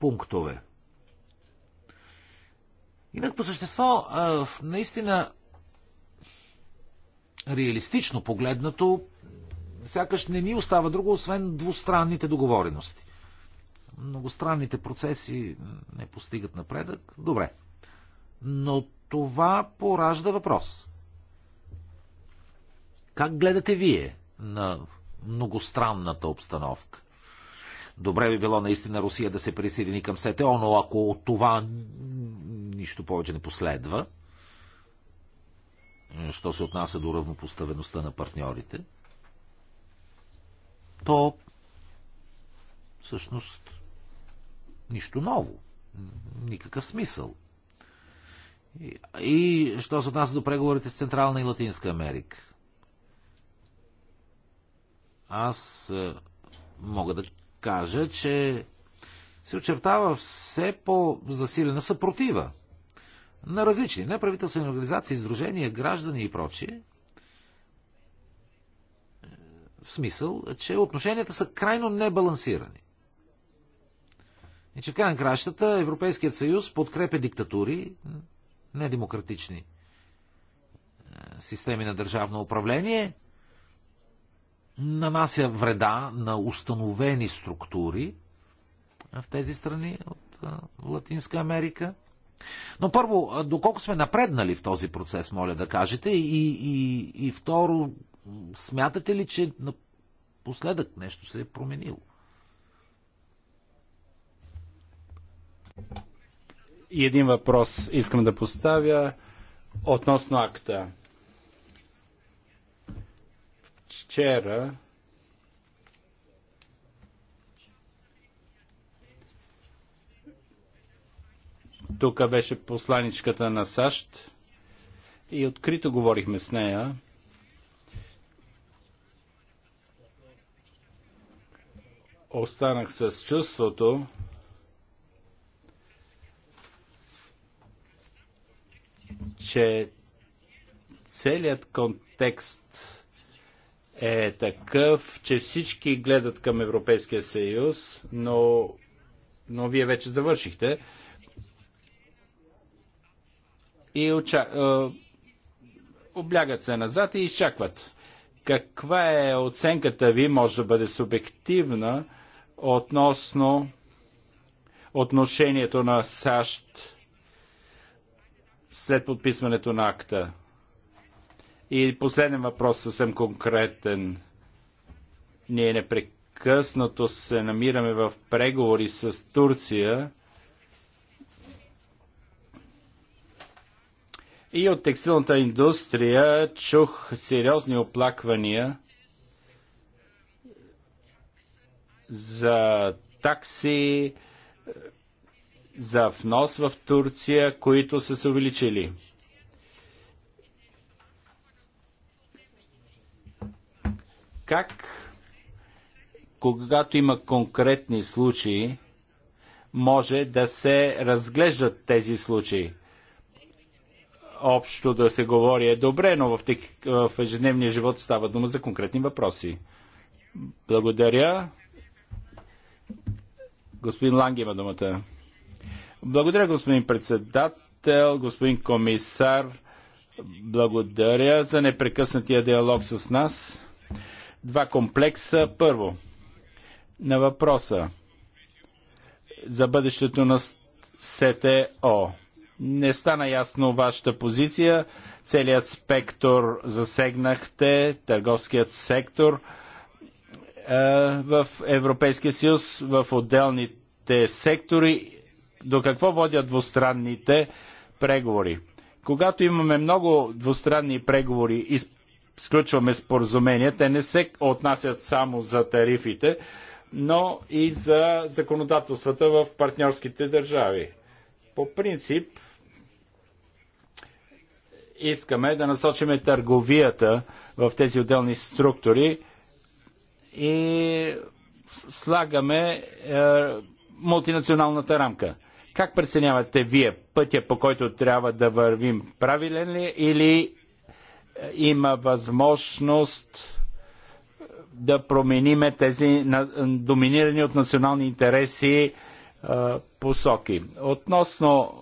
B: пунктове. Инак по същество, наистина реалистично погледнато, сякаш не ни остава друго, освен двустранните договорености. Многостранните процеси не постигат напредък. Добре. Но това поражда въпрос. Как гледате вие на многостранната обстановка? Добре би било наистина Русия да се присъедини към СТО, но ако от това нищо повече не последва, що се отнася до равнопоставеността на партньорите, то всъщност нищо ново. Никакъв смисъл. И, и що се отнася до преговорите с Централна и Латинска Америка? Аз е, мога да кажа, че се очертава все по-засилена съпротива на различни неправителствени организации, издружения, граждани и прочие – в смисъл, че отношенията са крайно небалансирани. И че в край на кращата Европейският съюз подкрепя диктатури, недемократични е, системи на държавно управление, нанася вреда на установени структури в тези страни от е, Латинска Америка. Но първо, доколко сме напреднали в този процес, моля да кажете, и, и, и второ, Смятате ли, че напоследък нещо се е променило?
C: И един въпрос искам да поставя относно акта. Вчера тук беше посланичката на САЩ и открито говорихме с нея. останах с чувството, че целият контекст е такъв, че всички гледат към Европейския съюз, но, но вие вече завършихте. И уча... облягат се назад и изчакват. Каква е оценката ви, може да бъде субективна, относно отношението на САЩ след подписването на акта. И последен въпрос съвсем конкретен. Ние непрекъснато се намираме в преговори с Турция и от текстилната индустрия чух сериозни оплаквания за такси, за внос в Турция, които са се увеличили. Как, когато има конкретни случаи, може да се разглеждат тези случаи? Общо да се говори е добре, но в, ежедневния живот става дума за конкретни въпроси. Благодаря. Господин Ланг има думата. Благодаря, господин председател, господин комисар. Благодаря за непрекъснатия диалог с нас. Два комплекса. Първо, на въпроса за бъдещето на СТО. Не стана ясно вашата позиция. Целият спектър засегнахте, търговският сектор – е, в Европейския съюз, в отделните сектори, до какво водят двустранните преговори. Когато имаме много двустранни преговори и сключваме споразумения, те не се отнасят само за тарифите, но и за законодателствата в партньорските държави. По принцип, искаме да насочиме търговията в тези отделни структури
D: и
C: слагаме е, мултинационалната рамка. Как преценявате вие пътя, по който трябва да вървим? Правилен ли е или е, има възможност е, да промениме тези доминирани от национални интереси посоки. Относно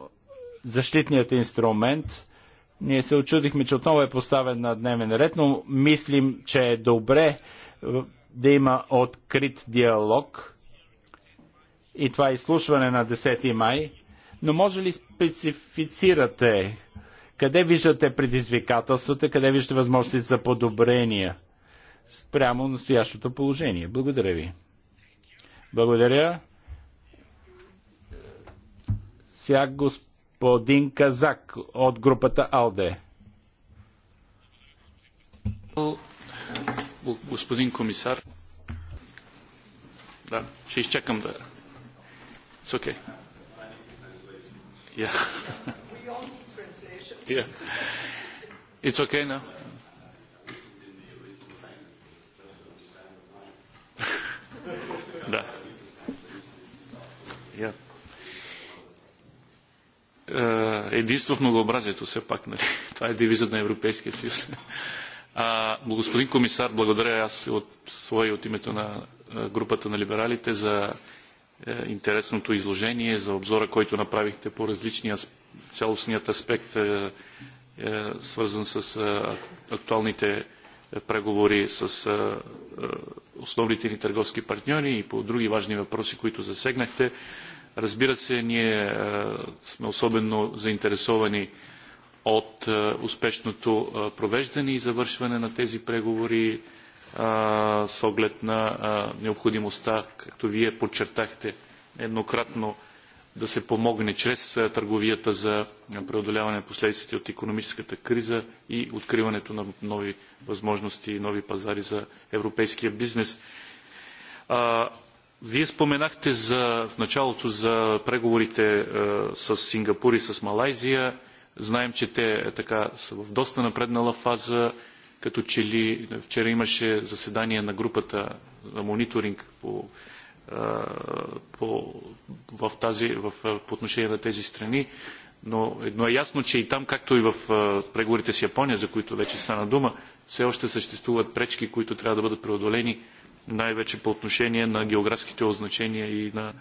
C: защитният инструмент, ние се очудихме, че отново е поставен на дневен ред, но мислим, че е добре да има открит диалог и това е изслушване на 10 май, но може ли специфицирате къде виждате предизвикателствата, къде виждате възможности за подобрения спрямо настоящото положение? Благодаря ви. Благодаря. Сега господин Казак от групата АЛДЕ
D: господин комисар. Да, ще изчакам да... It's okay. Yeah. yeah. It's okay now. да. Yeah. Е, единство в многообразието, все пак, нали? Това е девизът на Европейския съюз. А, господин комисар, благодаря аз от своя от името на групата на либералите за е, интересното изложение, за обзора, който направихте по различния цялостният аспект, е, е, свързан с е, актуалните преговори с е, основните ни търговски партньори и по други важни въпроси, които засегнахте. Разбира се, ние е, сме особено заинтересовани от е, успешното е, провеждане и завършване на тези преговори е, с оглед на необходимостта, както вие подчертахте еднократно, да се помогне чрез търговията за преодоляване на последиците от економическата криза и откриването на нови възможности и нови пазари за европейския бизнес. Вие споменахте за, в началото за преговорите с Сингапур и с Малайзия. Знаем, че те е, така са в доста напреднала фаза, като че ли е, вчера имаше заседание на групата на мониторинг по, е, по, в тази, в, по отношение на тези страни, но, едно е ясно, че и там, както и в преговорите с Япония, за които вече стана дума, все още съществуват пречки, които трябва да бъдат преодолени най-вече по отношение на географските означения и на,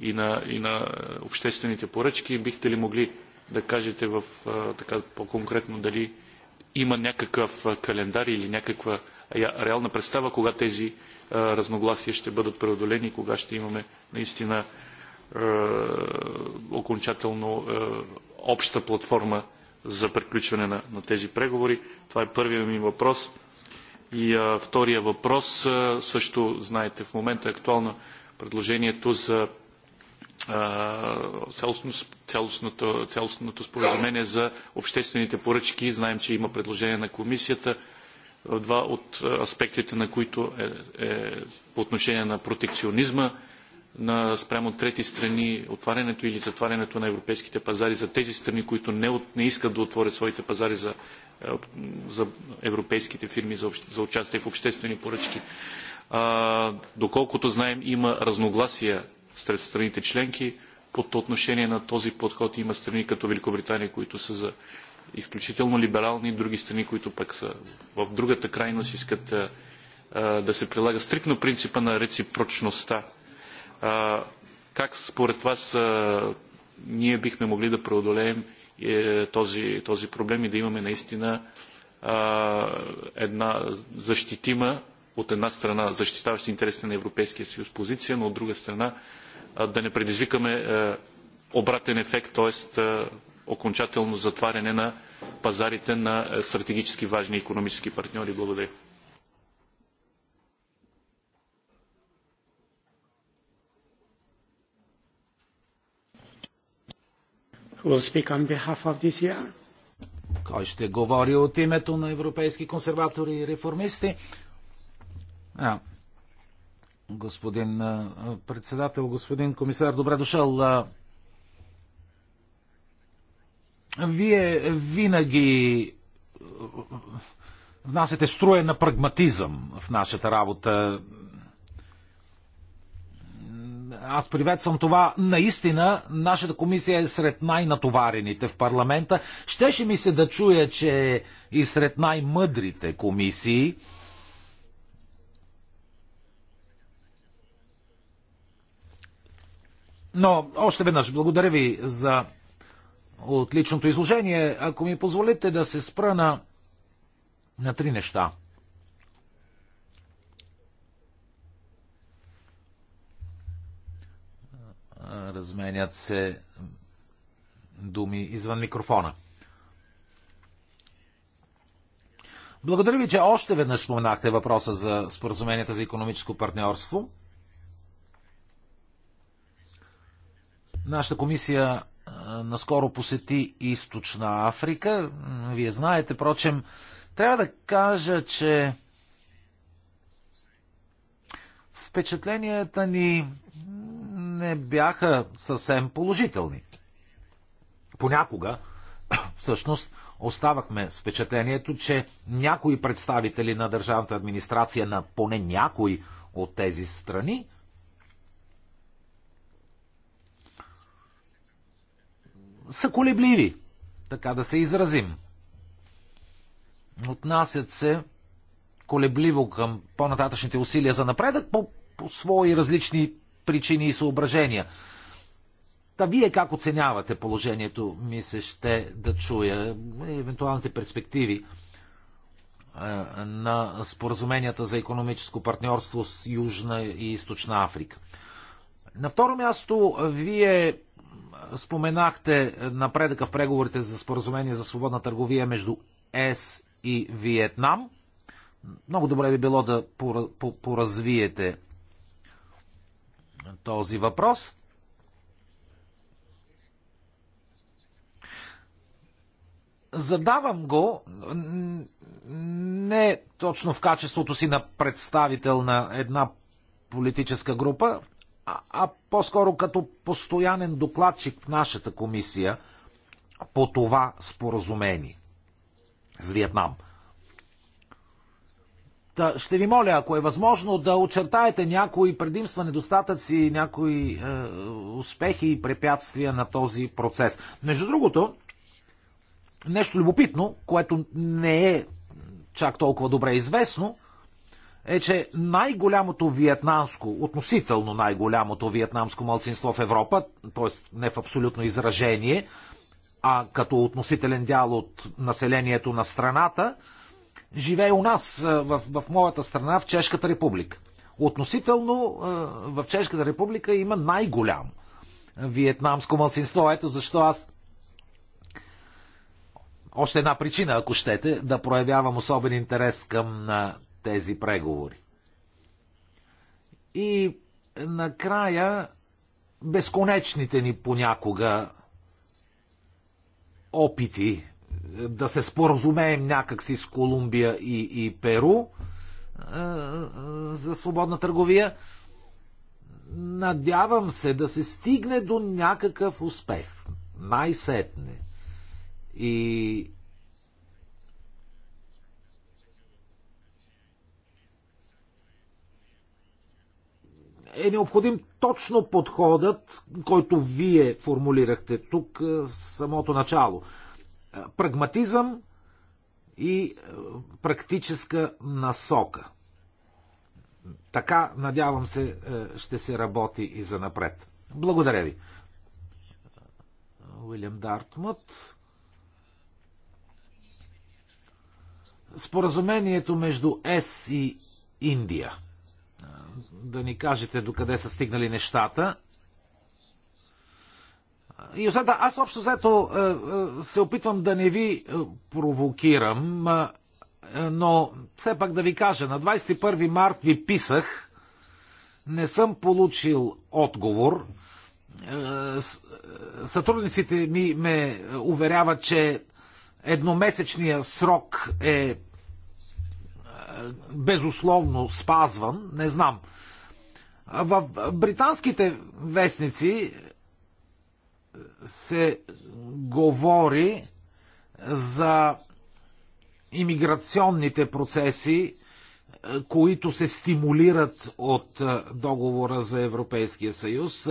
D: и на, и на обществените поръчки. Бихте ли могли да кажете в, така, по-конкретно дали има някакъв календар или някаква реална представа, кога тези разногласия ще бъдат преодолени кога ще имаме наистина а, окончателно а, обща платформа за приключване на, на тези преговори. Това е първият ми въпрос. И а, втория въпрос, а, също знаете, в момента е актуално предложението за цялостно цялостното, цялостното споразумение за обществените поръчки. Знаем, че има предложение на комисията. Два от аспектите, на които е, е по отношение на протекционизма, на спрямо трети страни, отварянето или затварянето на европейските пазари за тези страни, които не, от, не искат да отворят своите пазари за, е, за европейските фирми за, общ, за участие в обществени поръчки. А, доколкото знаем, има разногласия сред страните членки по отношение на този подход има страни като Великобритания, които са за изключително либерални, други страни, които пък са в другата крайност, искат а, да се прилага стрикно принципа на реципрочността. А, как според вас а, ние бихме могли да преодолеем е, този, този проблем и да имаме наистина една защитима, от една страна защитаваща интересите на Европейския съюз позиция, но от друга страна да не предизвикаме е, обратен ефект, т.е. окончателно затваряне на пазарите на е, стратегически важни економически партньори. Благодаря.
B: Кой ще говори от името на европейски консерватори и реформисти? А, господин председател, господин комисар. Добре дошъл. Вие винаги внасяте струя на прагматизъм в нашата работа. Аз приветствам това. Наистина, нашата комисия е сред най-натоварените в парламента. Щеше ми се да чуя, че и сред най-мъдрите комисии. Но още веднъж благодаря ви за отличното изложение. Ако ми позволите да се спра на, на три неща. Разменят се думи извън микрофона. Благодаря ви, че още веднъж споменахте въпроса за споразуменията за економическо партньорство – Нашата комисия наскоро посети Източна Африка. Вие знаете, прочем, трябва да кажа, че впечатленията ни не бяха съвсем положителни. Понякога, всъщност, оставахме с впечатлението, че някои представители на държавната администрация на поне някои от тези страни са колебливи, така да се изразим. Отнасят се колебливо към по-нататъчните усилия за напредък по, по свои различни причини и съображения. Та вие как оценявате положението, ми се ще да чуя, евентуалните перспективи е, на споразуменията за економическо партньорство с Южна и Източна Африка. На второ място, вие Споменахте напредъка в преговорите за споразумение за свободна търговия между ЕС и Виетнам. Много добре би било да поразвиете този въпрос. Задавам го не точно в качеството си на представител на една политическа група, а, а по-скоро като постоянен докладчик в нашата комисия по това споразумение с Виетнам. Та, ще ви моля, ако е възможно, да очертаете някои предимства, недостатъци, някои е, успехи и препятствия на този процес. Между другото, нещо любопитно, което не е чак толкова добре известно – е, че най-голямото виетнамско, относително най-голямото виетнамско мълцинство в Европа, т.е. не в абсолютно изражение, а като относителен дял от населението на страната, живее у нас, е, в, в моята страна, в Чешката република. Относително е, в Чешката република има най-голямо виетнамско мълцинство. Ето защо аз още една причина, ако щете, да проявявам особен интерес към е, тези преговори. И накрая безконечните ни понякога опити е, да се споразумеем някакси с Колумбия и, и Перу е, за свободна търговия. Надявам се да се стигне до някакъв успех. Най-сетне. И е необходим точно подходът, който вие формулирахте тук е, в самото начало. Е, прагматизъм и е, практическа насока. Така, надявам се, ще се работи и за напред. Благодаря ви. Уилям Дартмут. Споразумението между ЕС и Индия – да ни кажете докъде са стигнали нещата. И освен аз общо взето е, е, се опитвам да не ви е, провокирам, но все пак да ви кажа, на 21 март ви писах, не съм получил отговор. Сътрудниците ми ме уверяват, че едномесечният срок е безусловно спазван, не знам. В британските вестници се говори за имиграционните процеси, които се стимулират от договора за Европейския съюз.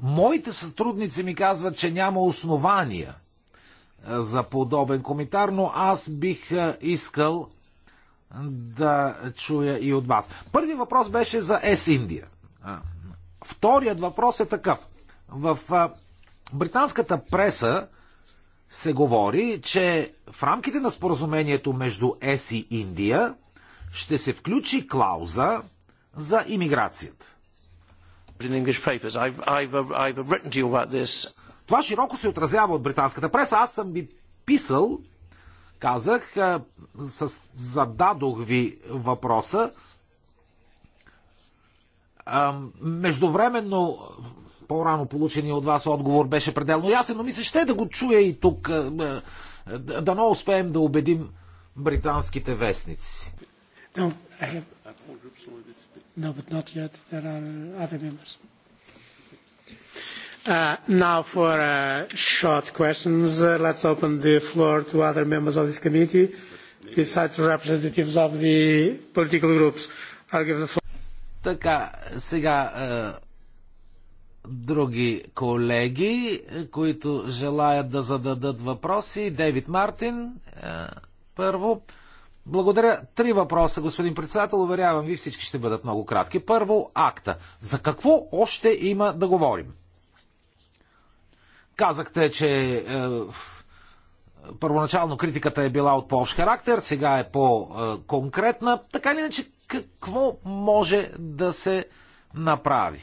B: Моите сътрудници ми казват, че няма основания за подобен коментар, но аз бих искал да чуя и от вас. Първият въпрос беше за Ес Индия. Вторият въпрос е такъв. В британската преса се говори, че в рамките на споразумението между ЕС и Индия ще се включи клауза за иммиграцията. Това широко се отразява от британската преса. Аз съм ви писал казах, зададох ви въпроса. Междувременно, по-рано получения от вас отговор беше пределно ясен, но ми се ще да го чуя и тук. Дано успеем да убедим британските вестници.
A: No, I have... no but not yet. There are other members. Uh, now for uh, short questions. Uh, let's open the floor to other members of this committee. Besides representatives
B: of the political groups, I'll give the floor. Така, сега други колеги, които желаят да зададат въпроси. Дейвид Мартин, първо. Благодаря. Три въпроса, господин председател. Уверявам ви, всички ще бъдат много кратки. Първо, акта. За какво още има да говорим? Казахте, че е, първоначално критиката е била от по-общ характер, сега е по-конкретна. Така или иначе, какво може да се направи?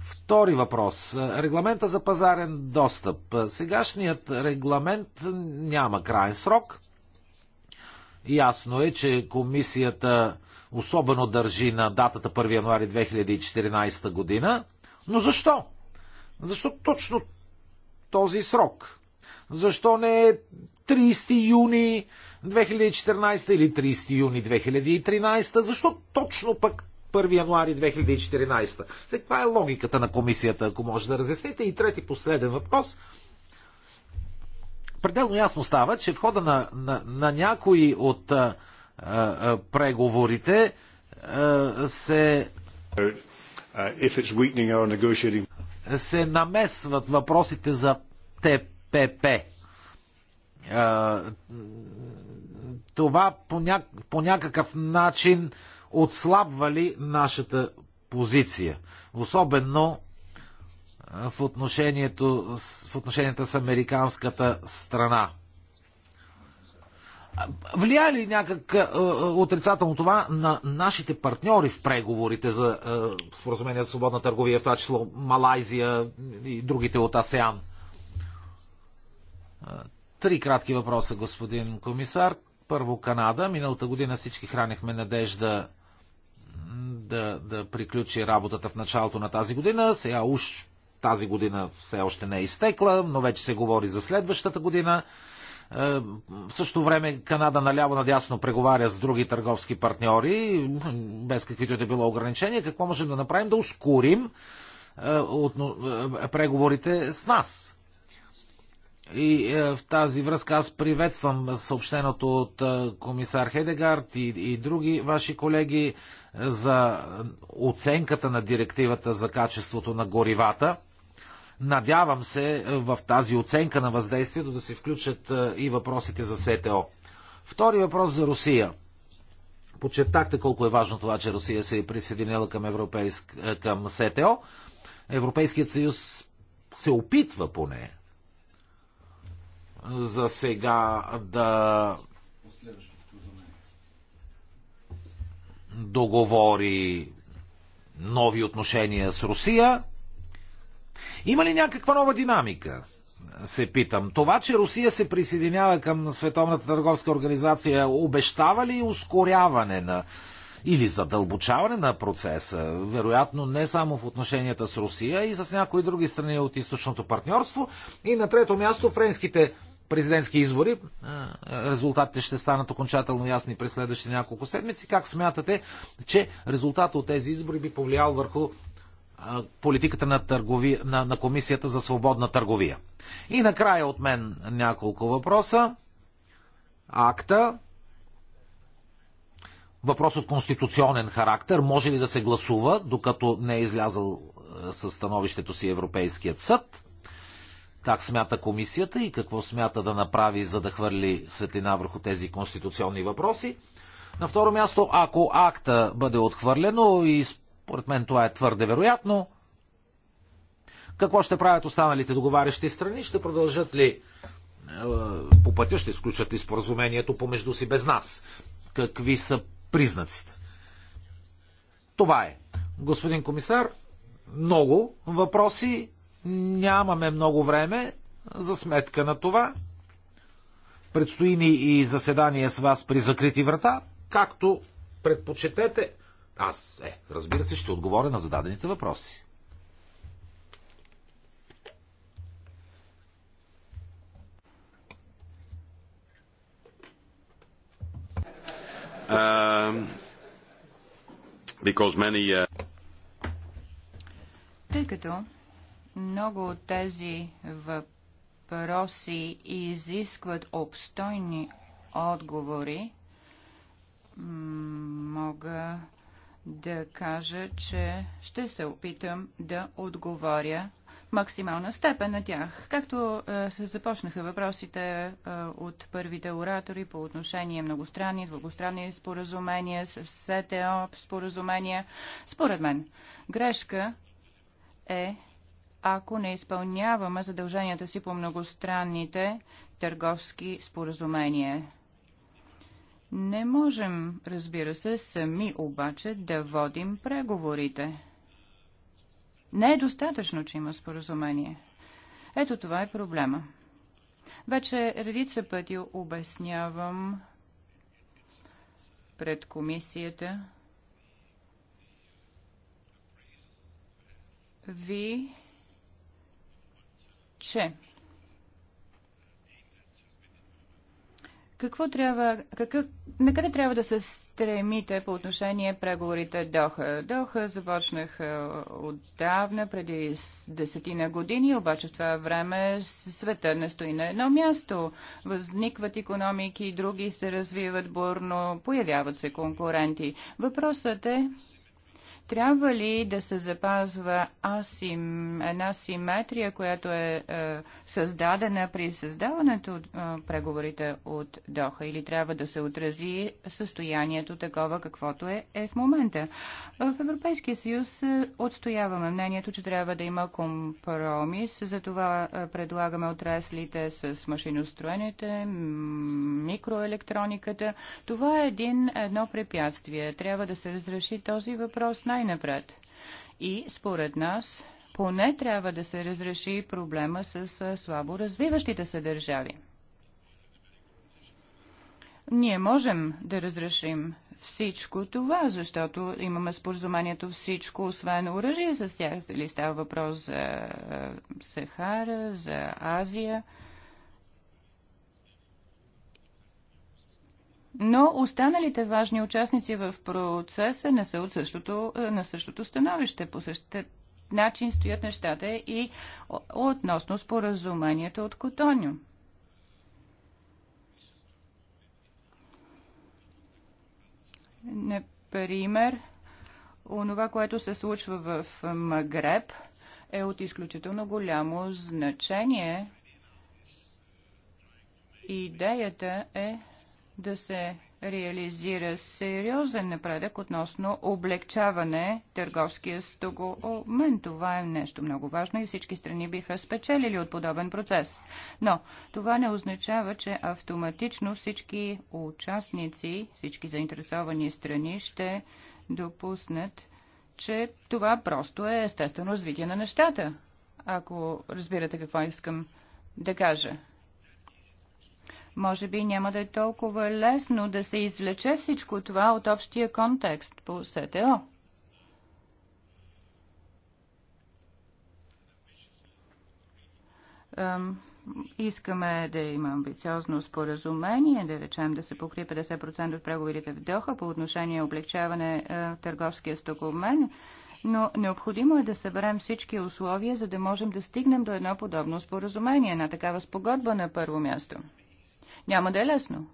B: Втори въпрос. Регламента за пазарен достъп. Сегашният регламент няма крайен срок. Ясно е, че комисията особено държи на датата 1 януари 2014 година. Но защо? Защо точно този срок? Защо не 30 е юни 2014 или 30 юни 2013? Защо точно пък 1 януари 2014? Сега, каква е логиката на комисията, ако може да разясните? И трети последен въпрос пределно ясно става, че в хода на, на, на някои от а, а, преговорите а, се. If it's weakening our negotiating се намесват въпросите за ТПП. Това по, ня... по някакъв начин отслабва ли нашата позиция? Особено в, отношението, в отношенията с американската страна. Влияе ли някак е, е, отрицателно това на нашите партньори в преговорите за е, споразумение за свободна търговия, в това число Малайзия и другите от АСЕАН? Е, три кратки въпроса, господин комисар. Първо Канада. Миналата година всички хранихме надежда да, да приключи работата в началото на тази година. Сега уж тази година все още не е изтекла, но вече се говори за следващата година. Е, в същото време Канада наляво-надясно преговаря с други търговски партньори, без каквито и да било ограничения. Какво можем да направим? Да ускорим е, е, преговорите с нас. И в тази връзка аз приветствам съобщеното от комисар Хедегард и, и други ваши колеги за оценката на директивата за качеството на горивата – Надявам се е, в тази оценка на въздействието да се включат е, и въпросите за СТО. Втори въпрос за Русия. Почертахте колко е важно това, че Русия се е присъединила към, европейск, е, към СТО. Европейският съюз се опитва поне за сега да договори нови отношения с Русия. Има ли някаква нова динамика? се питам. Това, че Русия се присъединява към Световната търговска организация, обещава ли ускоряване на или задълбочаване на процеса, вероятно не само в отношенията с Русия и с някои други страни от източното партньорство. И на трето място френските президентски избори. Е, резултатите ще станат окончателно ясни през следващите няколко седмици. Как смятате, че резултатът от тези избори би повлиял върху политиката на, търгови... на, на Комисията за свободна търговия. И накрая от мен няколко въпроса. Акта. Въпрос от конституционен характер. Може ли да се гласува, докато не е излязъл е, със становището си Европейският съд? Как смята комисията и какво смята да направи, за да хвърли светлина върху тези конституционни въпроси? На второ място, ако акта бъде отхвърлено и Поред мен това е твърде вероятно. Какво ще правят останалите договарящи страни? Ще продължат ли е, по пътя, ще изключат ли споразумението помежду си без нас? Какви са признаците? Това е. Господин комисар, много въпроси. Нямаме много време за сметка на това. Предстои ни и заседание с вас при закрити врата, както предпочетете. Аз, е, разбира се, ще отговоря на зададените въпроси.
A: Uh, many, uh...
E: Тъй като много от тези въпроси изискват обстойни отговори, мога да кажа, че ще се опитам да отговоря максимална степен на тях. Както е, се започнаха въпросите е, от първите оратори по отношение многостранни, двустранни споразумения, с СТО споразумения, според мен грешка е ако не изпълняваме задълженията си по многостранните търговски споразумения. Не можем, разбира се, сами обаче да водим преговорите. Не е достатъчно, че има споразумение. Ето това е проблема. Вече редица пъти обяснявам пред комисията ви, че Какво трябва, какъв, на къде трябва да се стремите по отношение преговорите Доха? Доха започнах е, отдавна, преди десетина години, обаче в това време света не стои на едно място. Възникват економики, други се развиват бурно, появяват се конкуренти. Въпросът е трябва ли да се запазва асим, една симетрия, която е, е създадена при създаването от е, преговорите от Доха или трябва да се отрази състоянието такова, каквото е, е в момента? В Европейския съюз е, отстояваме мнението, че трябва да има компромис, За е, предлагаме отраслите с машиностроените, микроелектрониката. Това е един, едно препятствие. Трябва да се разреши този въпрос най най-напред. И според нас поне трябва да се разреши проблема с слабо развиващите се държави. Ние можем да разрешим всичко това, защото имаме споразумението всичко, освен оръжие с тях. Дали става въпрос за Сахара, за Азия – но останалите важни участници в процеса не са от същото, е, на същото становище. По същия начин стоят нещата и относно споразумението от Котоню. Например, онова, което се случва в Магреб, е от изключително голямо значение. Идеята е да се реализира сериозен напредък относно облегчаване търговския мен, Това е нещо много важно и всички страни биха спечелили от подобен процес. Но това не означава, че автоматично всички участници, всички заинтересовани страни ще допуснат, че това просто е естествено развитие на нещата. Ако разбирате какво искам да кажа. Може би няма да е толкова лесно да се извлече всичко това от общия контекст по СТО. искаме да има амбициозно споразумение, да речем да се покри 50% от преговорите в Доха по отношение облегчаване е, търговския стокомен, но необходимо е да съберем всички условия, за да можем да стигнем до едно подобно споразумение, на такава спогодба на първо място. Няма да е лесно.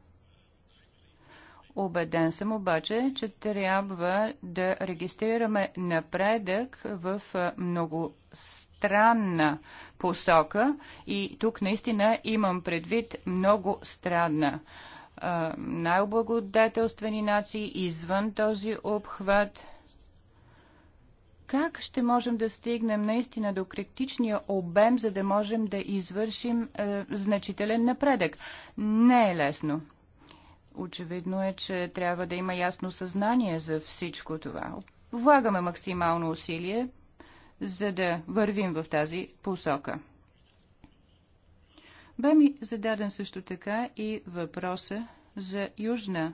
E: Обеден съм обаче, че трябва да регистрираме напредък в много странна посока и тук наистина имам предвид много странна. Най-облагодетелствени нации извън този обхват – как ще можем да стигнем наистина до критичния обем, за да можем да извършим е, значителен напредък. Не е лесно. Очевидно е, че трябва да има ясно съзнание за всичко това. Влагаме максимално усилие, за да вървим в тази посока. Бе ми зададен също така и въпроса за Южна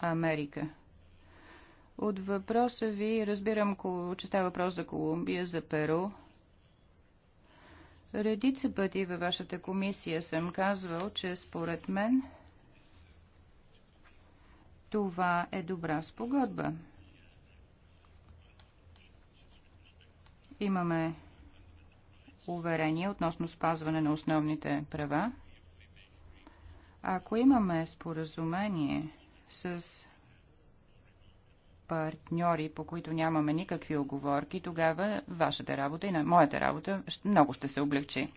E: Америка – от въпроса ви разбирам, че става въпрос за Колумбия, за Перу. Редица пъти във вашата комисия съм казвал, че според мен това е добра спогодба. Имаме уверение относно спазване на основните права. Ако имаме споразумение с партньори, по които нямаме никакви оговорки, тогава вашата работа и на моята работа много ще се облегчи.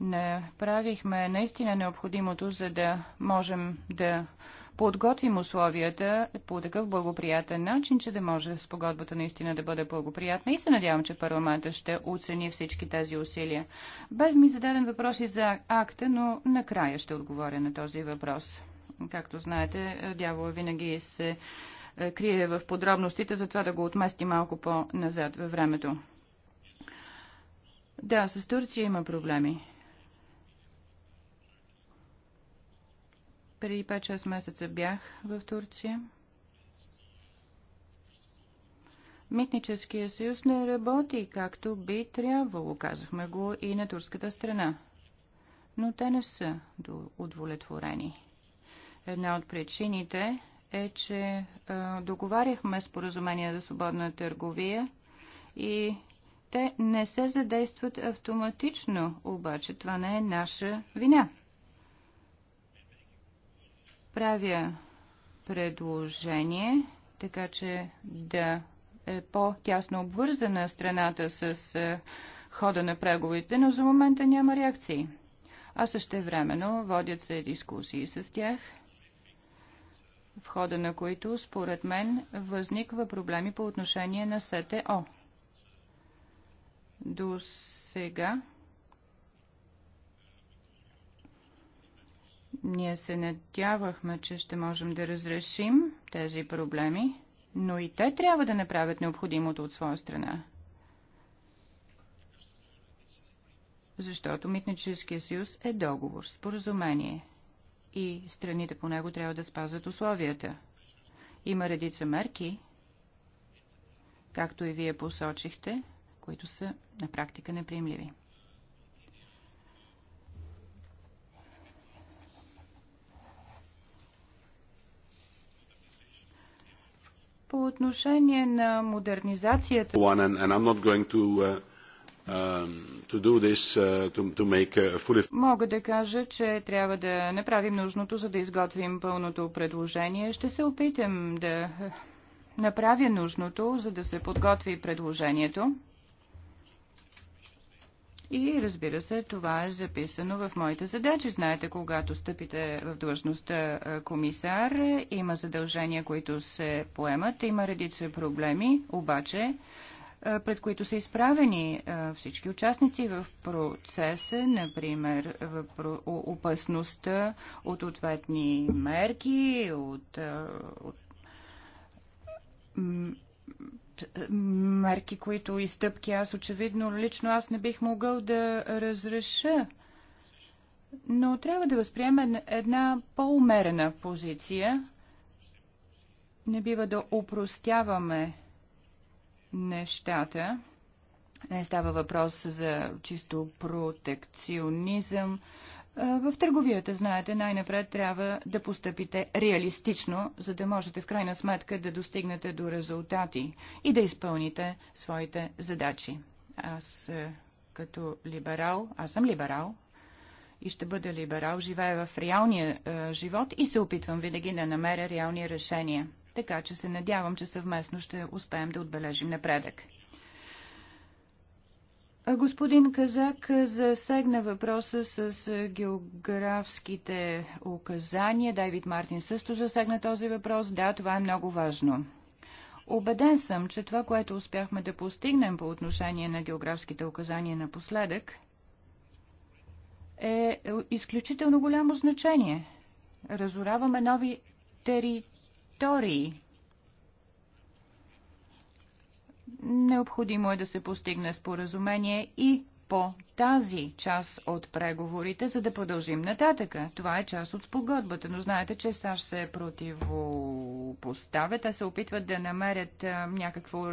E: Направихме наистина необходимото, за да можем да подготвим условията по такъв благоприятен начин, че да може спогодбата наистина да бъде благоприятна и се надявам, че парламента ще оцени всички тези усилия. Без ми зададен въпрос и за акта, но накрая ще отговоря на този въпрос. Както знаете, дявола винаги се е, крие в подробностите, затова да го отмести малко по-назад във времето. Да, с Турция има проблеми. Преди 5-6 месеца бях в Турция. Митническия съюз не работи както би трябвало, казахме го и на турската страна. Но те не са удовлетворени. Една от причините е, че договаряхме споразумения за свободна търговия и те не се задействат автоматично, обаче това не е наша вина. Правя предложение, така че да е по-тясно обвързана страната с хода на преговорите, но за момента няма реакции. А също времено водят се дискусии с тях – в хода на които, според мен, възниква проблеми по отношение на СТО. До сега ние се надявахме, че ще можем да разрешим тези проблеми, но и те трябва да направят необходимото от своя страна. Защото Митническия съюз е договор, споразумение – и страните по него трябва да спазват условията. Има редица мерки, както и вие посочихте, които са на практика неприемливи. По отношение на модернизацията...
A: Uh, Um, uh, uh,
E: Мога да кажа, че трябва да направим нужното, за да изготвим пълното предложение. Ще се опитам да направя нужното, за да се подготви предложението. И разбира се, това е записано в моите задачи. Знаете, когато стъпите в длъжността комисар, има задължения, които се поемат, има редица проблеми, обаче пред които са изправени всички участници в процеса, например в опасността от ответни мерки, от, от мерки, които изтъпки аз очевидно лично аз не бих могъл да разреша. Но трябва да възприема една по-умерена позиция. Не бива да упростяваме нещата. Не става въпрос за чисто протекционизъм. В търговията, знаете, най-напред трябва да постъпите реалистично, за да можете в крайна сметка да достигнете до резултати и да изпълните своите задачи. Аз като либерал, аз съм либерал и ще бъда либерал, живея в реалния е, живот и се опитвам винаги да намеря реални решения. Така че се надявам, че съвместно ще успеем да отбележим напредък. Господин Казак засегна въпроса с географските указания. Дайвид Мартин също засегна този въпрос. Да, това е много важно. Обеден съм, че това, което успяхме да постигнем по отношение на географските указания напоследък, е, е изключително голямо значение. Разораваме нови тери, Втори. Необходимо е да се постигне споразумение и по тази част от преговорите, за да продължим нататъка. Това е част от спогодбата, но знаете, че САЩ се е противопоставят, а се опитват да намерят някакво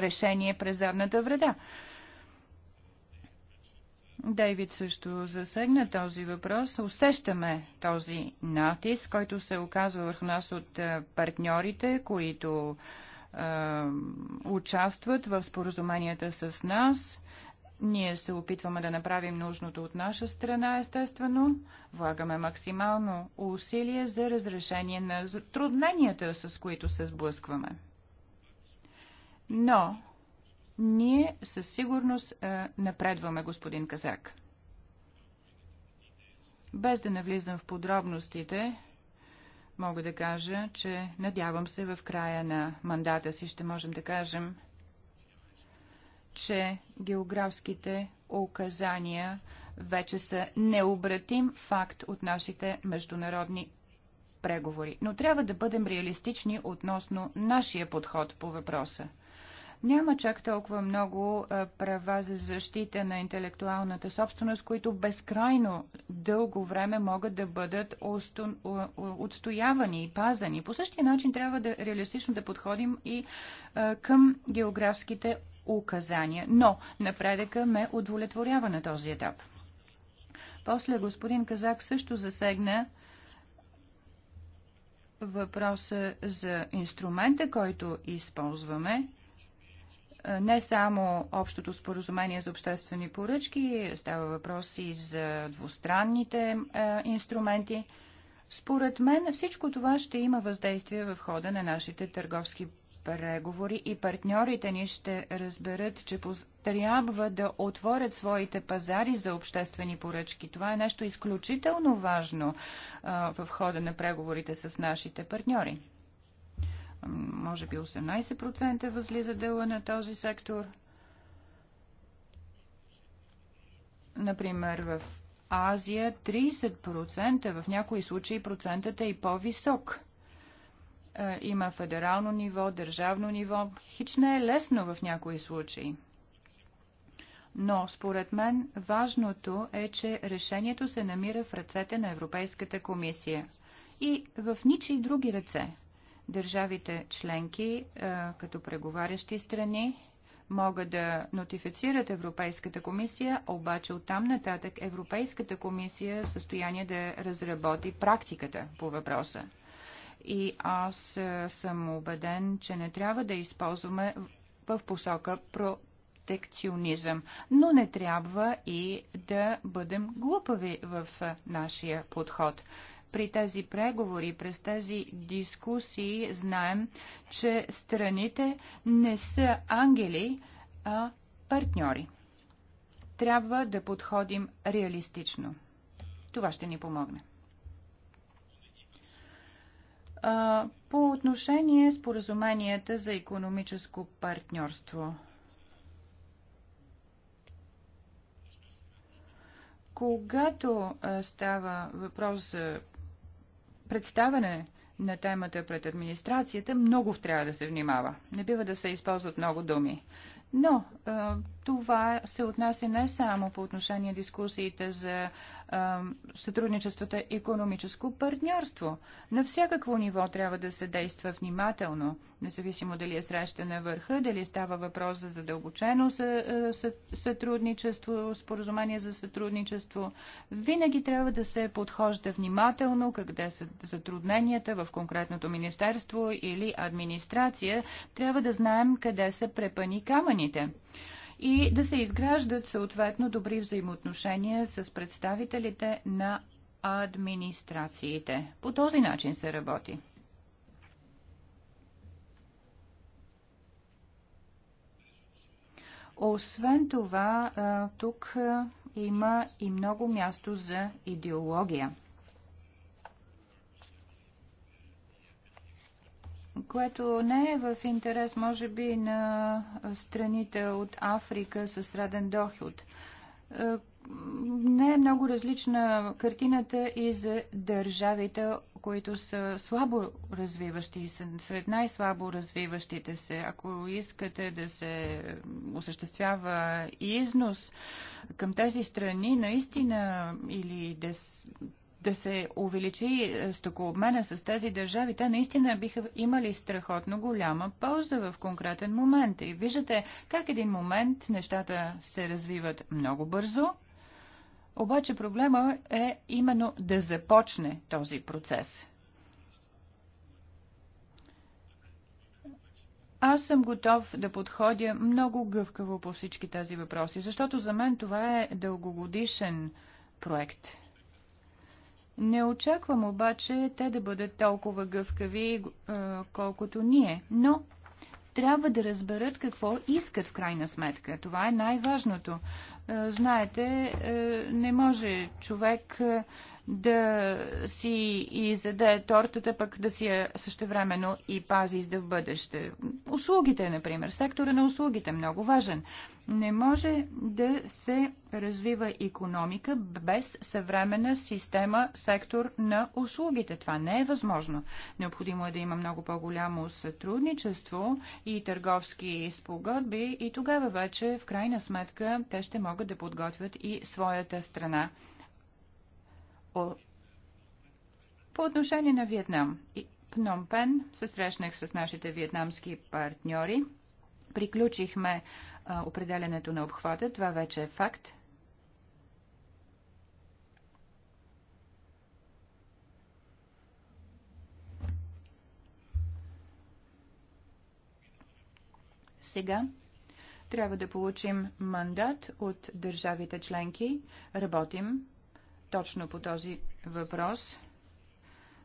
E: решение през задната вреда. Дейвид също засегна този въпрос. Усещаме този натиск, който се оказва върху нас от е, партньорите, които е, участват в споразуменията с нас. Ние се опитваме да направим нужното от наша страна, естествено. Влагаме максимално усилие за разрешение на затрудненията, с които се сблъскваме. Но ние със сигурност е, напредваме, господин Казак. Без да навлизам в подробностите, мога да кажа, че надявам се в края на мандата си ще можем да кажем, че географските указания вече са необратим факт от нашите международни преговори. Но трябва да бъдем реалистични относно нашия подход по въпроса – няма чак толкова много права за защита на интелектуалната собственост, които безкрайно дълго време могат да бъдат отстоявани и пазани. По същия начин трябва да реалистично да подходим и към географските указания. Но напредъка ме удовлетворява на този етап. После господин Казак също засегна въпроса за инструмента, който използваме не само общото споразумение за обществени поръчки, става въпрос и за двустранните е, инструменти. Според мен всичко това ще има въздействие в хода на нашите търговски преговори и партньорите ни ще разберат, че трябва да отворят своите пазари за обществени поръчки. Това е нещо изключително важно е, в хода на преговорите с нашите партньори може би 18% възлиза дела на този сектор. Например, в Азия 30%, в някои случаи процентът е и по-висок. Е, има федерално ниво, държавно ниво. Хич не е лесно в някои случаи. Но, според мен, важното е, че решението се намира в ръцете на Европейската комисия и в ничи други ръце – Държавите членки е, като преговарящи страни могат да нотифицират Европейската комисия, обаче оттам нататък Европейската комисия е в състояние да разработи практиката по въпроса. И аз е, съм убеден, че не трябва да използваме в посока протекционизъм, но не трябва и да бъдем глупави в е, нашия подход при тези преговори, през тези дискусии знаем, че страните не са ангели, а партньори. Трябва да подходим реалистично. Това ще ни помогне. По отношение споразуменията за економическо партньорство. Когато става въпрос за представяне на темата пред администрацията, много трябва да се внимава. Не бива да се използват много думи. Но това се отнася не само по отношение на дискусиите за сътрудничеството е економическо партньорство. На всякакво ниво трябва да се действа внимателно, независимо дали е среща на върха, дали става въпрос за задълбочено сътрудничество, споразумение за сътрудничество. Винаги трябва да се подхожда внимателно, къде са затрудненията в конкретното министерство или администрация. Трябва да знаем къде са препани камъните и да се изграждат съответно добри взаимоотношения с представителите на администрациите. По този начин се работи. Освен това, тук има и много място за идеология. което не е в интерес, може би, на страните от Африка с среден доход. Не е много различна картината и за държавите, които са слабо развиващи, сред най-слабо развиващите се. Ако искате да се осъществява износ към тези страни, наистина или да да се увеличи е, стокообмена с тези държави, те наистина биха имали страхотно голяма полза в конкретен момент. И виждате как един момент нещата се развиват много бързо, обаче проблема е именно да започне този процес. Аз съм готов да подходя много гъвкаво по всички тези въпроси, защото за мен това е дългогодишен проект – не очаквам обаче те да бъдат толкова гъвкави, е, колкото ние, но трябва да разберат какво искат в крайна сметка. Това е най-важното. Е, знаете, е, не може човек да си изяде тортата, пък да си я същевременно и пази за в бъдеще. Услугите, например, сектора на услугите много важен. Не може да се развива економика без съвременна система сектор на услугите. Това не е възможно. Необходимо е да има много по-голямо сътрудничество и търговски спогодби и тогава вече в крайна сметка те ще могат да подготвят и своята страна по отношение на Виетнам и Пномпен се срещнах с нашите виетнамски партньори. Приключихме а, определенето на обхвата. Това вече е факт. Сега трябва да получим мандат от държавите членки. Работим точно по този въпрос.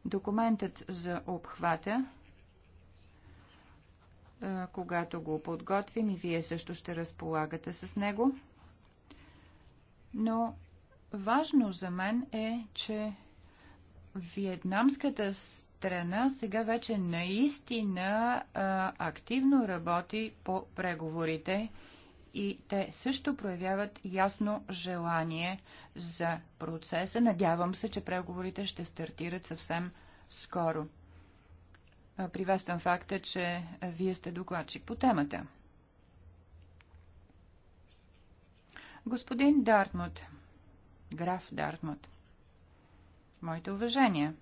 E: Документът за обхвата, когато го подготвим и вие също ще разполагате с него. Но важно за мен е, че виетнамската страна сега вече наистина а, активно работи по преговорите и те също проявяват ясно желание за процеса. Надявам се, че преговорите ще стартират съвсем скоро. Приветствам факта, че вие сте докладчик по темата. Господин Дартмут, граф Дартмут, моите уважения.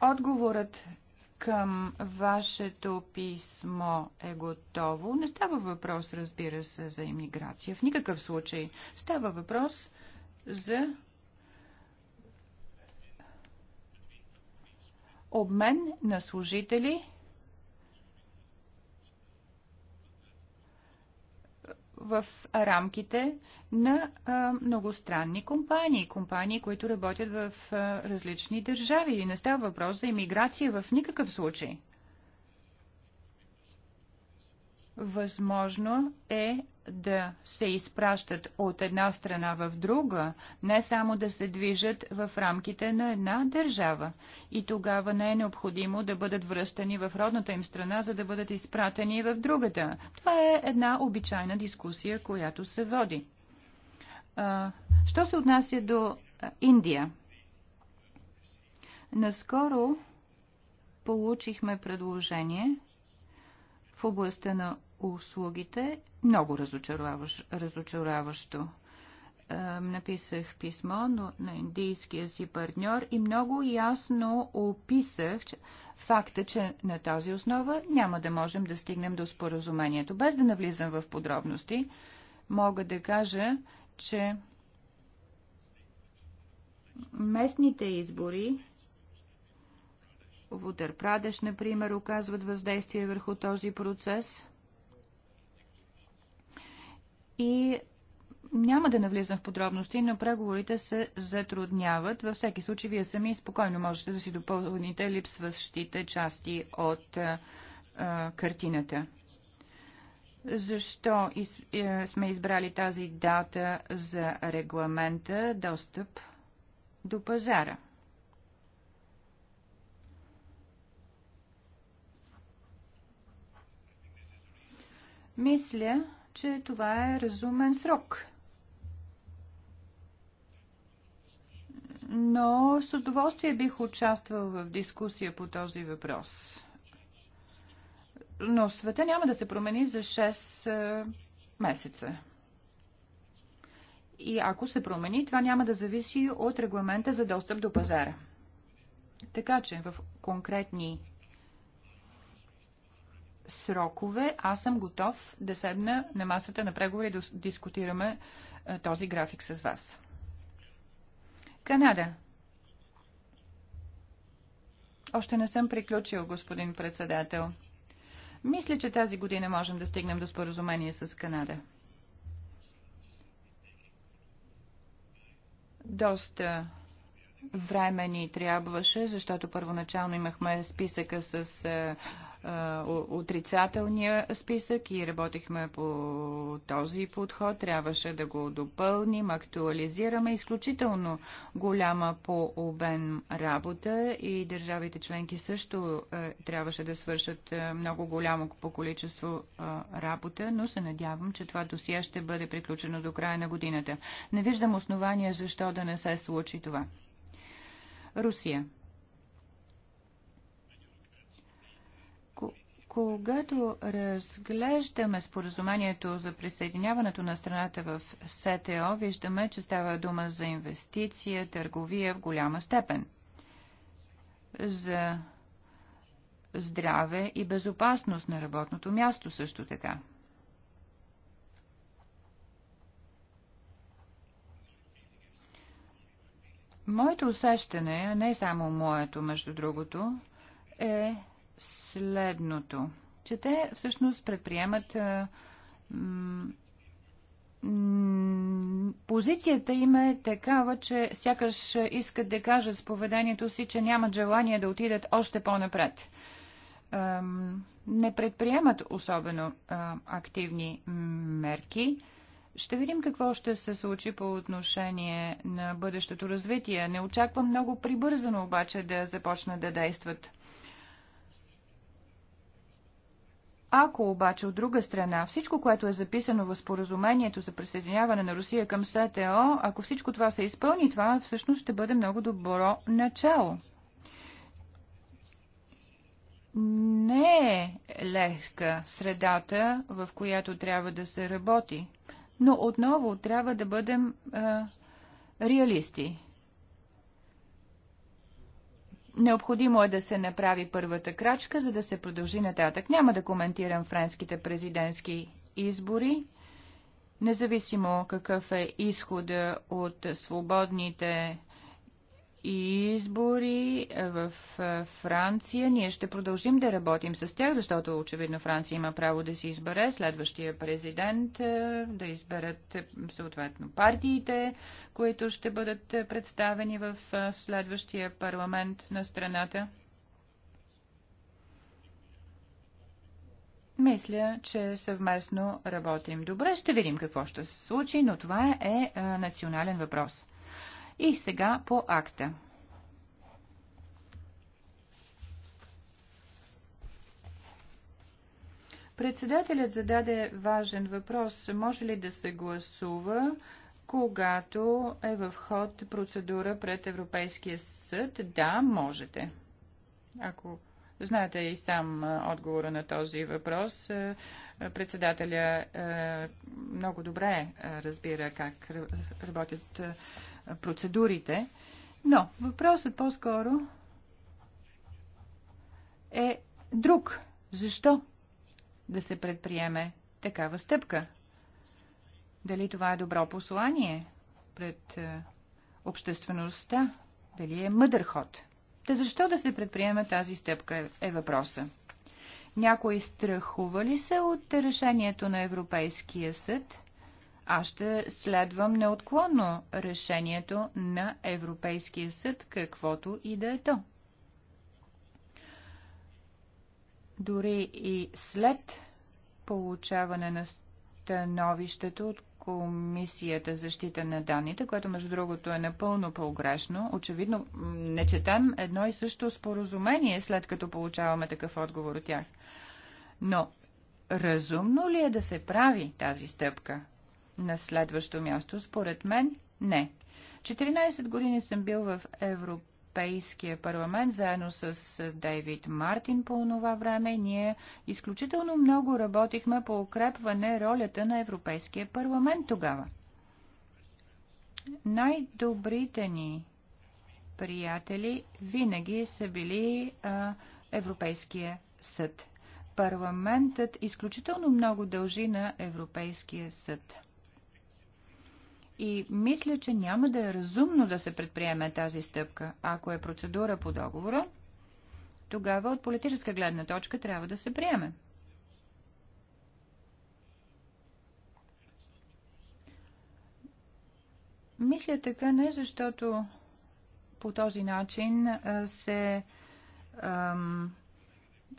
E: Отговорът към вашето писмо е готово. Не става въпрос, разбира се, за иммиграция. В никакъв случай. Става въпрос за обмен на служители в рамките на а, многостранни компании, компании, които работят в а, различни държави. И не става въпрос за иммиграция в никакъв случай. Възможно е да се изпращат от една страна в друга, не само да се движат в рамките на една държава. И тогава не е необходимо да бъдат връщани в родната им страна, за да бъдат изпратени в другата. Това е една обичайна дискусия, която се води. Що се отнася до Индия? Наскоро получихме предложение в областта на услугите много разочароваш, разочароващо. Е, написах писмо но на индийския си партньор и много ясно описах че, факта, че на тази основа няма да можем да стигнем до споразумението. Без да навлизам в подробности, мога да кажа, че местните избори в Утърпрадеш, например, оказват въздействие върху този процес – и няма да навлизам в подробности, но преговорите се затрудняват. Във всеки случай, вие сами спокойно можете да си допълните липсващите части от а, а, картината. Защо из, е, сме избрали тази дата за регламента достъп до пазара? Мисля, че това е разумен срок. Но с удоволствие бих участвал в дискусия по този въпрос. Но света няма да се промени за 6 е, месеца. И ако се промени, това няма да зависи от регламента за достъп до пазара. Така че в конкретни срокове, аз съм готов да седна на масата на преговори да дискутираме е, този график с вас. Канада. Още не съм приключил, господин председател. Мисля, че тази година можем да стигнем до споразумение с Канада. Доста време ни трябваше, защото първоначално имахме списъка с е, отрицателния списък и работихме по този подход. Трябваше да го допълним, актуализираме. Изключително голяма по обем работа и държавите членки също е, трябваше да свършат е, много голямо по количество е, работа, но се надявам, че това досия ще бъде приключено до края на годината. Не виждам основания защо да не се случи това. Русия. Когато разглеждаме споразумението за присъединяването на страната в СТО, виждаме, че става дума за инвестиция, търговия в голяма степен, за здраве и безопасност на работното място също така. Моето усещане, не само моето, между другото, е, следното, че те всъщност предприемат позицията им е такава, че сякаш искат да кажат с поведението си, че нямат желание да отидат още по-напред. Не предприемат особено активни мерки. Ще видим какво ще се случи по отношение на бъдещото развитие. Не очаквам много прибързано обаче да започнат да действат. Ако обаче от друга страна всичко, което е записано в споразумението за присъединяване на Русия към СТО, ако всичко това се изпълни, това всъщност ще бъде много добро начало. Не е лека средата, в която трябва да се работи, но отново трябва да бъдем а, реалисти. Необходимо е да се направи първата крачка, за да се продължи нататък. Няма да коментирам френските президентски избори, независимо какъв е изхода от свободните избори е, в е, Франция. Ние ще продължим да работим с тях, защото очевидно Франция има право да си избере следващия президент, е, да изберат съответно партиите, които ще бъдат представени в следващия парламент на страната. Мисля, че съвместно работим добре. Ще видим какво ще се случи, но това е национален въпрос. И сега по акта. Председателят зададе важен въпрос. Може ли да се гласува, когато е в ход процедура пред Европейския съд? Да, можете. Ако знаете и сам отговора на този въпрос, председателя много добре разбира как работят процедурите. Но въпросът по-скоро е друг. Защо да се предприеме такава стъпка? Дали това е добро послание пред е, обществеността? Дали е мъдър ход? Та защо да се предприеме тази стъпка е въпроса. Някои страхували се от решението на Европейския съд? Аз ще следвам неотклонно решението на Европейския съд, каквото и да е то. Дори и след получаване на становището от Комисията защита на данните, което между другото е напълно погрешно. Очевидно не четем едно и също споразумение, след като получаваме такъв отговор от тях. Но разумно ли е да се прави тази стъпка? На следващо място, според мен, не. 14 години съм бил в Европейския парламент, заедно с е, Дейвид Мартин по това време. Ние изключително много работихме по укрепване ролята на Европейския парламент тогава. Най-добрите ни приятели винаги са били а, Европейския съд. Парламентът изключително много дължи на Европейския съд. И мисля, че няма да е разумно да се предприеме тази стъпка. Ако е процедура по договора, тогава от политическа гледна точка трябва да се приеме. Мисля така не защото по този начин се ам,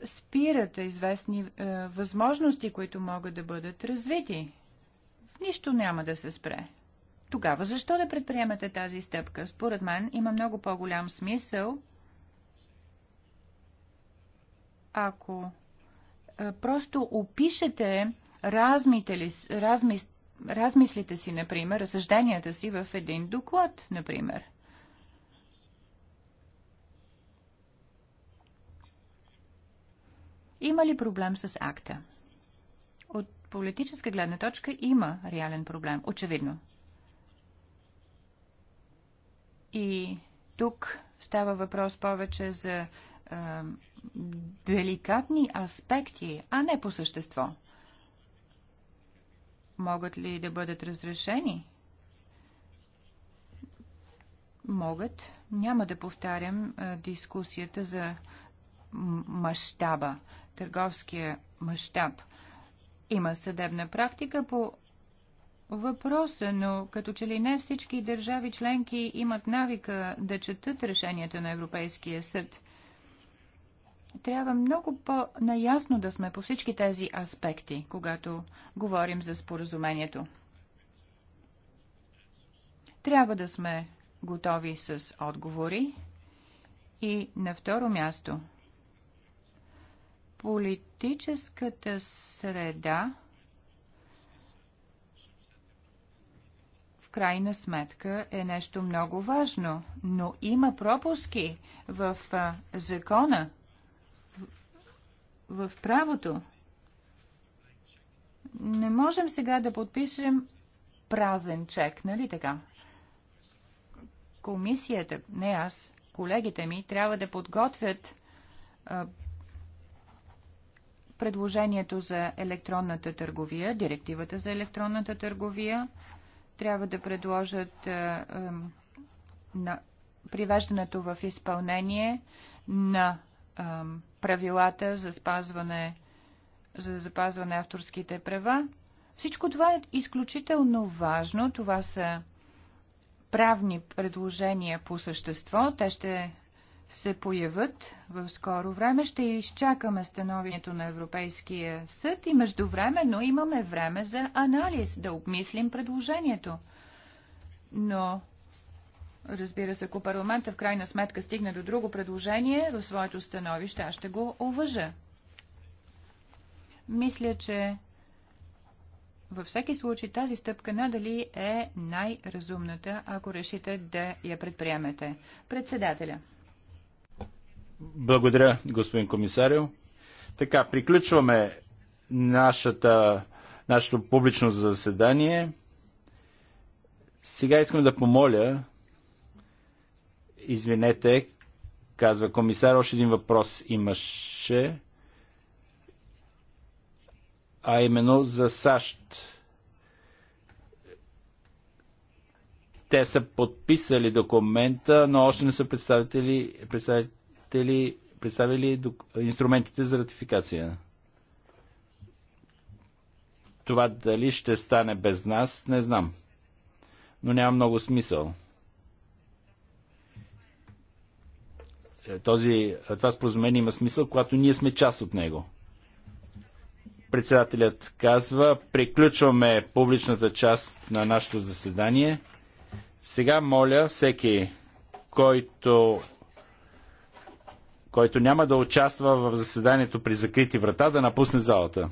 E: спират известни а, възможности, които могат да бъдат развити. Нищо няма да се спре тогава защо да предприемете тази стъпка? Според мен има много по-голям смисъл, ако просто опишете размис, размислите си, например, разсъжденията си в един доклад, например. Има ли проблем с акта? От политическа гледна точка има реален проблем, очевидно. И тук става въпрос повече за е, деликатни аспекти, а не по същество. Могат ли да бъдат разрешени? Могат. Няма да повтарям е, дискусията за мащаба, търговския мащаб. Има съдебна практика по въпроса, но като че ли не всички държави членки имат навика да четат решенията на Европейския съд. Трябва много по-наясно да сме по всички тези аспекти, когато говорим за споразумението. Трябва да сме готови с отговори. И на второ място, политическата среда – крайна сметка е нещо много важно, но има пропуски в а, закона, в, в правото. Не можем сега да подпишем празен чек, нали така? Комисията, не аз, колегите ми, трябва да подготвят а, предложението за електронната търговия, директивата за електронната търговия, трябва да предложат е, на привеждането в изпълнение на правилата за спазване за запазване авторските права. Всичко това е изключително важно. Това са правни предложения по същество. Те ще се появят в скоро време. Ще изчакаме становището на Европейския съд и междувременно имаме време за анализ, да обмислим предложението. Но, разбира се, ако парламента в крайна сметка стигне до друго предложение, в своето становище аз ще го уважа. Мисля, че във всеки случай тази стъпка надали е най-разумната, ако решите да я предприемете. Председателя.
C: Благодаря, господин комисарио. Така, приключваме нашата, нашето публично заседание. Сега искам да помоля, извинете, казва комисар, още един въпрос имаше, а именно за САЩ. Те са подписали документа, но още не са представители, представители сте ли представили инструментите за ратификация? Това дали ще стане без нас, не знам. Но няма много смисъл. Е, този, е, това споразумение има смисъл, когато ние сме част от него. Председателят казва, приключваме публичната част на нашето заседание. Сега моля всеки, който който няма да участва в заседанието при закрити врата, да напусне залата.